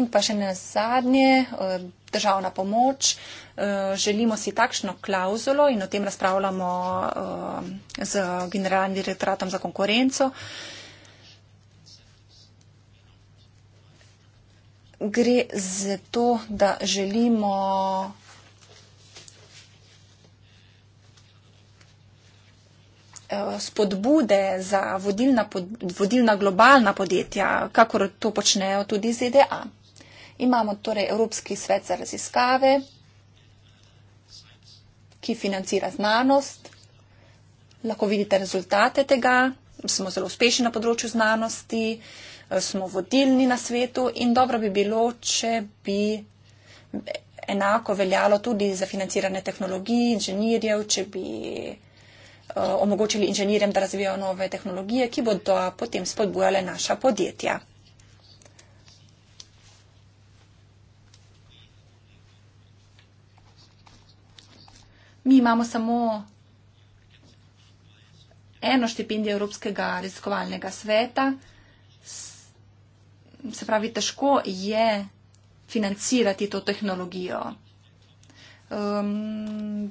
In pa še na zadnje, eh, državna pomoč. Eh, želimo si takšno klauzulo in o tem razpravljamo eh, z generalnim direktoratom za konkurenco. Gre za to, da želimo Eh, spodbude za vodilna, vodilna globalna podjetja, kakor to počnejo tudi ZDA. Imamo torej Evropski svet za raziskave, ki financira znanost. Lahko vidite rezultate tega. Smo zelo uspešni na področju znanosti, eh, smo vodilni na svetu in dobro bi bilo, če bi enako veljalo tudi za financiranje tehnologij, inženirjev, če bi Eh, omogočili inženirjem, da razvijajo nove tehnologije, ki bodo potem spodbujale naša podjetja. Mi imamo samo eno štipendijo Evropskega raziskovalnega sveta, se pravi, težko je financirati to tehnologijo. Um,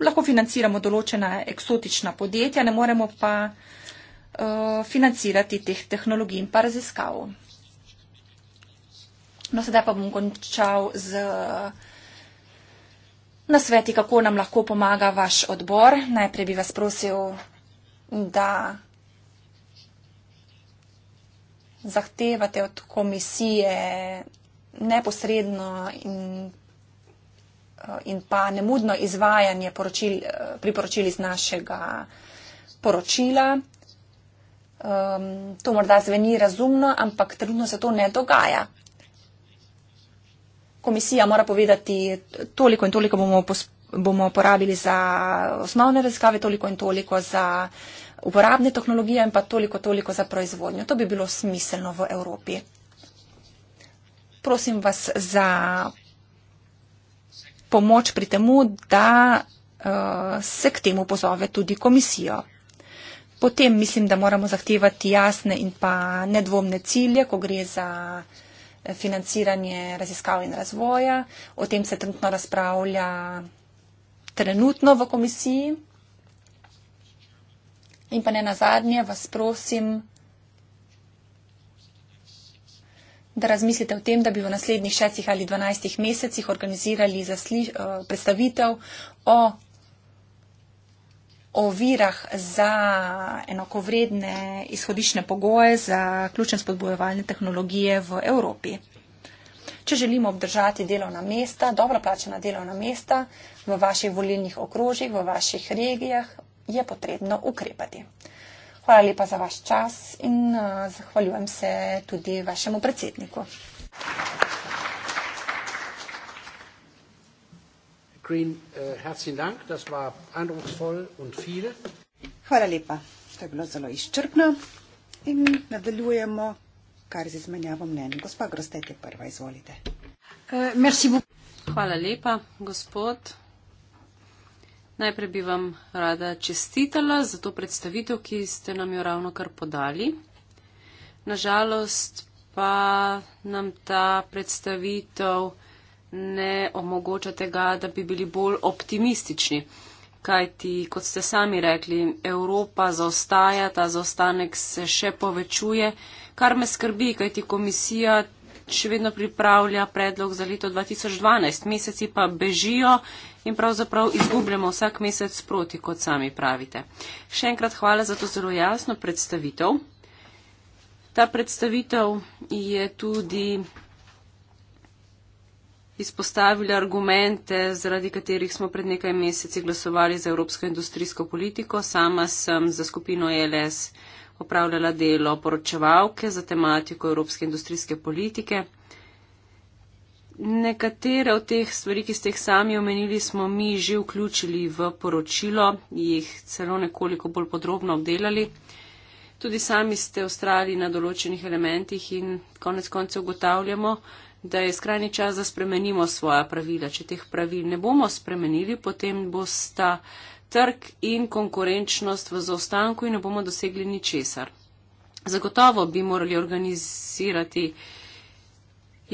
lahko financiramo določena eksotična podjetja, ne moremo pa eh, financirati teh tehnologij in pa raziskav. No, sedaj pa bom končal z nasveti, kako nam lahko pomaga vaš odbor. Najprej bi vas prosil, da zahtevate od komisije neposredno in in pa nemudno izvajanje poročil, eh, priporočil iz našega poročila. Um, to morda zveni razumno, ampak trenutno se to ne dogaja. Komisija mora povedati, toliko in toliko bomo, pos, bomo porabili za osnovne raziskave, toliko in toliko za uporabne tehnologije in pa toliko in toliko za proizvodnjo. To bi bilo smiselno v Evropi. Prosim vas za pomoč pri temu, da uh, se k temu pozove tudi komisijo. Potem mislim, da moramo zahtevati jasne in pa nedvomne cilje, ko gre za eh, financiranje raziskav in razvoja. O tem se trenutno razpravlja trenutno v komisiji. In pa ne nazadnje vas prosim, da razmislite o tem, da bi v naslednjih šestih ali dvanajstih mesecih organizirali zasliž, uh, eh, predstavitev o ovirah za enakovredne izhodišne pogoje za ključne spodbojevalne tehnologije v Evropi. Če želimo obdržati delovna mesta, dobro plačena delovna mesta v vaših volilnih okrožjih, v vaših regijah, je potrebno ukrepati. Hvala lepa za vaš čas in uh, zahvaljujem se tudi vašemu predsedniku. Uh, Hvala lepa. To je bilo zelo izčrpno. In nadaljujemo kar z izmenjavo mnen. Gospa Grostet je prva, izvolite. Eh, Hvala lepa, gospod. Najprej bi vam rada čestitala za to predstavitev, ki ste nam jo ravno kar podali. Nažalost pa nam ta predstavitev ne omogoča tega, da bi bili bolj optimistični. Kaj ti, kot ste sami rekli, Evropa zaostaja, ta zaostanek se še povečuje, kar me skrbi, kaj ti komisija še vedno pripravlja predlog za leto 2012. Meseci pa bežijo in pravzaprav izgubljamo vsak mesec proti, kot sami pravite. Še enkrat hvala za to zelo jasno predstavitev. Ta predstavitev je tudi izpostavila argumente, zaradi katerih smo pred nekaj meseci glasovali za evropsko industrijsko politiko. Sama sem za skupino LS opravljala delo poročevalke za tematiko evropske industrijske politike. Nekatere od teh stvari, ki ste jih sami omenili, smo mi že vključili v poročilo, jih celo nekoliko bolj podrobno obdelali. Tudi sami ste ostali na določenih elementih in konec konca ugotavljamo, da je skrajni čas, da spremenimo svoja pravila. Če teh pravil ne bomo spremenili, potem bosta trg in konkurenčnost v zaostanku in ne bomo dosegli ničesar. Zagotovo bi morali organizirati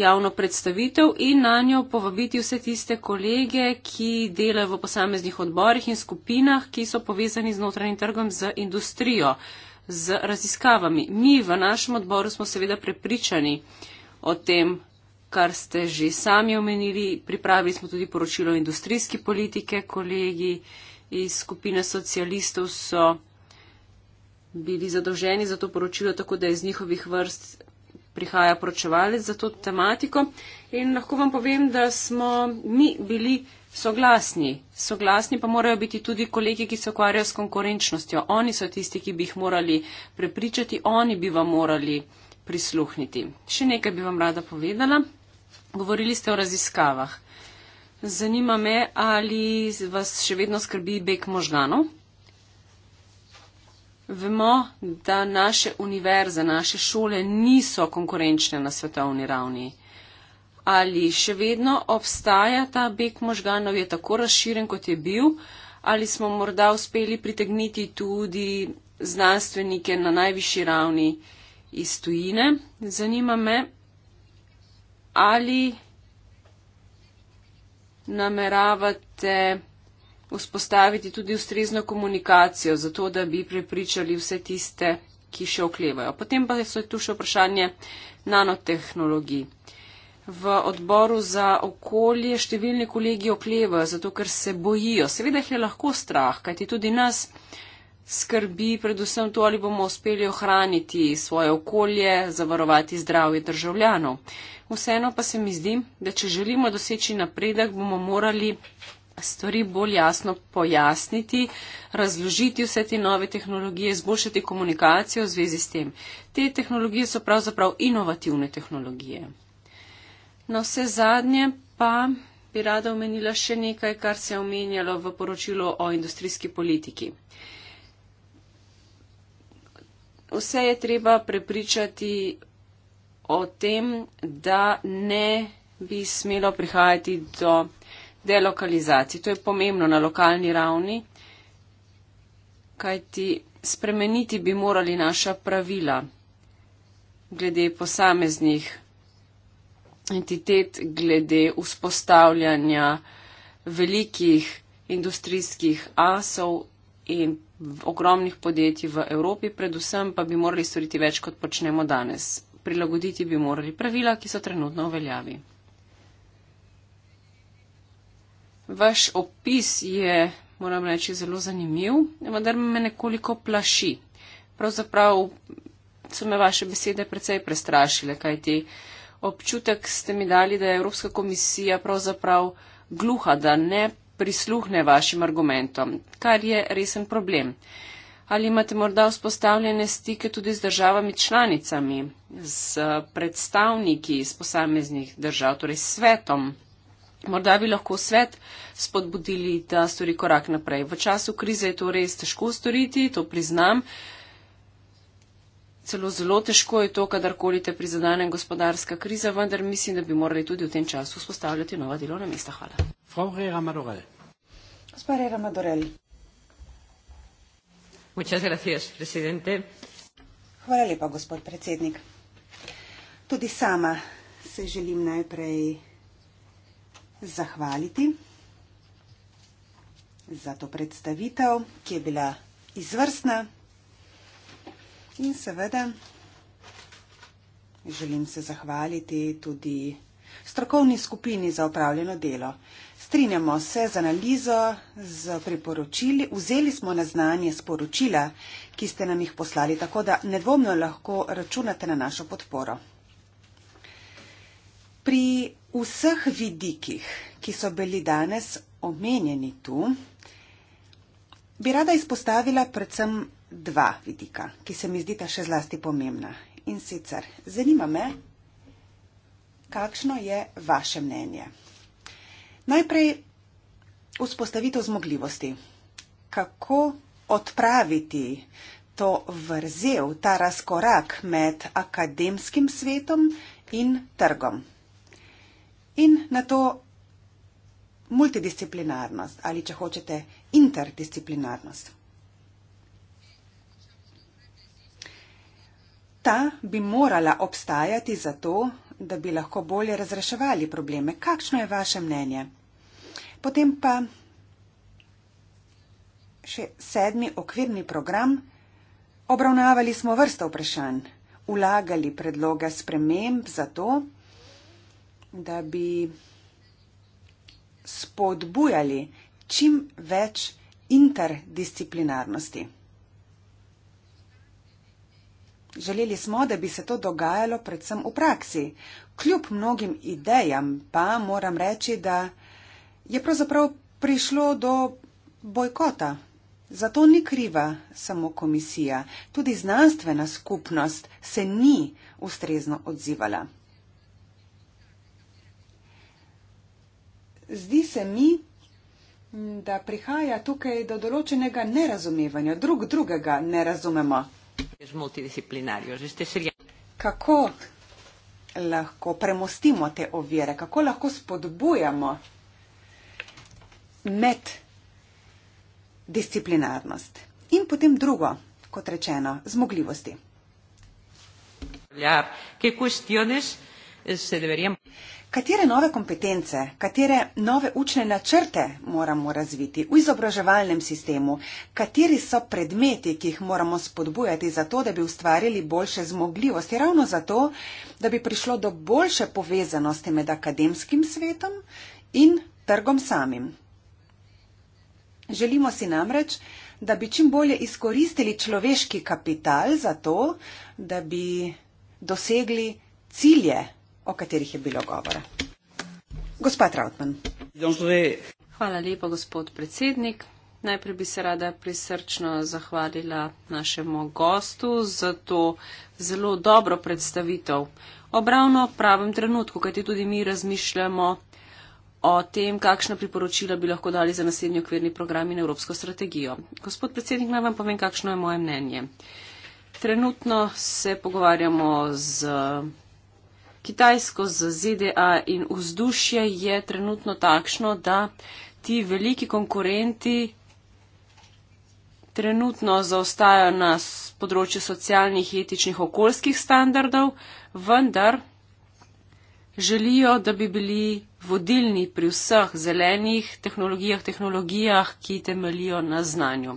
javno predstavitev in na njo povabiti vse tiste kolege, ki delajo v posameznih odborih in skupinah, ki so povezani z notranjim trgom, z industrijo, z raziskavami. Mi v našem odboru smo seveda prepričani o tem, kar ste že sami omenili. Pripravili smo tudi poročilo o industrijski politike. Kolegi iz skupine socialistov so bili zadolženi za to poročilo, tako da je z njihovih vrst prihaja poročevalec za to tematiko in lahko vam povem, da smo mi bili soglasni. Soglasni pa morajo biti tudi kolegi, ki se ukvarjajo s konkurenčnostjo. Oni so tisti, ki bi jih morali prepričati, oni bi vam morali prisluhniti. Še nekaj bi vam rada povedala. Govorili ste o raziskavah. Zanima me, ali vas še vedno skrbi beg možganov. Vemo, da naše univerze, naše šole niso konkurenčne na svetovni ravni. Ali še vedno obstaja ta beg možganov, je tako razširen, kot je bil, ali smo morda uspeli pritegniti tudi znanstvenike na najvišji ravni iz tujine. Zanima me, ali nameravate vzpostaviti tudi ustrezno komunikacijo, zato da bi prepričali vse tiste, ki še oklevajo. Potem pa so tu še vprašanje nanotehnologij. V odboru za okolje številni kolegi oklevajo, zato ker se bojijo. Seveda jih je lahko strah, kajti tudi nas skrbi predvsem to, ali bomo uspeli ohraniti svoje okolje, zavarovati zdravje državljanov. Vseeno pa se mi zdi, da če želimo doseči napredek, bomo morali stvari bolj jasno pojasniti, razložiti vse te nove tehnologije, zboljšati komunikacijo v zvezi s tem. Te tehnologije so pravzaprav inovativne tehnologije. Na no, vse zadnje pa bi rada omenila še nekaj, kar se je omenjalo v poročilu o industrijski politiki. Vse je treba prepričati o tem, da ne bi smelo prihajati do delokalizaciji. To je pomembno na lokalni ravni, kajti spremeniti bi morali naša pravila glede posameznih entitet, glede vzpostavljanja velikih industrijskih asov in ogromnih podjetij v Evropi, predvsem pa bi morali storiti več, kot počnemo danes. Prilagoditi bi morali pravila, ki so trenutno v veljavi. Vaš opis je, moram reči, zelo zanimiv, vendar me nekoliko plaši. Pravzaprav so me vaše besede precej prestrašile, kajti občutek ste mi dali, da je Evropska komisija pravzaprav gluha, da ne prisluhne vašim argumentom, kar je resen problem. Ali imate morda vzpostavljene stike tudi z državami članicami, z predstavniki iz posameznih držav, torej s svetom Morda bi lahko svet spodbudili, da stori korak naprej. V času krize je to res težko storiti, to priznam. Celo zelo težko je to, kadarkoli te prizadane gospodarska kriza, vendar mislim, da bi morali tudi v tem času spostavljati nova delovna mesta. Hvala. Hvala lepa, gospod predsednik. Tudi sama se želim najprej zahvaliti za to predstavitev, ki je bila izvrstna. In seveda želim se zahvaliti tudi strokovni skupini za upravljeno delo. Strinjamo se z analizo, z priporočili. Vzeli smo na znanje sporočila, ki ste nam jih poslali, tako da nedvomno lahko računate na našo podporo. Pri vseh vidikih, ki so bili danes omenjeni tu, bi rada izpostavila predvsem dva vidika, ki se mi zdita še zlasti pomembna. In sicer zanima me, kakšno je vaše mnenje. Najprej vzpostavitev zmogljivosti. Kako odpraviti to vrzel, ta razkorak med akademskim svetom in trgom? in na to multidisciplinarnost ali, če hočete, interdisciplinarnost. Ta bi morala obstajati zato, da bi lahko bolje razreševali probleme. Kakšno je vaše mnenje? Potem pa še sedmi okvirni program. Obravnavali smo vrsto vprašanj, vlagali predloge sprememb za to, da bi spodbujali čim več interdisciplinarnosti. Želeli smo, da bi se to dogajalo predvsem v praksi. Kljub mnogim idejam pa moram reči, da je pravzaprav prišlo do bojkota. Zato ni kriva samo komisija, tudi znanstvena skupnost se ni ustrezno odzivala. zdi se mi, da prihaja tukaj do določenega nerazumevanja, drug drugega ne razumemo. Kako lahko premostimo te ovire, kako lahko spodbujamo meddisciplinarnost. In potem drugo, kot rečeno, zmogljivosti. Ja, Katere nove kompetence, katere nove učne načrte moramo razviti v izobraževalnem sistemu, kateri so predmeti, ki jih moramo spodbujati za to, da bi ustvarili boljše zmogljivosti, ravno zato, da bi prišlo do boljše povezanosti med akademskim svetom in trgom samim. Želimo si namreč, da bi čim bolje izkoristili človeški kapital za to, da bi dosegli cilje o katerih je bilo govora. Gospa Trautmann. Hvala lepa, gospod predsednik. Najprej bi se rada prisrčno zahvalila našemu gostu za to zelo dobro predstavitev. Obravno pravem trenutku, kajti tudi mi razmišljamo o tem, kakšna priporočila bi lahko dali za naslednji okvirni program in evropsko strategijo. Gospod predsednik, naj vam povem, kakšno je moje mnenje. Trenutno se pogovarjamo z Kitajsko z ZDA in vzdušje je trenutno takšno, da ti veliki konkurenti trenutno zaostajajo na področju socialnih, etičnih, okoljskih standardov, vendar želijo, da bi bili vodilni pri vseh zelenih tehnologijah, tehnologijah, ki temelijo na znanju.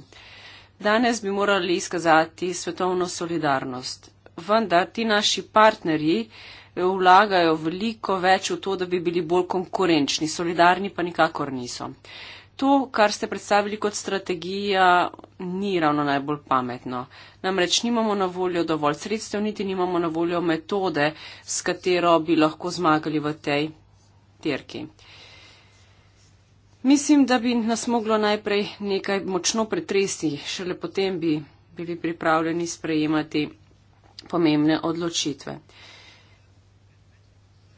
Danes bi morali izkazati svetovno solidarnost. Vendar ti naši partnerji, vlagajo veliko več v to, da bi bili bolj konkurenčni, solidarni pa nikakor niso. To, kar ste predstavili kot strategija, ni ravno najbolj pametno. Namreč nimamo na voljo dovolj sredstev, niti nimamo na voljo metode, s katero bi lahko zmagali v tej terki. Mislim, da bi nas moglo najprej nekaj močno pretresti, šele potem bi bili pripravljeni sprejemati pomembne odločitve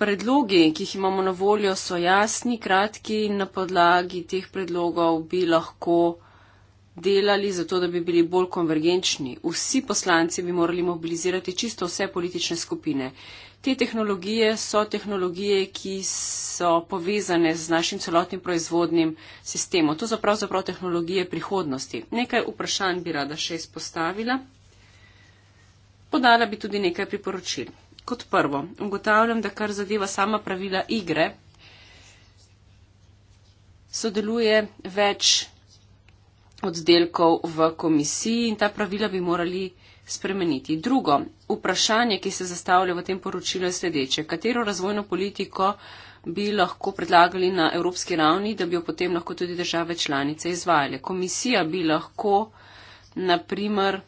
predlogi, ki jih imamo na voljo, so jasni, kratki in na podlagi teh predlogov bi lahko delali zato, da bi bili bolj konvergenčni. Vsi poslanci bi morali mobilizirati čisto vse politične skupine. Te tehnologije so tehnologije, ki so povezane z našim celotnim proizvodnim sistemom. To so pravzaprav tehnologije prihodnosti. Nekaj vprašanj bi rada še izpostavila. Podala bi tudi nekaj priporočil kot prvo. Ugotavljam, da kar zadeva sama pravila igre, sodeluje več oddelkov v komisiji in ta pravila bi morali spremeniti. Drugo vprašanje, ki se zastavlja v tem poročilu, je sledeče. Katero razvojno politiko bi lahko predlagali na evropski ravni, da bi jo potem lahko tudi države članice izvajale? Komisija bi lahko, na primer,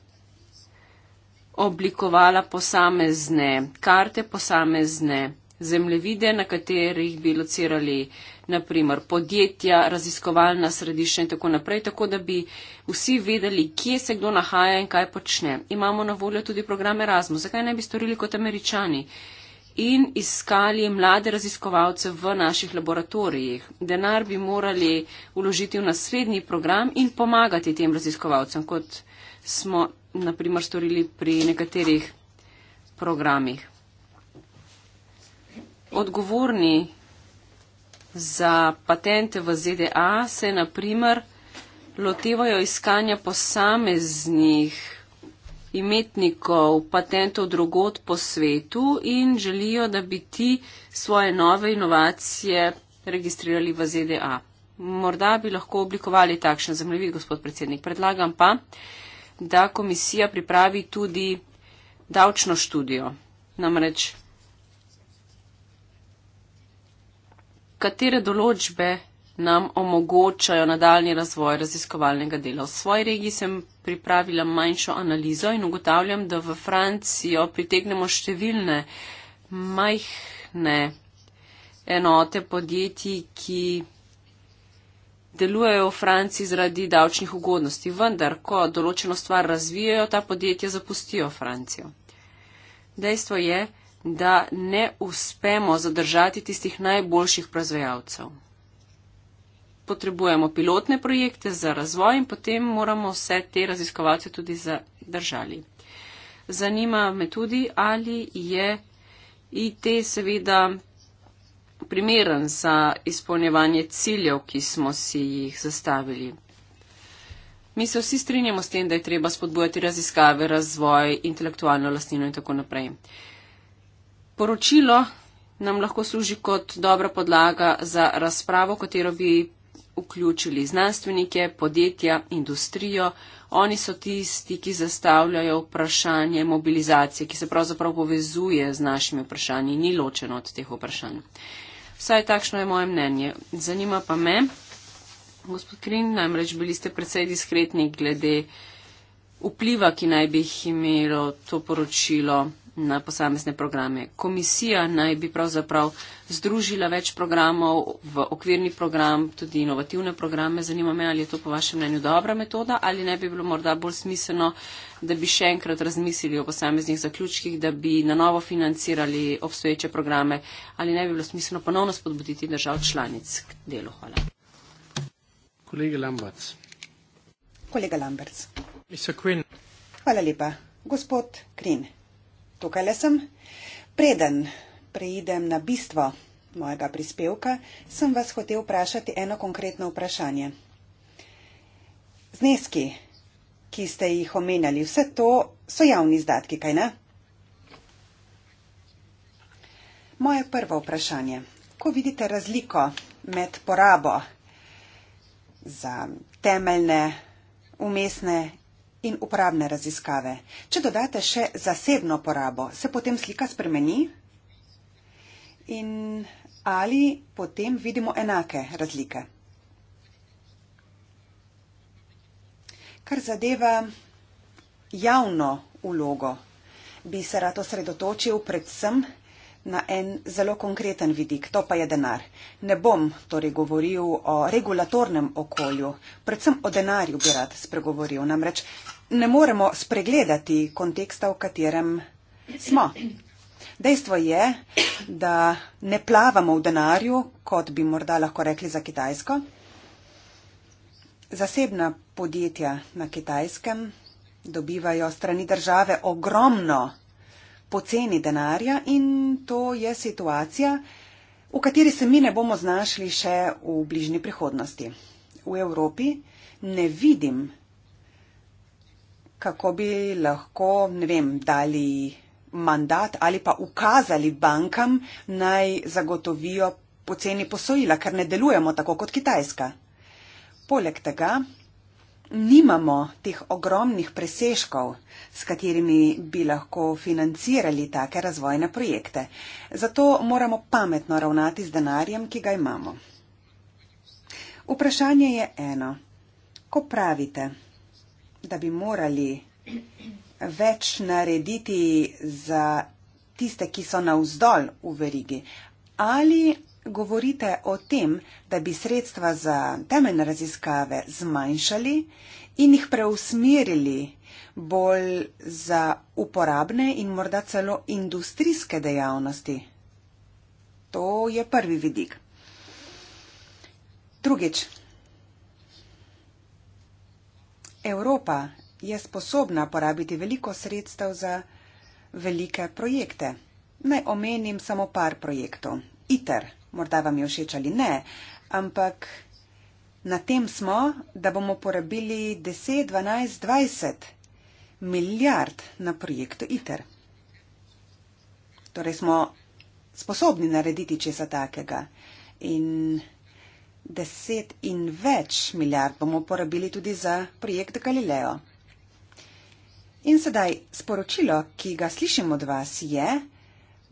oblikovala posamezne karte, posamezne zemljevide, na katerih bi locirali naprimer podjetja, raziskovalna središča in tako naprej, tako da bi vsi vedeli, kje se kdo nahaja in kaj počne. Imamo na voljo tudi program Erasmus, zakaj ne bi storili kot američani in iskali mlade raziskovalce v naših laboratorijih. Denar bi morali uložiti v naslednji program in pomagati tem raziskovalcem kot raziskovalcem smo naprimer storili pri nekaterih programih. Odgovorni za patente v ZDA se naprimer lotevajo iskanja posameznih imetnikov patentov drugot po svetu in želijo, da bi ti svoje nove inovacije registrirali v ZDA. Morda bi lahko oblikovali takšen zemljevid, gospod predsednik. Predlagam pa, da komisija pripravi tudi davčno študijo. Namreč, katere določbe nam omogočajo nadaljni razvoj raziskovalnega dela. V svoji regiji sem pripravila manjšo analizo in ugotavljam, da v Francijo pritegnemo številne majhne enote podjetij, ki delujejo v Franciji zaradi davčnih ugodnosti, vendar, ko določeno stvar razvijajo, ta podjetja zapustijo Francijo. Dejstvo je, da ne uspemo zadržati tistih najboljših proizvajalcev. Potrebujemo pilotne projekte za razvoj in potem moramo vse te raziskovalce tudi zadržali. Zanima me tudi, ali je IT seveda primeren za izpolnjevanje ciljev, ki smo si jih zastavili. Mi se vsi strinjamo s tem, da je treba spodbujati raziskave, razvoj, intelektualno lastnino in tako naprej. Poročilo nam lahko služi kot dobra podlaga za razpravo, katero bi vključili znanstvenike, podjetja, industrijo. Oni so tisti, ki zastavljajo vprašanje mobilizacije, ki se pravzaprav povezuje z našimi vprašanji, ni ločeno od teh vprašanj. Vsaj takšno je moje mnenje. Zanima pa me, gospod Krin, namreč bili ste predvsej diskretni glede vpliva, ki naj bi imelo to poročilo na posamezne programe. Komisija naj bi pravzaprav združila več programov v okvirni program, tudi inovativne programe. Zanima me, ali je to po vašem mnenju dobra metoda ali ne bi bilo morda bolj smiselno, da bi še enkrat razmislili o posameznih zaključkih, da bi na novo financirali obstoječe programe ali ne bi bilo smiselno ponovno spodbuditi držav članic k delu. Hvala. Kolega Lambert. Kolega Lambert. Hvala lepa. Gospod Krin tukaj le sem. Preden preidem na bistvo mojega prispevka, sem vas hotel vprašati eno konkretno vprašanje. Zneski, ki ste jih omenjali, vse to so javni izdatki, kaj ne? Moje prvo vprašanje. Ko vidite razliko med porabo za temeljne, umestne in uporabne raziskave. Če dodate še zasebno porabo, se potem slika spremeni? In ali potem vidimo enake razlike? Kar zadeva javno ulogo, bi se rad osredotočil predvsem na na en zelo konkreten vidik, to pa je denar. Ne bom torej govoril o regulatornem okolju, predvsem o denarju bi rad spregovoril, namreč ne moremo spregledati konteksta, v katerem smo. Dejstvo je, da ne plavamo v denarju, kot bi morda lahko rekli za Kitajsko. Zasebna podjetja na Kitajskem dobivajo strani države ogromno poceni denarja in to je situacija, v kateri se mi ne bomo znašli še v bližnji prihodnosti. V Evropi ne vidim, kako bi lahko, ne vem, dali mandat ali pa ukazali bankam naj zagotovijo poceni posojila, ker ne delujemo tako kot Kitajska. Poleg tega nimamo teh ogromnih presežkov, s katerimi bi lahko financirali take razvojne projekte. Zato moramo pametno ravnati z denarjem, ki ga imamo. Vprašanje je eno. Ko pravite, da bi morali več narediti za tiste, ki so na vzdolj v verigi, ali govorite o tem, da bi sredstva za temeljne raziskave zmanjšali in jih preusmerili bolj za uporabne in morda celo industrijske dejavnosti. To je prvi vidik. Drugič. Evropa je sposobna porabiti veliko sredstev za velike projekte. Naj omenim samo par projektov iter, morda vam je všeč ali ne, ampak na tem smo, da bomo porabili 10, 12, 20 milijard na projektu iter. Torej smo sposobni narediti česa takega in 10 in več milijard bomo porabili tudi za projekt Galileo. In sedaj sporočilo, ki ga slišim od vas, je,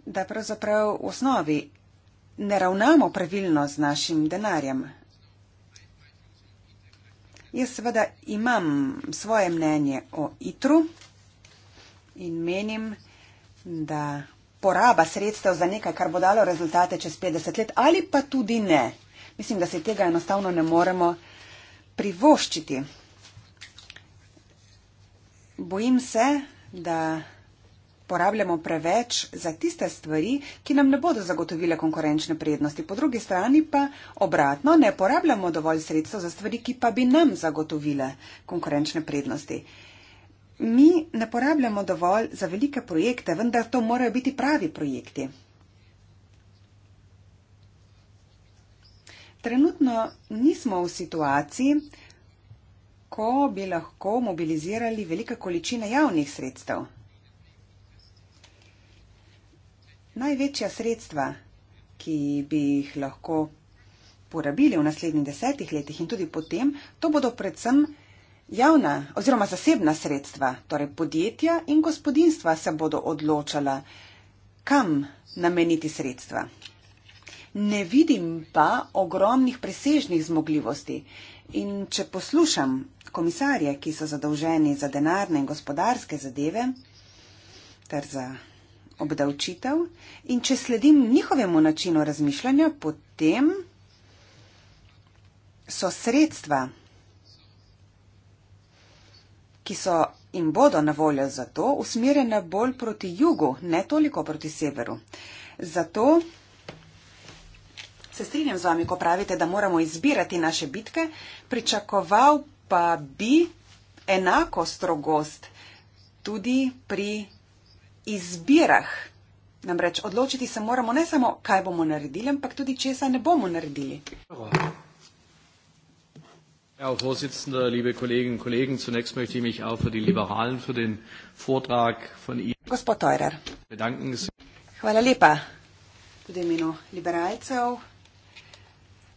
da pravzaprav v osnovi ne ravnamo pravilno z našim denarjem. Jaz seveda imam svoje mnenje o ITRU in menim, da poraba sredstev za nekaj, kar bo dalo rezultate čez 50 let ali pa tudi ne. Mislim, da se tega enostavno ne moremo privoščiti. Bojim se, da porabljamo preveč za tiste stvari, ki nam ne bodo zagotovile konkurenčne prednosti, po drugi strani pa obratno ne porabljamo dovolj sredstev za stvari, ki pa bi nam zagotovile konkurenčne prednosti. Mi ne porabljamo dovolj za velike projekte, vendar to morajo biti pravi projekti. Trenutno nismo v situaciji, ko bi lahko mobilizirali velike količine javnih sredstev Največja sredstva, ki bi jih lahko porabili v naslednjih desetih letih in tudi potem, to bodo predvsem javna oziroma zasebna sredstva, torej podjetja in gospodinstva se bodo odločala, kam nameniti sredstva. Ne vidim pa ogromnih presežnih zmogljivosti in če poslušam komisarje, ki so zadolženi za denarne in gospodarske zadeve ter za obdavčitev in če sledim njihovemu načinu razmišljanja, potem so sredstva, ki so in bodo na voljo za to, usmerjene bolj proti jugu, ne toliko proti severu. Zato se strinjam z vami, ko pravite, da moramo izbirati naše bitke, pričakoval pa bi enako strogost tudi pri izbirah. Namreč odločiti se moramo ne samo, kaj bomo naredili, ampak tudi, česa ne bomo naredili. Herr Vorsitzender, liebe Kolleginnen und Kollegen, zunächst möchte ich mich auch für die Liberalen für den Vortrag von Ihnen bedanken. Hvala lepa. Tudi imenu liberalcev.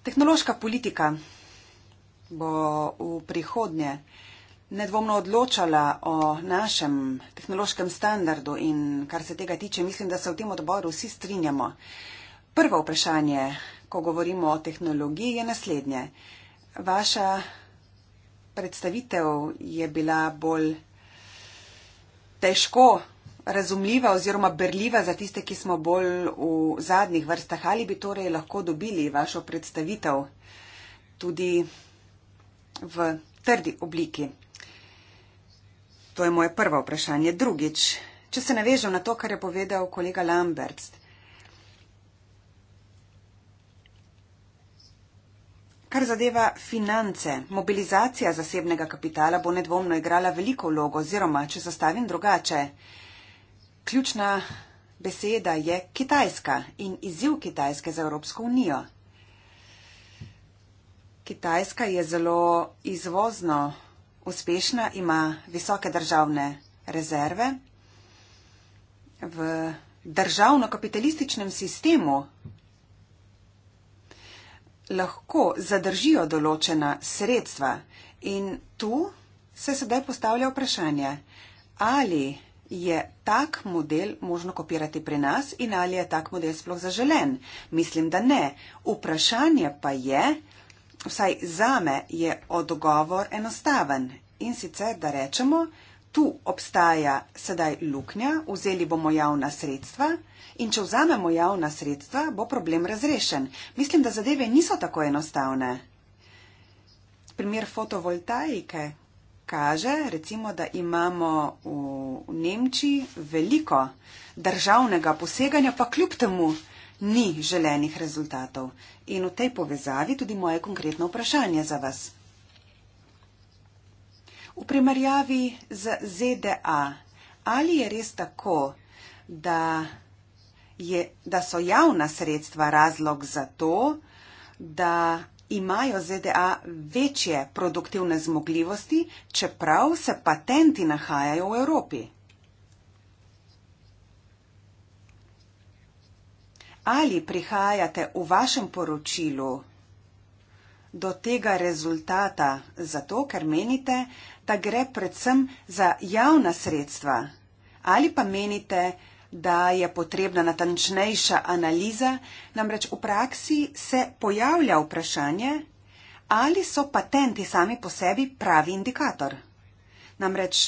Tehnološka politika bo v prihodnje nedvomno odločala o našem tehnološkem standardu in kar se tega tiče, mislim, da se v tem odboru vsi strinjamo. Prvo vprašanje, ko govorimo o tehnologiji, je naslednje. Vaša predstavitev je bila bolj težko razumljiva oziroma berljiva za tiste, ki smo bolj v zadnjih vrstah. Ali bi torej lahko dobili vašo predstavitev tudi v trdi obliki? To je moje prvo vprašanje. Drugič, če se navežem na to, kar je povedal kolega Lambert. Kar zadeva finance, mobilizacija zasebnega kapitala bo nedvomno igrala veliko vlogo, oziroma, če zastavim drugače, ključna beseda je Kitajska in izziv Kitajske za Evropsko unijo. Kitajska je zelo izvozno uspešna, ima visoke državne rezerve. V državno-kapitalističnem sistemu lahko zadržijo določena sredstva in tu se sedaj postavlja vprašanje, ali je tak model možno kopirati pri nas in ali je tak model sploh zaželen. Mislim, da ne. Vprašanje pa je, vsaj za me je odgovor enostaven in sicer, da rečemo, tu obstaja sedaj luknja, vzeli bomo javna sredstva in če vzamemo javna sredstva, bo problem razrešen. Mislim, da zadeve niso tako enostavne. Primer fotovoltaike kaže, recimo, da imamo v Nemčiji veliko državnega poseganja, pa kljub temu ni želenih rezultatov. In v tej povezavi tudi moje konkretno vprašanje za vas. V primerjavi z ZDA, ali je res tako, da, je, da so javna sredstva razlog za to, da imajo ZDA večje produktivne zmogljivosti, čeprav se patenti nahajajo v Evropi? ali prihajate v vašem poročilu do tega rezultata zato, ker menite, da gre predvsem za javna sredstva ali pa menite, da je potrebna natančnejša analiza, namreč v praksi se pojavlja vprašanje, ali so patenti sami po sebi pravi indikator. Namreč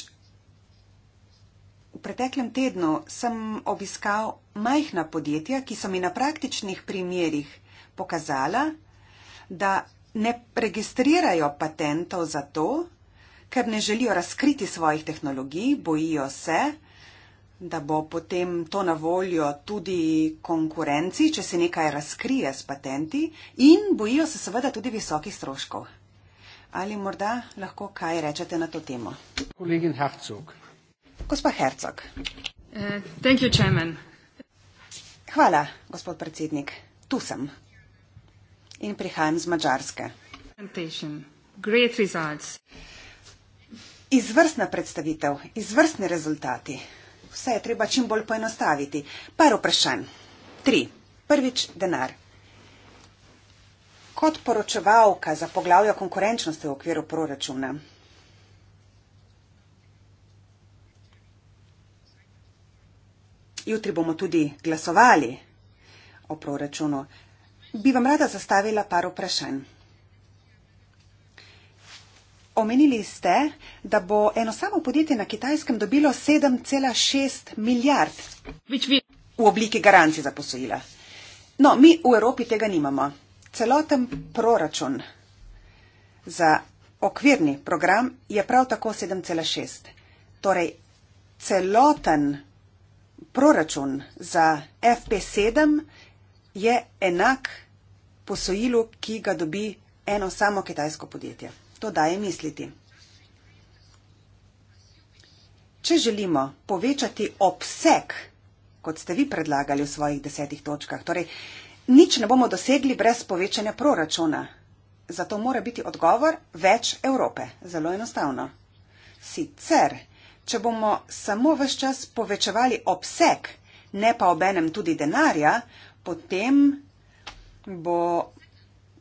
V preteklem tednu sem obiskal majhna podjetja, ki so mi na praktičnih primerjih pokazala, da ne registrirajo patentov zato, ker ne želijo razkriti svojih tehnologij, bojijo se, da bo potem to na voljo tudi konkurenci, če se nekaj razkrije s patenti in bojijo se seveda tudi visokih stroškov. Ali morda lahko kaj rečete na to temo? Kolegin Hafcuk. Gospa Hercog. Uh, eh, Hvala, gospod predsednik. Tu sem in prihajam z Mačarske. Izvrstna predstavitev, izvrstni rezultati. Vse je treba čim bolj poenostaviti. Par vprašanj. Tri. Prvič denar. Kot poročevalka za poglavje konkurenčnosti v okviru proračuna, jutri bomo tudi glasovali o proračunu, bi vam rada zastavila par vprašanj. Omenili ste, da bo eno samo podjetje na kitajskem dobilo 7,6 milijard v obliki garancij za posojila. No, mi v Evropi tega nimamo. Celoten proračun za okvirni program je prav tako 7,6. Torej, celoten proračun za FP7 je enak posojilu, ki ga dobi eno samo kitajsko podjetje. To daje misliti. Če želimo povečati obseg, kot ste vi predlagali v svojih desetih točkah, torej nič ne bomo dosegli brez povečanja proračuna. Zato mora biti odgovor več Evrope. Zelo enostavno. Sicer če bomo samo vse čas povečevali obseg, ne pa obenem tudi denarja, potem bo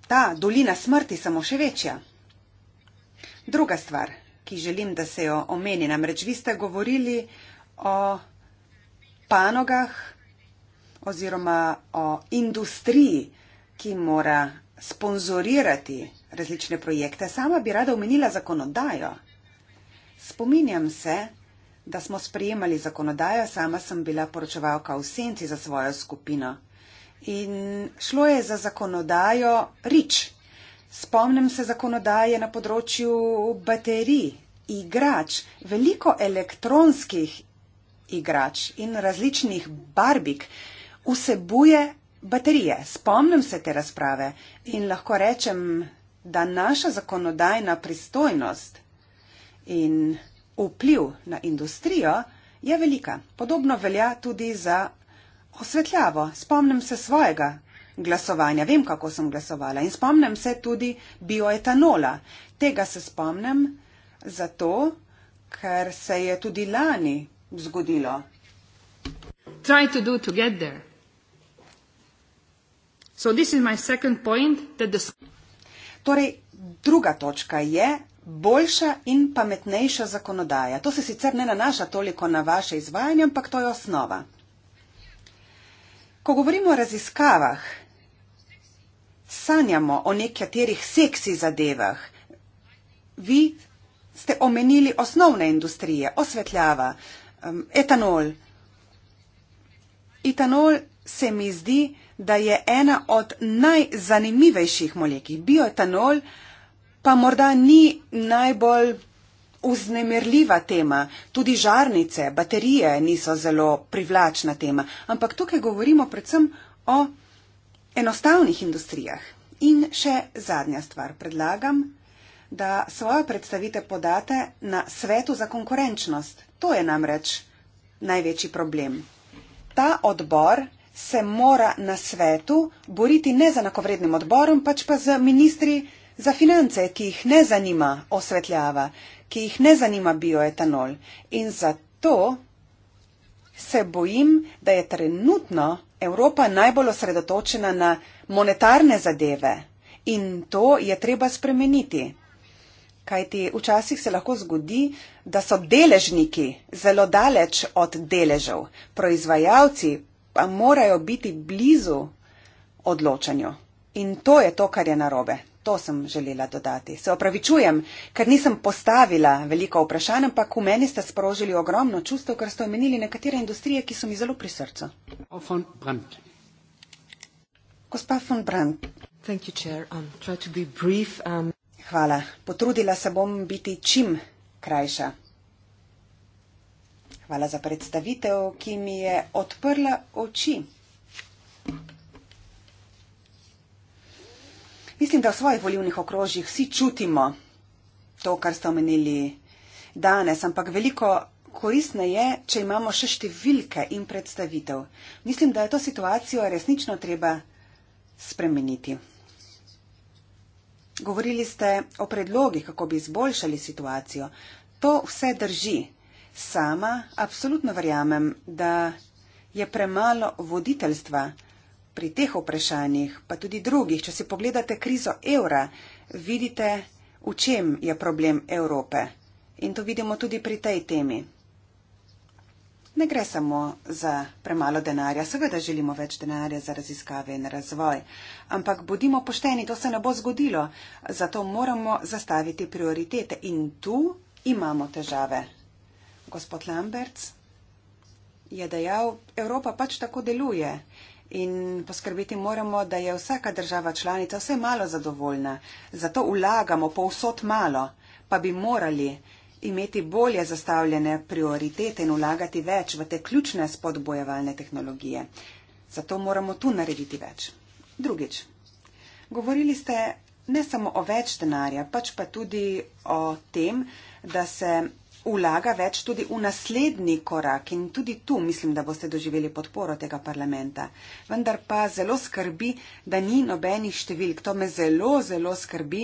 ta dolina smrti samo še večja. Druga stvar, ki želim, da se jo omeni, namreč vi ste govorili o panogah oziroma o industriji, ki mora sponzorirati različne projekte. Sama bi rada omenila zakonodajo. Spominjam se, da smo sprejemali zakonodajo, sama sem bila poročevalka v senci za svojo skupino. In šlo je za zakonodajo rič. Spomnim se zakonodaje na področju baterij, igrač, veliko elektronskih igrač in različnih barbik vsebuje baterije. Spomnim se te razprave in lahko rečem, da naša zakonodajna pristojnost in vpliv na industrijo je velika. Podobno velja tudi za osvetljavo. Spomnim se svojega glasovanja, vem, kako sem glasovala in spomnim se tudi bioetanola. Tega se spomnim zato, ker se je tudi lani zgodilo. Try to do to get there. So this is my second point that the Torej, druga točka je, boljša in pametnejša zakonodaja. To se sicer ne nanaša toliko na vaše izvajanje, ampak to je osnova. Ko govorimo o raziskavah, sanjamo o nekaterih seksi zadevah. Vi ste omenili osnovne industrije, osvetljava, etanol. Etanol se mi zdi, da je ena od najzanimivejših molekij. Bioetanol pa morda ni najbolj uznemirljiva tema. Tudi žarnice, baterije niso zelo privlačna tema. Ampak tukaj govorimo predvsem o enostavnih industrijah. In še zadnja stvar predlagam, da svojo predstavite podate na svetu za konkurenčnost. To je namreč največji problem. Ta odbor se mora na svetu boriti ne z enakovrednim odborom, pač pa z ministri, za finance, ki jih ne zanima osvetljava, ki jih ne zanima bioetanol. In zato se bojim, da je trenutno Evropa najbolj osredotočena na monetarne zadeve in to je treba spremeniti. Kajti včasih se lahko zgodi, da so deležniki zelo daleč od deležev, proizvajalci pa morajo biti blizu odločanju. In to je to, kar je narobe. To sem želela dodati. Se opravičujem, ker nisem postavila veliko vprašanj, ampak v meni ste sprožili ogromno čustvo, ker ste omenili nekatere industrije, ki so mi zelo pri srcu. Gospa von Brandt. You, um, brief, um... Hvala. Potrudila se bom biti čim krajša. Hvala za predstavitev, ki mi je odprla oči. Mislim, da v svojih volivnih okrožjih vsi čutimo to, kar ste omenili danes, ampak veliko koristne je, če imamo še številke in predstavitev. Mislim, da je to situacijo resnično treba spremeniti. Govorili ste o predlogih, kako bi izboljšali situacijo. To vse drži. Sama absolutno verjamem, da je premalo voditeljstva pri teh vprašanjih, pa tudi drugih, če si pogledate krizo evra, vidite, v čem je problem Evrope. In to vidimo tudi pri tej temi. Ne gre samo za premalo denarja, seveda želimo več denarja za raziskave in razvoj, ampak bodimo pošteni, to se ne bo zgodilo, zato moramo zastaviti prioritete in tu imamo težave. Gospod Lamberts je dejal, Evropa pač tako deluje in poskrbiti moramo, da je vsaka država članica vse malo zadovoljna. Zato vlagamo povsod malo, pa bi morali imeti bolje zastavljene prioritete in vlagati več v te ključne spodbojevalne tehnologije. Zato moramo tu narediti več. Drugič. Govorili ste ne samo o več denarja, pač pa tudi o tem, da se vlaga več tudi v naslednji korak in tudi tu mislim, da boste doživeli podporo tega parlamenta. Vendar pa zelo skrbi, da ni nobenih številk. To me zelo, zelo skrbi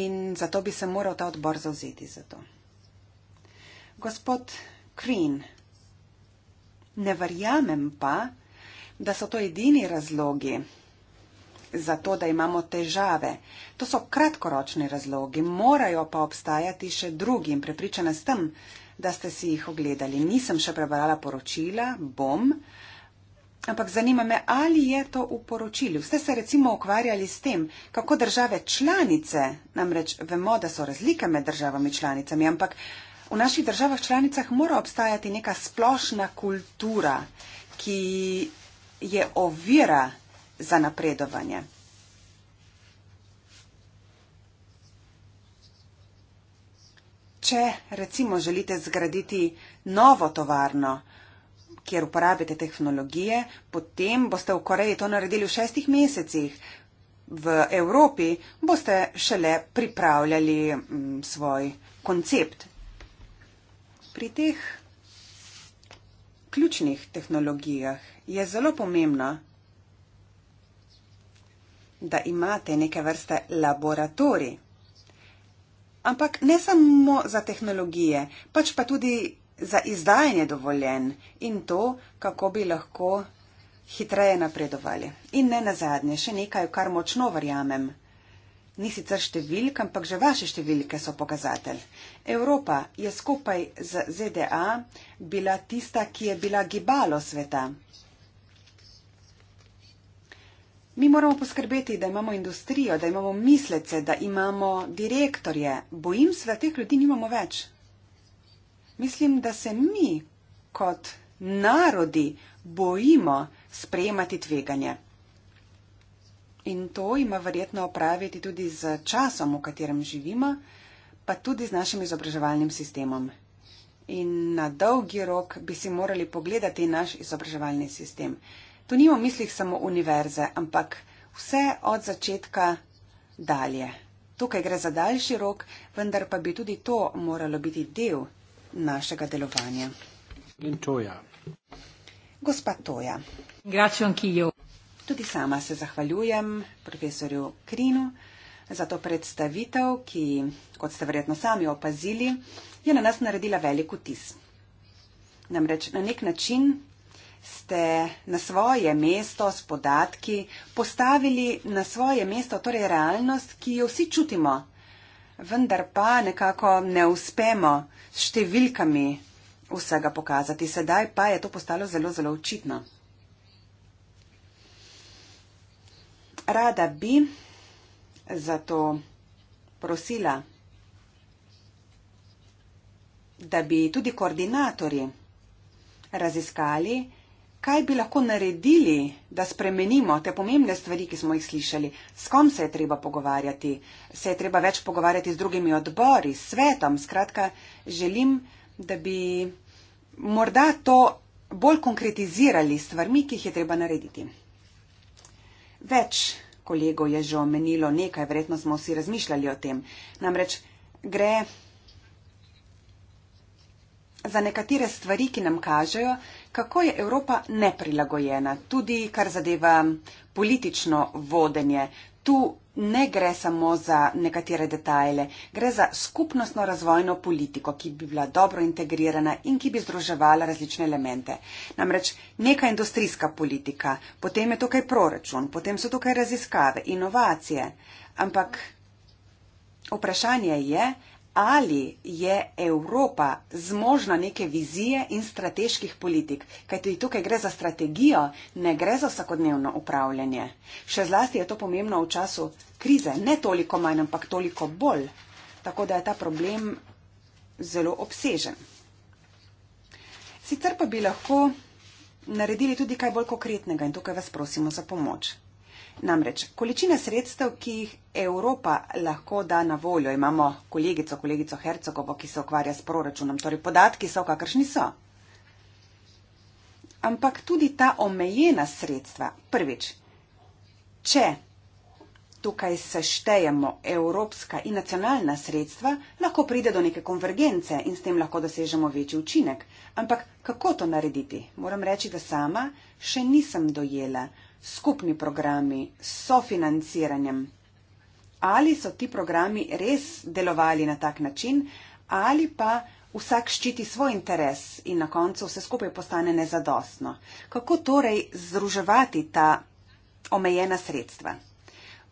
in zato bi se moral ta odbor zauzeti za to. Gospod Kreen, ne verjamem pa, da so to edini razlogi za to, da imamo težave. To so kratkoročni razlogi, morajo pa obstajati še drugi in prepričana sem, da ste si jih ogledali. Nisem še prebrala poročila, bom. Ampak zanima me, ali je to v poročilu. Ste se recimo ukvarjali s tem, kako države članice, namreč vemo, da so razlike med državami članicami, ampak v naših državah članicah mora obstajati neka splošna kultura, ki je ovira za napredovanje. Če recimo želite zgraditi novo tovarno, kjer uporabite tehnologije, potem boste v Koreji to naredili v šestih mesecih. V Evropi boste šele pripravljali mm, svoj koncept. Pri teh ključnih tehnologijah je zelo pomembno, da imate neke vrste laboratori. Ampak ne samo za tehnologije, pač pa tudi za izdajanje dovoljen in to, kako bi lahko hitreje napredovali. In ne nazadnje, še nekaj, v kar močno verjamem. Ni sicer številka, ampak že vaše številke so pokazatelj. Evropa je skupaj z ZDA bila tista, ki je bila gibalo sveta. Mi moramo poskrbeti, da imamo industrijo, da imamo mislece, da imamo direktorje. Bojim se, da teh ljudi nimamo več. Mislim, da se mi kot narodi bojimo sprejemati tveganje. In to ima verjetno opraviti tudi z časom, v katerem živimo, pa tudi z našim izobraževalnim sistemom. In na dolgi rok bi si morali pogledati naš izobraževalni sistem. To ni v mislih samo univerze, ampak vse od začetka dalje. Tukaj gre za daljši rok, vendar pa bi tudi to moralo biti del našega delovanja. In toja. Gospa Toja. Gračujem, ki jo. Tudi sama se zahvaljujem profesorju Krinu za to predstavitev, ki, kot ste verjetno sami opazili, je na nas naredila velik vtis. Namreč na nek način ste na svoje mesto s podatki postavili na svoje mesto, torej realnost, ki jo vsi čutimo, vendar pa nekako ne uspemo s številkami vsega pokazati. Sedaj pa je to postalo zelo, zelo očitno. Rada bi zato prosila, da bi tudi koordinatorji raziskali, kaj bi lahko naredili, da spremenimo te pomembne stvari, ki smo jih slišali, s kom se je treba pogovarjati, se je treba več pogovarjati z drugimi odbori, s svetom. Skratka, želim, da bi morda to bolj konkretizirali stvarmi, ki jih je treba narediti. Več kolegov je že omenilo nekaj, verjetno smo vsi razmišljali o tem. Namreč gre za nekatere stvari, ki nam kažejo, kako je Evropa neprilagojena, tudi kar zadeva politično vodenje. Tu ne gre samo za nekatere detajle, gre za skupnostno razvojno politiko, ki bi bila dobro integrirana in ki bi združevala različne elemente. Namreč neka industrijska politika, potem je tukaj proračun, potem so tukaj raziskave, inovacije, ampak vprašanje je, ali je Evropa zmožna neke vizije in strateških politik, kajti tukaj gre za strategijo, ne gre za vsakodnevno upravljanje. Še zlasti je to pomembno v času krize, ne toliko manj, ampak toliko bolj. Tako da je ta problem zelo obsežen. Sicer pa bi lahko naredili tudi kaj bolj konkretnega in tukaj vas prosimo za pomoč. Namreč, količina sredstev, ki jih Evropa lahko da na voljo, imamo kolegico, kolegico Hercegovo, ki se ukvarja s proračunom, torej podatki so, kakršni so. Ampak tudi ta omejena sredstva, prvič, če tukaj seštejemo evropska in nacionalna sredstva, lahko pride do neke konvergence in s tem lahko dosežemo večji učinek. Ampak kako to narediti? Moram reči, da sama še nisem dojela skupni programi, sofinanciranjem. Ali so ti programi res delovali na tak način, ali pa vsak ščiti svoj interes in na koncu vse skupaj postane nezadostno. Kako torej združevati ta omejena sredstva?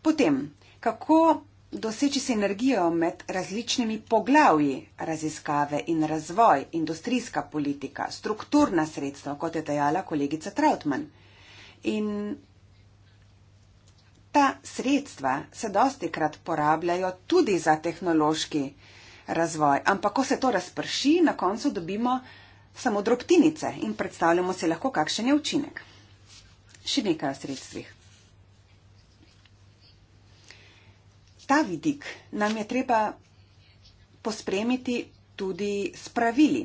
Potem, kako doseči sinergijo med različnimi poglavji raziskave in razvoj, industrijska politika, strukturna sredstva, kot je dejala kolegica Trautmann? In ta sredstva se dosti krat porabljajo tudi za tehnološki razvoj. Ampak, ko se to razprši, na koncu dobimo samo drobtinice in predstavljamo si lahko, kakšen je učinek. Še nekaj o sredstvih. Ta vidik nam je treba pospremiti tudi s pravili.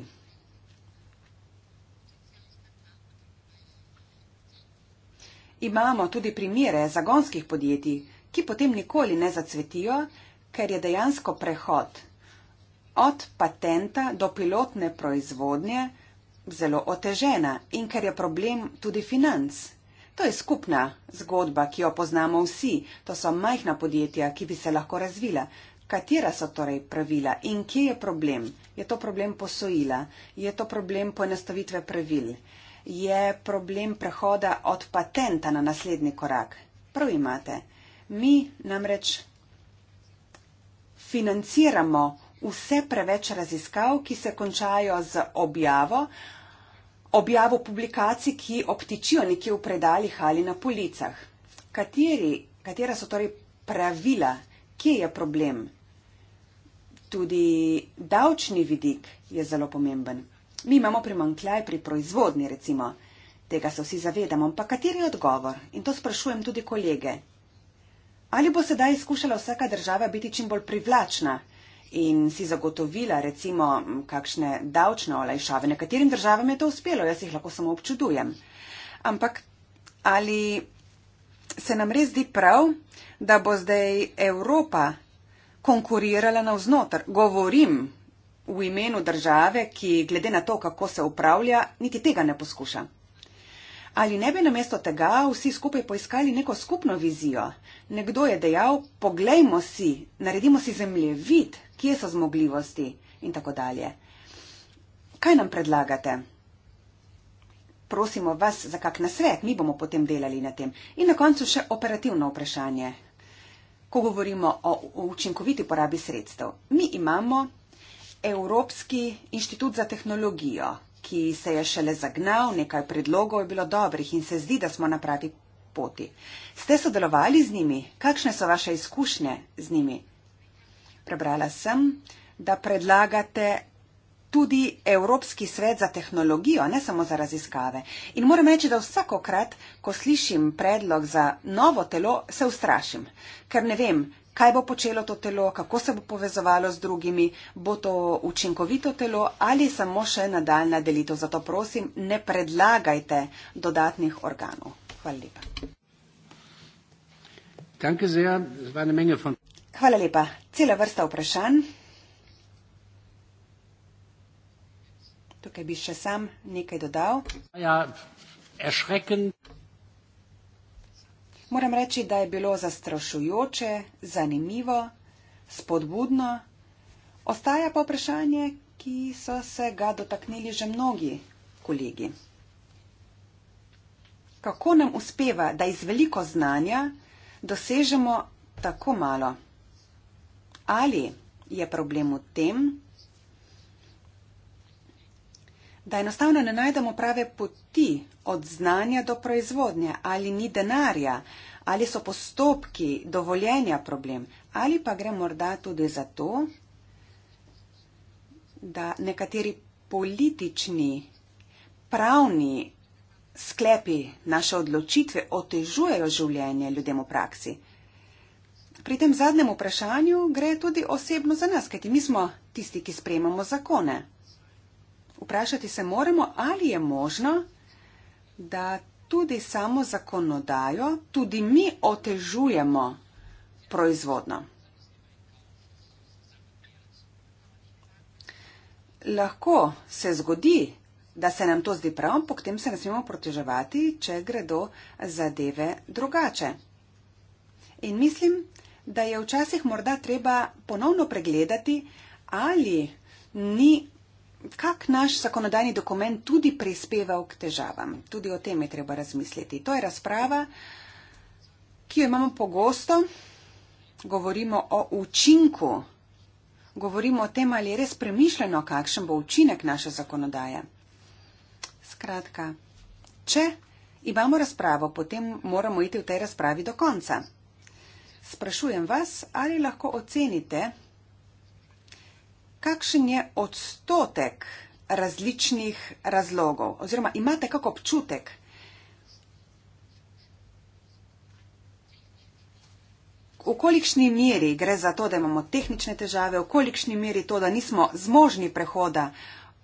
Imamo tudi primere zagonskih podjetij, ki potem nikoli ne zacvetijo, ker je dejansko prehod od patenta do pilotne proizvodnje zelo otežena in ker je problem tudi financ. To je skupna zgodba, ki jo poznamo vsi, to so majhna podjetja, ki bi se lahko razvila. Katera so torej pravila in kje je problem? Je to problem posojila? Je to problem poenostavitve pravil? je problem prehoda od patenta na naslednji korak. Prav imate. Mi namreč financiramo vse preveč raziskav, ki se končajo z objavo, objavo publikacij, ki obtičijo nekje v predaljih ali na policah. Kateri, katera so torej pravila, kje je problem? Tudi davčni vidik je zelo pomemben. Mi imamo primankljaj pri proizvodni, recimo. Tega se vsi zavedamo, pa kateri je odgovor? In to sprašujem tudi kolege. Ali bo sedaj skušala vsaka država biti čim bolj privlačna in si zagotovila, recimo, kakšne davčne olajšave? Nekaterim državam je to uspelo, jaz jih lahko samo občudujem. Ampak ali se nam res zdi prav, da bo zdaj Evropa konkurirala navznoter? Govorim v imenu države, ki glede na to, kako se upravlja, niti tega ne poskuša. Ali ne bi namesto tega vsi skupaj poiskali neko skupno vizijo? Nekdo je dejal, poglejmo si, naredimo si zemljevid, kje so zmogljivosti in tako dalje. Kaj nam predlagate? Prosimo vas za kak nasvet, mi bomo potem delali na tem. In na koncu še operativno vprašanje. Ko govorimo o učinkoviti porabi sredstev, mi imamo Evropski inštitut za tehnologijo, ki se je šele zagnal, nekaj predlogov je bilo dobrih in se zdi, da smo na pravi poti. Ste sodelovali z njimi? Kakšne so vaše izkušnje z njimi? Prebrala sem, da predlagate tudi Evropski svet za tehnologijo, ne samo za raziskave. In moram reči, da vsakokrat, ko slišim predlog za novo telo, se ustrašim, ker ne vem, kaj bo počelo to telo, kako se bo povezovalo z drugimi, bo to učinkovito telo ali samo še nadaljna delitev. Zato prosim, ne predlagajte dodatnih organov. Hvala lepa. Hvala lepa. Cela vrsta vprašanj. Tukaj bi še sam nekaj dodal. Ja, erschreckend. Moram reči, da je bilo zastrašujoče, zanimivo, spodbudno. Ostaja pa vprašanje, ki so se ga dotaknili že mnogi kolegi. Kako nam uspeva, da iz veliko znanja dosežemo tako malo? Ali je problem v tem, da enostavno ne najdemo prave poti od znanja do proizvodnje, ali ni denarja, ali so postopki dovoljenja problem, ali pa gre morda tudi za to, da nekateri politični, pravni sklepi naše odločitve otežujejo življenje ljudem v praksi. Pri tem zadnjem vprašanju gre tudi osebno za nas, kajti mi smo tisti, ki sprejemamo zakone vprašati se moramo, ali je možno, da tudi samo zakonodajo, tudi mi otežujemo proizvodno. Lahko se zgodi, da se nam to zdi prav, ampak tem se ne smemo proteževati, če gredo zadeve drugače. In mislim, da je včasih morda treba ponovno pregledati, ali ni kak naš zakonodajni dokument tudi prispeval k težavam. Tudi o tem je treba razmisliti. To je razprava, ki jo imamo pogosto. Govorimo o učinku. Govorimo o tem, ali je res premišljeno, kakšen bo učinek naše zakonodaje. Skratka, če imamo razpravo, potem moramo iti v tej razpravi do konca. Sprašujem vas, ali lahko ocenite, kakšen je odstotek različnih razlogov? Oziroma, imate kak občutek? V kolikšni meri gre za to, da imamo tehnične težave, v kolikšni meri to, da nismo zmožni prehoda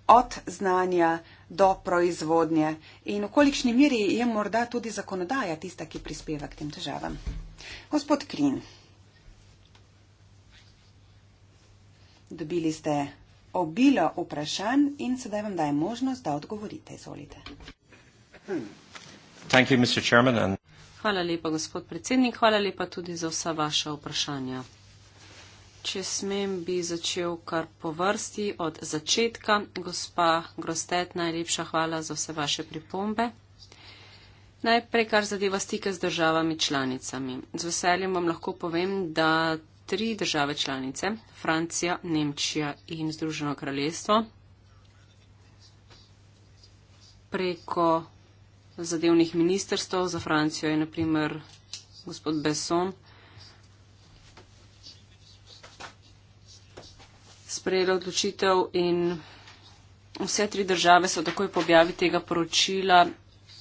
od znanja do proizvodnje in v kolikšni meri je morda tudi zakonodaja tista, ki prispeva k tem težavam. Gospod Krin. Dobili ste obilo vprašanj in sedaj vam dajem možnost, da odgovorite. Izvolite. Hvala lepa, gospod predsednik. Hvala lepa tudi za vsa vaša vprašanja. Če smem, bi začel kar po vrsti od začetka. Gospa Grostet, najlepša hvala za vse vaše pripombe. Najprej, kar zadeva stike z državami članicami. Z veseljem vam lahko povem, da tri države članice, Francija, Nemčija in Združeno kraljestvo, preko zadevnih ministrstv za Francijo je naprimer gospod Besson sprejela odločitev in vse tri države so takoj po objavi tega poročila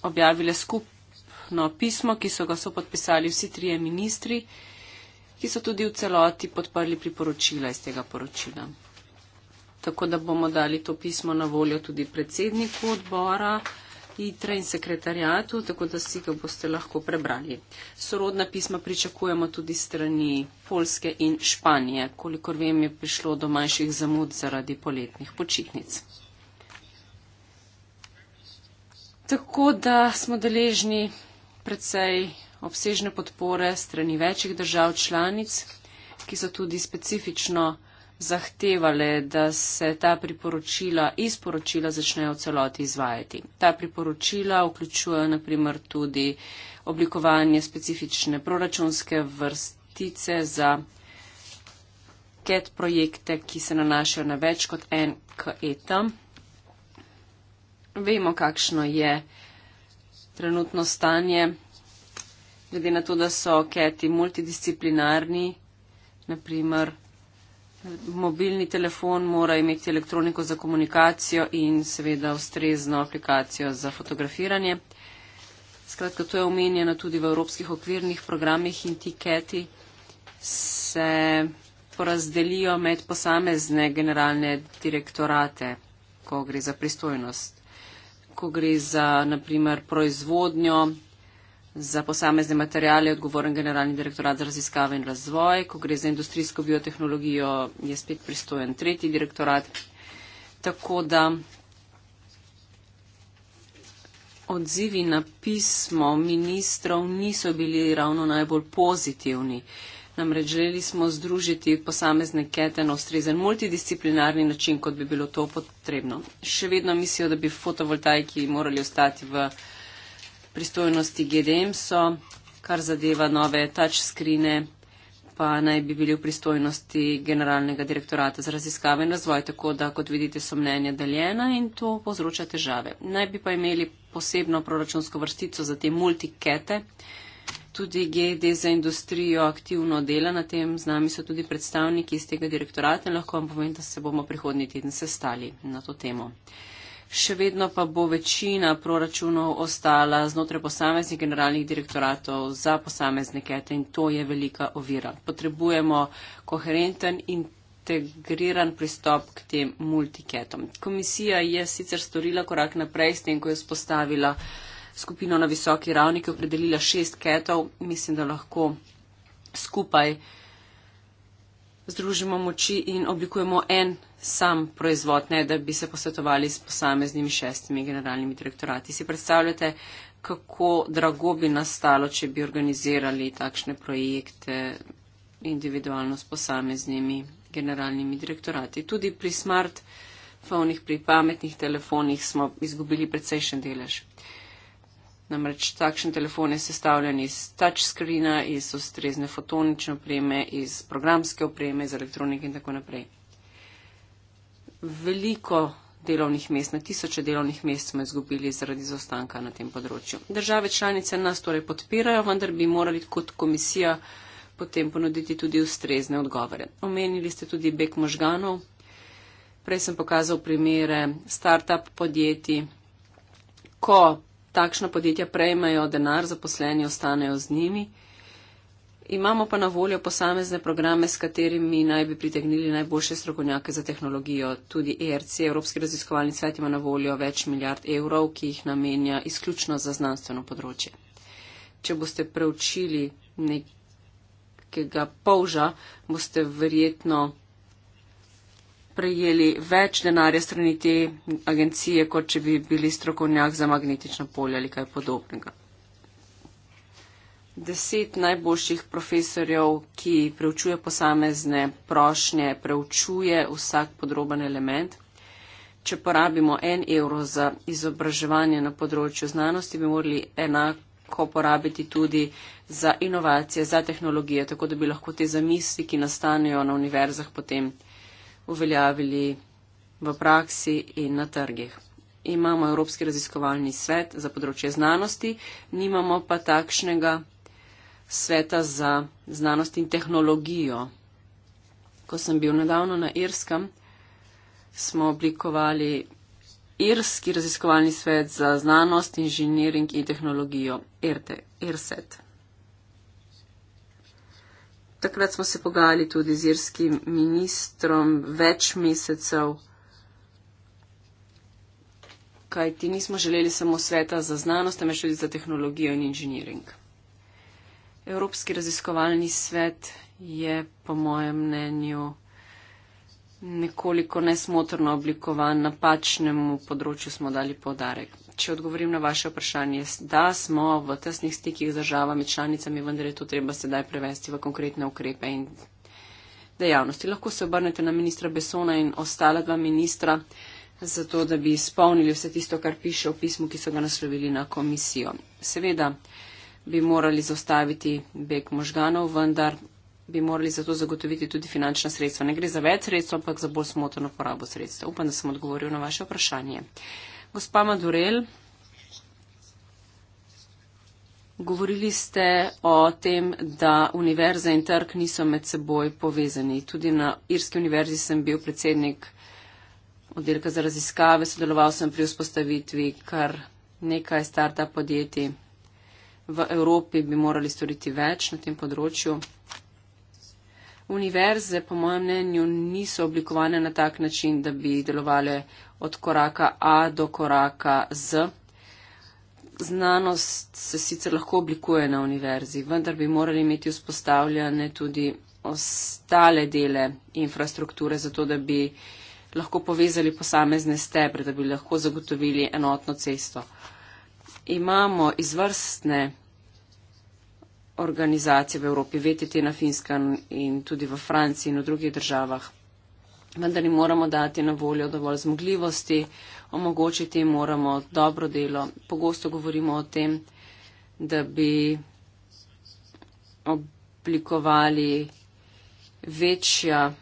objavile skupno pismo, ki so ga sopodpisali vsi trije ministri ki so tudi v celoti podprli priporočila iz tega poročila. Tako da bomo dali to pismo na voljo tudi predsedniku odbora ITRA in sekretarjatu, tako da si ga boste lahko prebrali. Sorodna pisma pričakujemo tudi strani Polske in Španije, kolikor vem je prišlo do manjših zamud zaradi poletnih počitnic. Tako da smo deležni precej obsežne podpore strani večjih držav članic, ki so tudi specifično zahtevale, da se ta priporočila iz poročila začnejo v celoti izvajati. Ta priporočila vključujejo naprimer tudi oblikovanje specifične proračunske vrstice za KET projekte, ki se nanašajo na več kot en KET. Vemo, kakšno je trenutno stanje glede na to, da so keti multidisciplinarni, naprimer mobilni telefon mora imeti elektroniko za komunikacijo in seveda ustrezno aplikacijo za fotografiranje. Skratka, to je omenjeno tudi v evropskih okvirnih programih in ti keti se porazdelijo med posamezne generalne direktorate, ko gre za pristojnost. Ko gre za, naprimer, proizvodnjo, Za posamezne materijale je odgovoren generalni direktorat za raziskave in razvoj, ko gre za industrijsko biotehnologijo, je spet pristojen tretji direktorat. Tako da odzivi na pismo ministrov niso bili ravno najbolj pozitivni. Namreč želeli smo združiti posamezne kete na ustrezen multidisciplinarni način, kot bi bilo to potrebno. Še vedno mislijo, da bi fotovoltaiki morali ostati v pristojnosti GDM so, kar zadeva nove touchscreene, pa naj bi bili v pristojnosti Generalnega direktorata za raziskave in razvoj, tako da, kot vidite, so mnenja deljena in to povzroča težave. Naj bi pa imeli posebno proračunsko vrstico za te multikete. Tudi GD za industrijo aktivno dela na tem, z nami so tudi predstavniki iz tega direktorata in lahko vam povem, da se bomo prihodnji teden sestali na to temo še vedno pa bo večina proračunov ostala znotraj posameznih generalnih direktoratov za posameznike in to je velika ovira. Potrebujemo koherenten in integriran pristop k tem multiketom. Komisija je sicer storila korak naprej s tem, ko je spostavila skupino na visoki ravni, ki je opredelila šest ketov. Mislim, da lahko skupaj združimo moči in oblikujemo en sam proizvod, ne da bi se posvetovali s posameznimi šestimi generalnimi direktorati. Si predstavljate, kako drago bi nastalo, če bi organizirali takšne projekte individualno s posameznimi generalnimi direktorati. Tudi pri smartfonih, pri pametnih telefonih smo izgubili precejšen delež. Namreč takšen telefon je sestavljen iz touchscreena, iz ustrezne fotonične opreme, iz programske opreme, iz elektronike in tako naprej. Veliko delovnih mest, na tisoče delovnih mest smo izgubili zaradi zaostanka na tem področju. Države članice nas torej podpirajo, vendar bi morali kot komisija potem ponuditi tudi ustrezne odgovore. Omenili ste tudi beg možganov. Prej sem pokazal primere start-up podjetij, ko takšna podjetja prejmejo denar, zaposleni ostanejo z njimi. Imamo pa na voljo posamezne programe, s katerimi naj bi pritegnili najboljše strokovnjake za tehnologijo. Tudi ERC, Evropski raziskovalni svet, ima na voljo več milijard evrov, ki jih namenja izključno za znanstveno področje. Če boste preučili nekega polža, boste verjetno prejeli več denarja strani te agencije, kot če bi bili strokovnjak za magnetično polje ali kaj podobnega. Deset najboljših profesorjev, ki preučuje posamezne prošnje, preučuje vsak podroben element. Če porabimo en evro za izobraževanje na področju znanosti, bi morali enako porabiti tudi za inovacije, za tehnologije, tako da bi lahko te zamisli, ki nastanejo na univerzah, potem uveljavili v praksi in na trgih. Imamo Evropski raziskovalni svet za področje znanosti, nimamo pa takšnega sveta za znanost in tehnologijo. Ko sem bil nedavno na Irskem, smo oblikovali Irski raziskovalni svet za znanost, inženiring in tehnologijo, IRTE, IRSET takrat smo se pogajali tudi z irskim ministrom več mesecev, kaj ti nismo želeli samo sveta za znanost, temveč tudi za tehnologijo in inženiring. Evropski raziskovalni svet je, po mojem mnenju, nekoliko nesmotrno oblikovan, napačnemu področju smo dali podarek če odgovorim na vaše vprašanje, da smo v tesnih stikih z državami članicami, vendar je to treba sedaj prevesti v konkretne ukrepe in dejavnosti. Lahko se obrnete na ministra Besona in ostala dva ministra, zato da bi izpolnili vse tisto, kar piše v pismu, ki so ga naslovili na komisijo. Seveda bi morali zaustaviti beg možganov, vendar bi morali za to zagotoviti tudi finančna sredstva. Ne gre za več sredstva, ampak za bolj smotrno porabo sredstva. Upam, da sem odgovoril na vaše vprašanje. Gospa Madurel, govorili ste o tem, da univerza in trg niso med seboj povezani. Tudi na Irski univerzi sem bil predsednik oddelka za raziskave, sodeloval sem pri vzpostavitvi kar nekaj starta podjetij. V Evropi bi morali storiti več na tem področju univerze, po mojem mnenju, niso oblikovane na tak način, da bi delovale od koraka A do koraka Z. Znanost se sicer lahko oblikuje na univerzi, vendar bi morali imeti vzpostavljene tudi ostale dele infrastrukture, zato da bi lahko povezali posamezne stebre, da bi lahko zagotovili enotno cesto. Imamo izvrstne organizacije v Evropi, VTT na Finskem in tudi v Franciji in v drugih državah. Vendar jim moramo dati na voljo dovolj zmogljivosti, omogočiti jim moramo dobro delo. Pogosto govorimo o tem, da bi oblikovali večja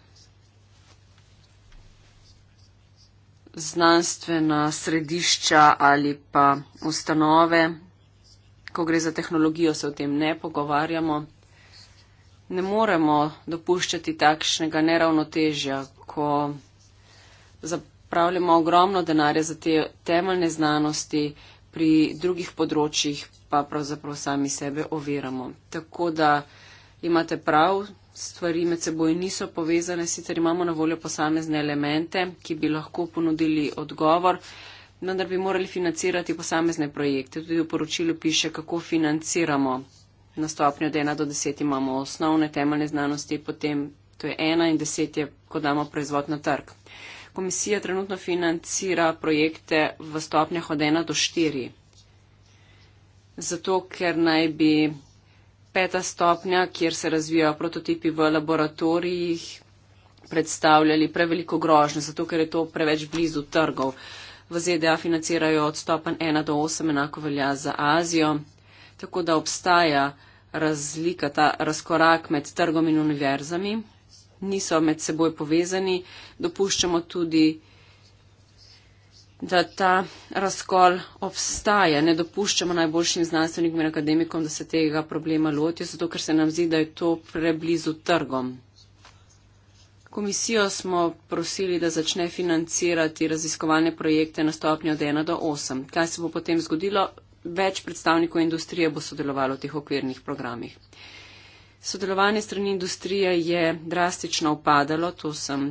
znanstvena središča ali pa ustanove, ko gre za tehnologijo, se o tem ne pogovarjamo. Ne moremo dopuščati takšnega neravnotežja, ko zapravljamo ogromno denarja za te temeljne znanosti, pri drugih področjih pa pravzaprav sami sebe oviramo. Tako da imate prav, stvari med seboj niso povezane, sicer imamo na voljo posamezne elemente, ki bi lahko ponudili odgovor vendar bi morali financirati posamezne projekte. Tudi v poročilu piše, kako financiramo na stopnjo od 1 do 10 imamo osnovne temeljne znanosti, potem to je 1 in 10 je, ko damo proizvod na trg. Komisija trenutno financira projekte v stopnjah od 1 do 4. Zato, ker naj bi peta stopnja, kjer se razvijajo prototipi v laboratorijih, predstavljali preveliko grožnjo, zato ker je to preveč blizu trgov. Uh, v ZDA financirajo od stopen 1 do 8, enako velja za Azijo. Tako da obstaja razlika, ta razkorak med trgom in univerzami. Niso med seboj povezani. Dopuščamo tudi, da ta razkol obstaja. Ne dopuščamo najboljšim znanstvenikom in akademikom, da se tega problema lotijo, zato ker se nam zdi, da je to preblizu trgom. Komisijo smo prosili, da začne financirati raziskovalne projekte na stopnjo od 1 do 8. Kaj se bo potem zgodilo? Več predstavnikov industrije bo sodelovalo v teh okvirnih programih. Sodelovanje strani industrije je drastično upadalo, to sem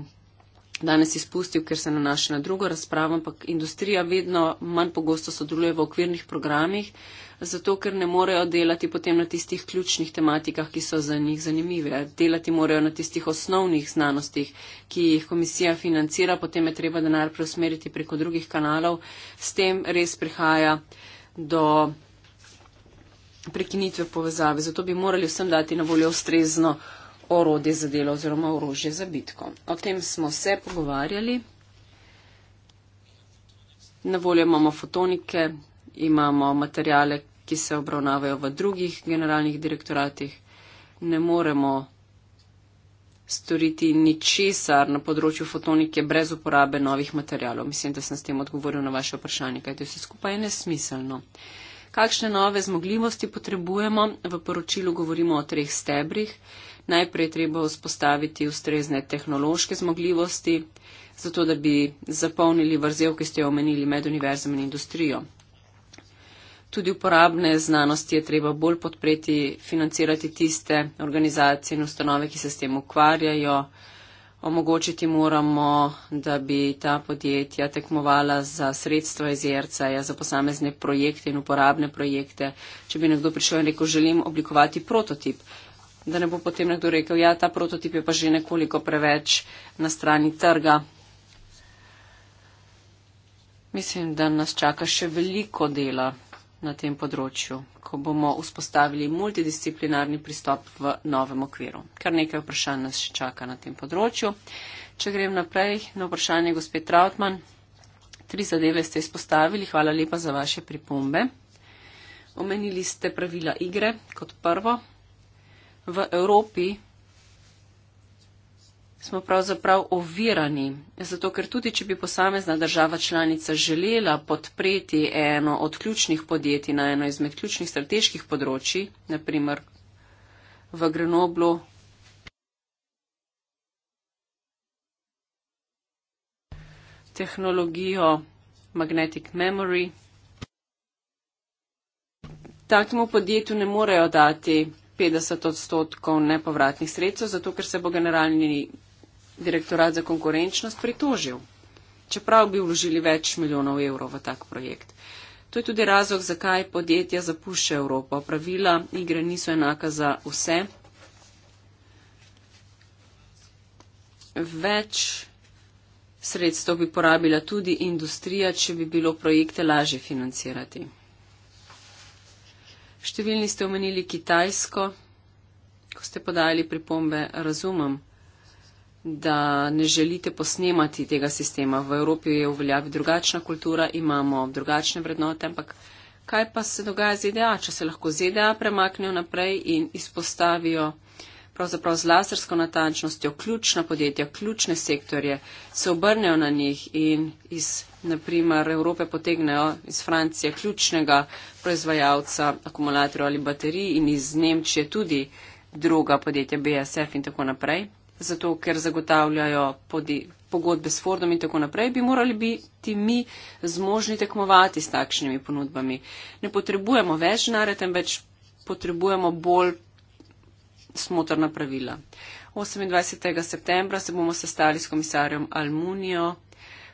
danes izpustil, ker se nanaša na drugo razpravo, ampak industrija vedno manj pogosto sodeluje v okvirnih programih, zato ker ne morejo delati potem na tistih ključnih tematikah, ki so za njih zanimive. Delati morajo na tistih osnovnih znanostih, ki jih komisija financira, potem je treba denar preusmeriti preko drugih kanalov. S tem res prihaja do prekinitve povezave. Zato bi morali vsem dati na voljo ustrezno orodje za delo oziroma orožje za bitko. O tem smo se pogovarjali. Na voljo imamo fotonike, imamo materijale, ki se obravnavajo v drugih generalnih direktoratih. Ne moremo storiti ničesar na področju fotonike brez uporabe novih materijalov. Mislim, da sem s tem odgovoril na vaše vprašanje, kajte vse skupaj je nesmiselno. Kakšne nove zmogljivosti potrebujemo? V poročilu govorimo o treh stebrih najprej treba vzpostaviti ustrezne tehnološke zmogljivosti, zato da bi zapolnili vrzel, ki ste jo omenili med univerzami in industrijo. Tudi uporabne znanosti je treba bolj podpreti, financirati tiste organizacije in ustanove, ki se s tem ukvarjajo. Omogočiti moramo, da bi ta podjetja tekmovala za sredstva iz jerca, ja, za posamezne projekte in uporabne projekte. Če bi nekdo prišel in rekel, želim oblikovati prototip, da ne bo potem nekdo rekel, ja, ta prototip je pa že nekoliko preveč na strani trga. Mislim, da nas čaka še veliko dela na tem področju, ko bomo vzpostavili multidisciplinarni pristop v novem okviru. Kar nekaj vprašanj nas še čaka na tem področju. Če grem naprej na vprašanje gospod Trautmann. Tri zadeve ste izpostavili. Hvala lepa za vaše pripombe. Omenili ste pravila igre kot prvo, v Evropi smo pravzaprav ovirani, zato ker tudi, če bi posamezna država članica želela podpreti eno od ključnih podjetij na eno izmed ključnih strateških področji, naprimer v Grenoblu, tehnologijo Magnetic Memory, takemu podjetju ne morejo dati 50 odstotkov nepovratnih sredstev, zato ker se bo generalni direktorat za konkurenčnost pritožil, čeprav bi vložili več milijonov evrov v tak projekt. To je tudi razlog, zakaj podjetja zapuščajo Evropo. Pravila igre niso enaka za vse. Več sredstev bi porabila tudi industrija, če bi bilo projekte lažje financirati. Številni ste omenili Kitajsko, ko ste podajali pripombe, razumem, da ne želite posnemati tega sistema. V Evropi je v veljavi drugačna kultura, imamo drugačne vrednote, ampak kaj pa se dogaja z ZDA, če se lahko ZDA premaknejo naprej in izpostavijo pravzaprav z lasersko natančnostjo ključna podjetja, ključne sektorje, se obrnejo na njih in iz, naprimer, Evrope potegnejo iz Francije ključnega proizvajalca akumulatorjev ali baterij in iz Nemčije tudi druga podjetja BSF in tako naprej. Zato, ker zagotavljajo podi, pogodbe s Fordom in tako naprej, bi morali biti mi zmožni tekmovati s takšnimi ponudbami. Ne potrebujemo več narej, temveč potrebujemo bolj smotrna pravila. 28. septembra se bomo sestali s komisarjem Almunijo,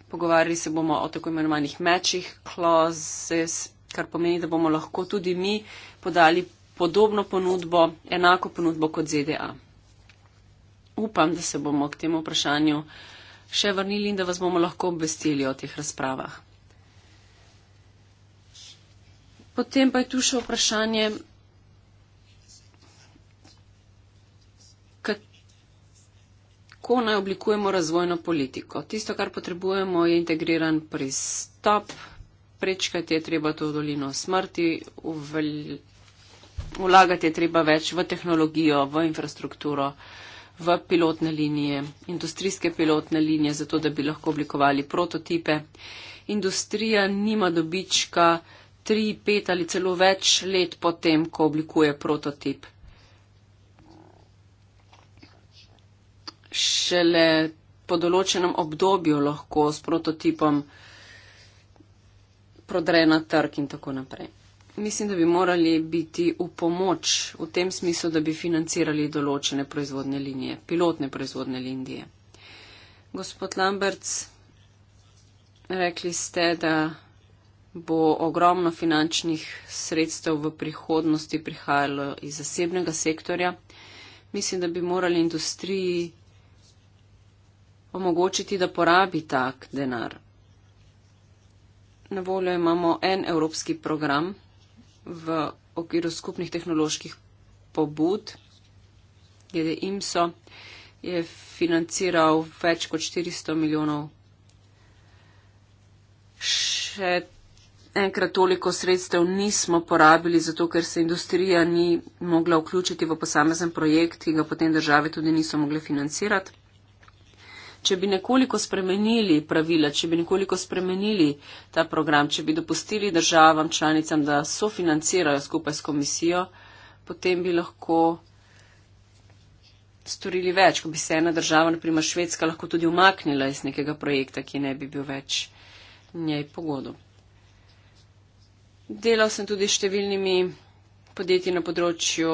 pogovarjali se bomo o tako imenovanih mečih, clauses, kar pomeni, da bomo lahko tudi mi podali podobno ponudbo, enako ponudbo kot ZDA. Upam, da se bomo k temu vprašanju še vrnili in da vas bomo lahko obvestili o teh razpravah. Potem pa je tu še vprašanje kako naj oblikujemo razvojno politiko. Tisto, kar potrebujemo, je integriran pristop, prečkati je treba to dolino smrti, vlagati je treba več v tehnologijo, v infrastrukturo, v pilotne linije, industrijske pilotne linije, zato da bi lahko oblikovali prototipe. Industrija nima dobička tri, pet ali celo več let potem, ko oblikuje prototip. šele po določenem obdobju lahko s prototipom prodre na trg in tako naprej. Mislim, da bi morali biti v pomoč v tem smislu, da bi financirali določene proizvodne linije, pilotne proizvodne linije. Gospod Lambert, rekli ste, da bo ogromno finančnih sredstev v prihodnosti prihajalo iz zasebnega sektorja. Mislim, da bi morali industriji omogočiti, da porabi tak denar. Na voljo imamo en evropski program v okviru skupnih tehnoloških pobud, glede IMSO, je financiral več kot 400 milijonov. Še enkrat toliko sredstev nismo porabili, zato ker se industrija ni mogla vključiti v posamezen projekt, ki ga potem države tudi niso mogle financirati če bi nekoliko spremenili pravila, če bi nekoliko spremenili ta program, če bi dopustili državam članicam, da sofinancirajo skupaj s komisijo, potem bi lahko storili več, ko bi se ena država, naprimer Švedska, lahko tudi umaknila iz nekega projekta, ki ne bi bil več njej pogodov. Delal sem tudi številnimi podjetji na področju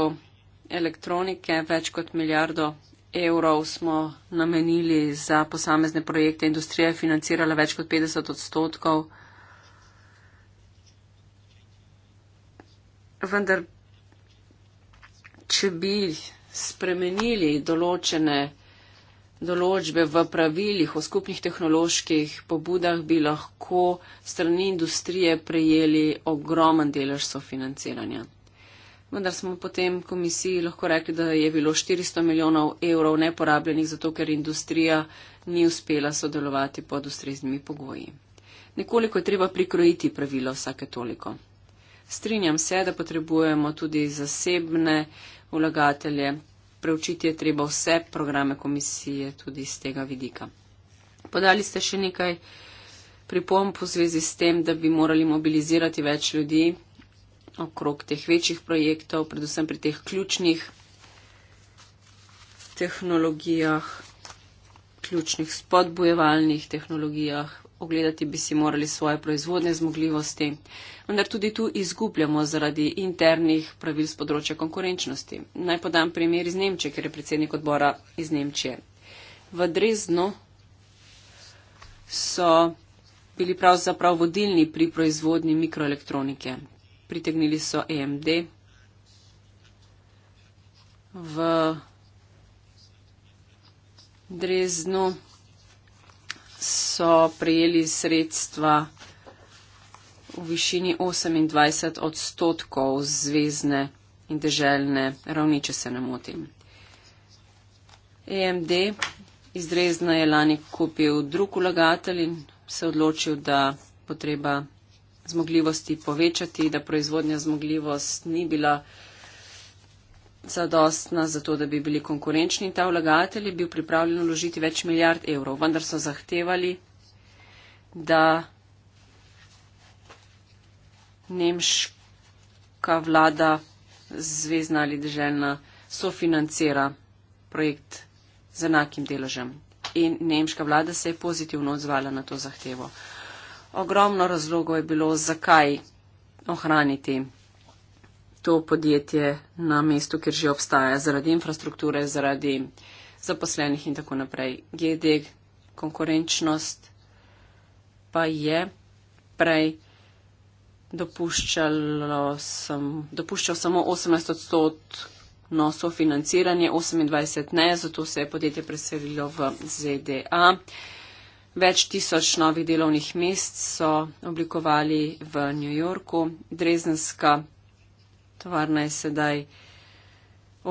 elektronike, več kot milijardo evrov smo namenili za posamezne projekte. Industrija je financirala več kot 50 odstotkov. Vendar, če bi spremenili določene določbe v pravilih o skupnih tehnoloških pobudah, bi lahko strani industrije prejeli ogromen delež sofinanciranja vendar smo potem komisiji lahko rekli, da je bilo 400 milijonov evrov neporabljenih, zato ker industrija ni uspela sodelovati pod ustreznimi pogoji. Nekoliko je treba prikrojiti pravilo vsake toliko. Strinjam se, da potrebujemo tudi zasebne vlagatelje, preučiti je treba vse programe komisije tudi z tega vidika. Podali ste še nekaj pripomp v zvezi s tem, da bi morali mobilizirati več ljudi, okrog teh večjih projektov, predvsem pri teh ključnih tehnologijah, ključnih spodbojevalnih tehnologijah. Ogledati bi si morali svoje proizvodne zmogljivosti, vendar tudi tu izgubljamo zaradi internih pravil z področja konkurenčnosti. Naj podam primer iz Nemčije, ker je predsednik odbora iz Nemčije. V Dreznu so bili pravzaprav vodilni pri proizvodni mikroelektronike pritegnili so AMD e v Dreznu so prejeli sredstva v višini 28 odstotkov zvezne in deželjne ravni, če se ne motim. AMD e iz Drezna je lani kupil drug ulagatelj in se odločil, da bo treba zmogljivosti povečati, da proizvodnja zmogljivost ni bila zadostna za to, da bi bili konkurenčni in ta vlagatelj je bil pripravljen vložiti več milijard evrov, vendar so zahtevali, da nemška vlada zvezna ali državna sofinancira projekt z enakim deležem. In nemška vlada se je pozitivno odzvala na to zahtevo ogromno razlogov je bilo, zakaj ohraniti to podjetje na mestu, kjer že obstaja, zaradi infrastrukture, zaradi zaposlenih in tako naprej. GD konkurenčnost pa je prej sem, dopuščal samo 18 odstotno sofinanciranje, 28 ne, zato se je podjetje preselilo v ZDA. Več tisoč novih delovnih mest so oblikovali v New Yorku. Dresdenska tovarna je sedaj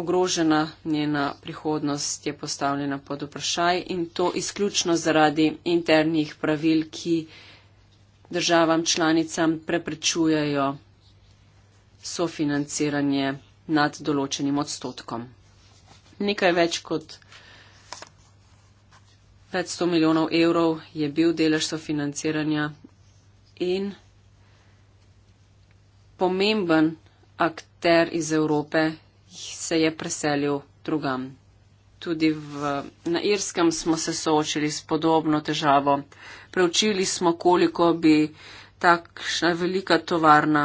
ogrožena, njena prihodnost je postavljena pod vprašaj in to izključno zaradi internih pravil, ki državam članicam preprečujejo sofinanciranje nad določenim odstotkom. Nekaj več kot 500 milijonov evrov je bil delež sofinanciranja in pomemben akter iz Evrope se je preselil drugam. Tudi v, na Irskem smo se soočili s podobno težavo. Preučili smo, koliko bi takšna velika tovarna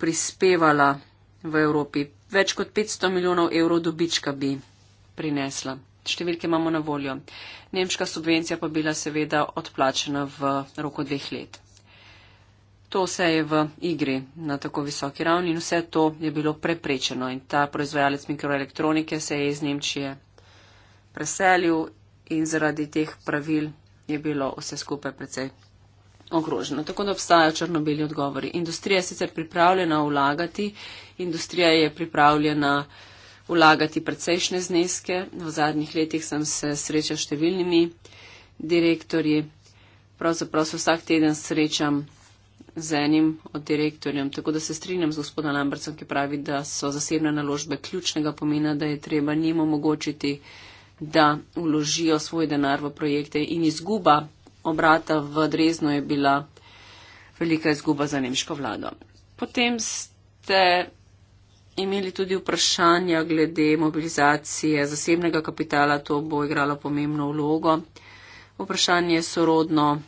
prispevala v Evropi. Več kot 500 milijonov evrov dobička bi prinesla številke imamo na voljo. Nemška subvencija pa bila seveda odplačena v roku dveh let. To vse je v igri na tako visoki ravni in vse to je bilo preprečeno in ta proizvajalec mikroelektronike se je iz Nemčije preselil in zaradi teh pravil je bilo vse skupaj precej ogroženo. Tako da obstajajo črnobeli odgovori. Industrija je sicer pripravljena vlagati, industrija je pripravljena vlagati precejšne zneske. V zadnjih letih sem se srečal številnimi direktorji. Pravzaprav se vsak teden srečam z enim od direktorjem, tako da se strinjam z gospodom Lambrcem, ki pravi, da so zasebne naložbe ključnega pomena, da je treba njim omogočiti, da vložijo svoj denar v projekte in izguba obrata v Drezno je bila velika izguba za nemško vlado. Potem ste imeli tudi vprašanja glede mobilizacije zasebnega kapitala, to bo igralo pomembno vlogo. Vprašanje je sorodno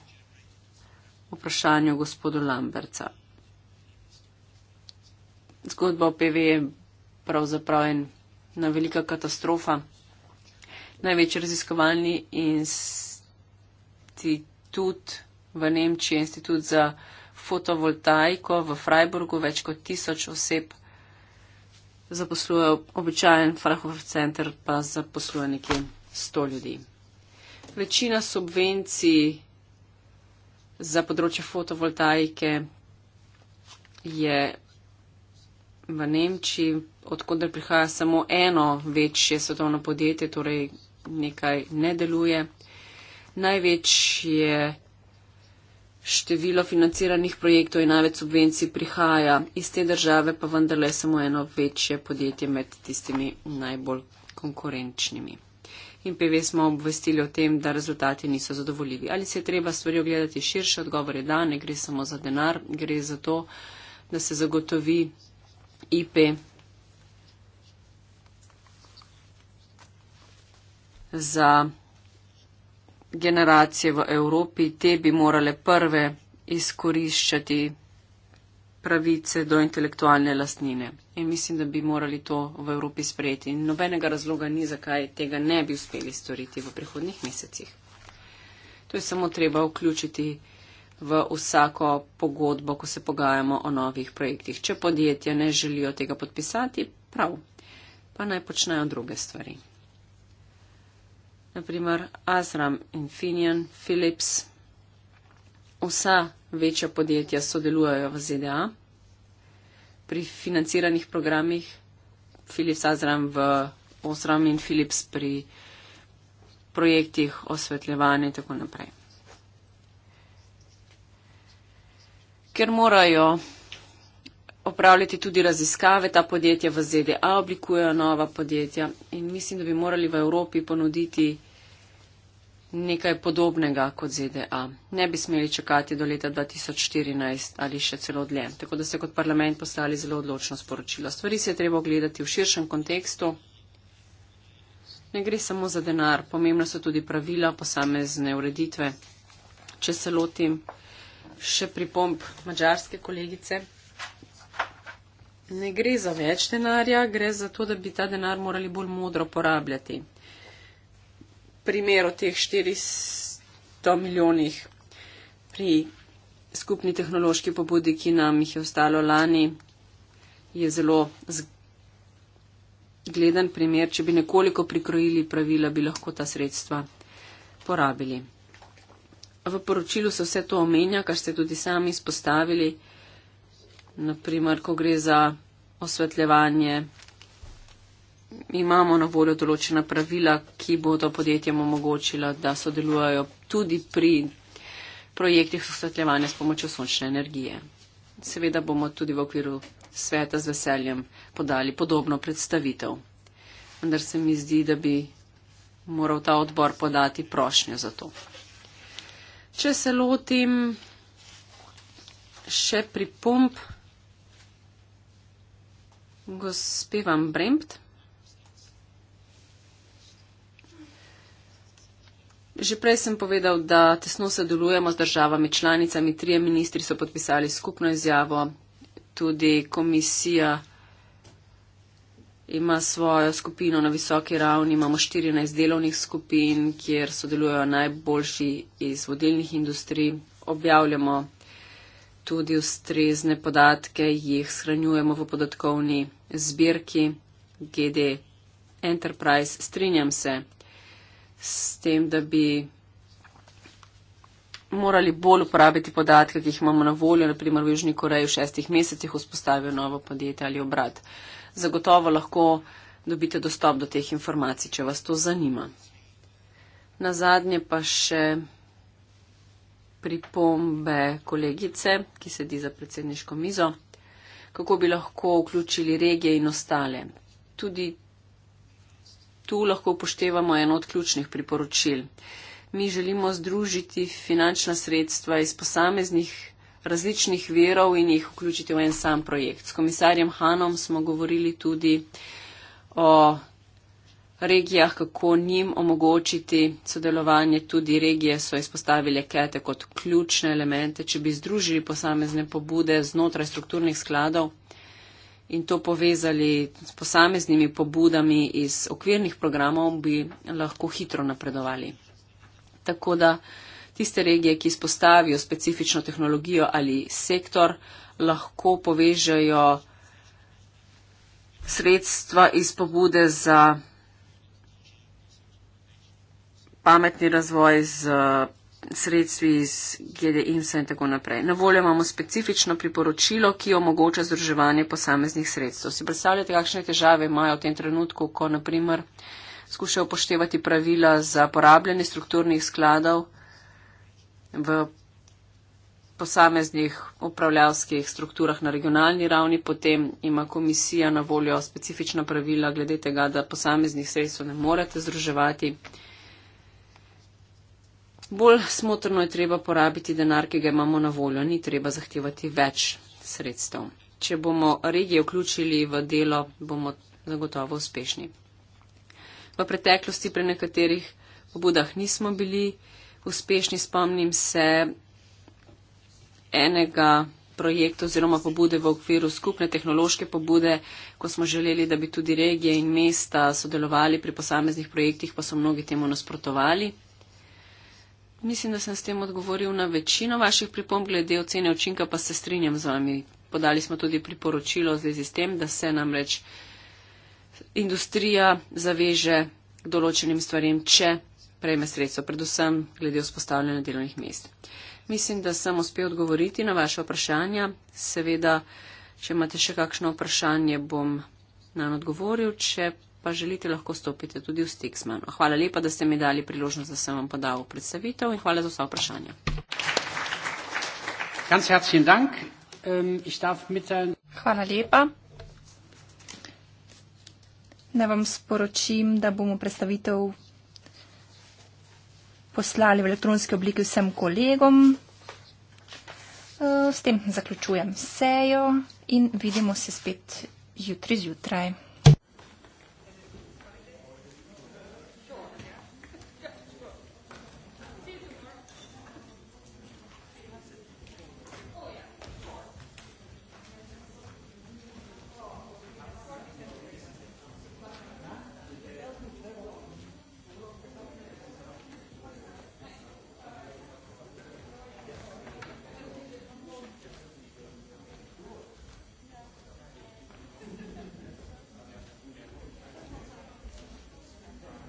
vprašanju gospodu Lamberca. Zgodba o PV je pravzaprav ena velika katastrofa. Največji raziskovalni institut v Nemčiji, institut za fotovoltaiko v Freiburgu, več kot tisoč oseb zaposluje običajen Frahofer center, pa zaposluje nekje 100 ljudi. Večina subvencij za področje fotovoltaike je v Nemčiji, odkudar prihaja samo eno večje svetovno podjetje, torej nekaj ne deluje. Največje Število financiranih projektov in največ subvencij prihaja iz te države, pa vendarle samo eno večje podjetje med tistimi najbolj konkurenčnimi. In PV smo obvestili o tem, da rezultati niso zadovoljivi. Ali se je treba stvari ogledati širše? Odgovor je da, ne gre samo za denar, gre za to, da se zagotovi IP. za generacije v Evropi, te bi morale prve izkoriščati pravice do intelektualne lastnine. In mislim, da bi morali to v Evropi sprejeti. In nobenega razloga ni, zakaj tega ne bi uspeli storiti v prihodnih mesecih. To je samo treba vključiti v vsako pogodbo, ko se pogajamo o novih projektih. Če podjetja ne želijo tega podpisati, prav, pa naj počnejo druge stvari naprimer Asram, Infineon, Philips, vsa večja podjetja sodelujejo v ZDA pri financiranih programih, Philips Asram v Osram in Philips pri projektih osvetljevanja in tako naprej. Ker morajo opravljati tudi raziskave, ta podjetja v ZDA oblikujejo nova podjetja in mislim, da bi morali v Evropi ponuditi nekaj podobnega kot ZDA. Ne bi smeli čakati do leta 2014 ali še celo dlje. Tako da se kot parlament postali zelo odločno sporočilo. Stvari se je treba gledati v širšem kontekstu. Ne gre samo za denar, pomembna so tudi pravila posamezne ureditve. Če se lotim še pripomp mađarske kolegice. Ne gre za več denarja, gre za to, da bi ta denar morali bolj modro porabljati primeru teh 400 milijonih pri skupni tehnološki pobudi, ki nam jih je ostalo lani, je zelo zgleden primer. Če bi nekoliko prikrojili pravila, bi lahko ta sredstva porabili. V poročilu se vse to omenja, kar ste tudi sami izpostavili, naprimer, ko gre za osvetljevanje imamo na voljo določena pravila, ki bodo podjetjem omogočila, da sodelujejo tudi pri projektih osvetljevanja s pomočjo sončne energije. Seveda bomo tudi v okviru sveta z veseljem podali podobno predstavitev. Vendar se mi zdi, da bi moral ta odbor podati prošnjo za to. Če se lotim še pripomp gospe Van Brempt. Že prej sem povedal, da tesno sodelujemo z državami članicami. Trije ministri so podpisali skupno izjavo. Tudi komisija ima svojo skupino na visoki ravni. Imamo 14 delovnih skupin, kjer sodelujejo najboljši iz vodilnih industrij. Objavljamo tudi ustrezne podatke, jih shranjujemo v podatkovni zbirki GD Enterprise. Strinjam se s tem, da bi morali bolj uporabiti podatke, ki jih imamo na voljo, naprimer v Južni Koreji v šestih mesecih vzpostavijo novo podjetje ali obrat. Zagotovo lahko dobite dostop do teh informacij, če vas to zanima. Na zadnje pa še pripombe kolegice, ki sedi za predsedniško mizo, kako bi lahko vključili regije in ostale. Tudi Tu lahko upoštevamo eno od ključnih priporočil. Mi želimo združiti finančna sredstva iz posameznih različnih verov in jih vključiti v en sam projekt. S komisarjem Hanom smo govorili tudi o regijah, kako njim omogočiti sodelovanje. Tudi regije so izpostavili kete kot ključne elemente. Če bi združili posamezne pobude znotraj strukturnih skladov, in to povezali s posameznimi pobudami iz okvirnih programov, bi lahko hitro napredovali. Tako da tiste regije, ki izpostavijo specifično tehnologijo ali sektor, lahko povežejo sredstva iz pobude za pametni razvoj z sredstvi iz GDIMSA in tako naprej. Na voljo imamo specifično priporočilo, ki omogoča združevanje posameznih sredstev. Si predstavljate, kakšne težave imajo v tem trenutku, ko naprimer skušajo upoštevati pravila za porabljanje strukturnih skladov v posameznih upravljavskih strukturah na regionalni ravni, potem ima komisija na voljo specifična pravila glede tega, da posameznih sredstev ne morete združevati bolj smotrno je treba porabiti denar, ki ga imamo na voljo, ni treba zahtevati več sredstev. Če bomo regije vključili v delo, bomo zagotovo uspešni. V preteklosti pri nekaterih pobudah nismo bili uspešni. Spomnim se enega projekta oziroma pobude v okviru skupne tehnološke pobude, ko smo želeli, da bi tudi regije in mesta sodelovali pri posameznih projektih, pa so mnogi temu nasprotovali. Mislim, da sem s tem odgovoril na večino vaših pripomb glede ocene učinka, pa se strinjam z vami. Podali smo tudi priporočilo v zvezi s tem, da se namreč industrija zaveže k določenim stvarem, če prejme sredstvo, predvsem glede vzpostavljanja delovnih mest. Mislim, da sem uspel odgovoriti na vaše vprašanja. Seveda, če imate še kakšno vprašanje, bom nam odgovoril. Če pa želite, lahko stopite tudi v stik z mano. Hvala lepa, da ste mi dali priložnost, da sem vam podal predstavitev in hvala za vsa vprašanja. Ähm, hvala lepa. Naj vam sporočim, da bomo predstavitev poslali v elektronski obliki vsem kolegom. Äh, s tem zaključujem sejo in vidimo se spet jutri zjutraj.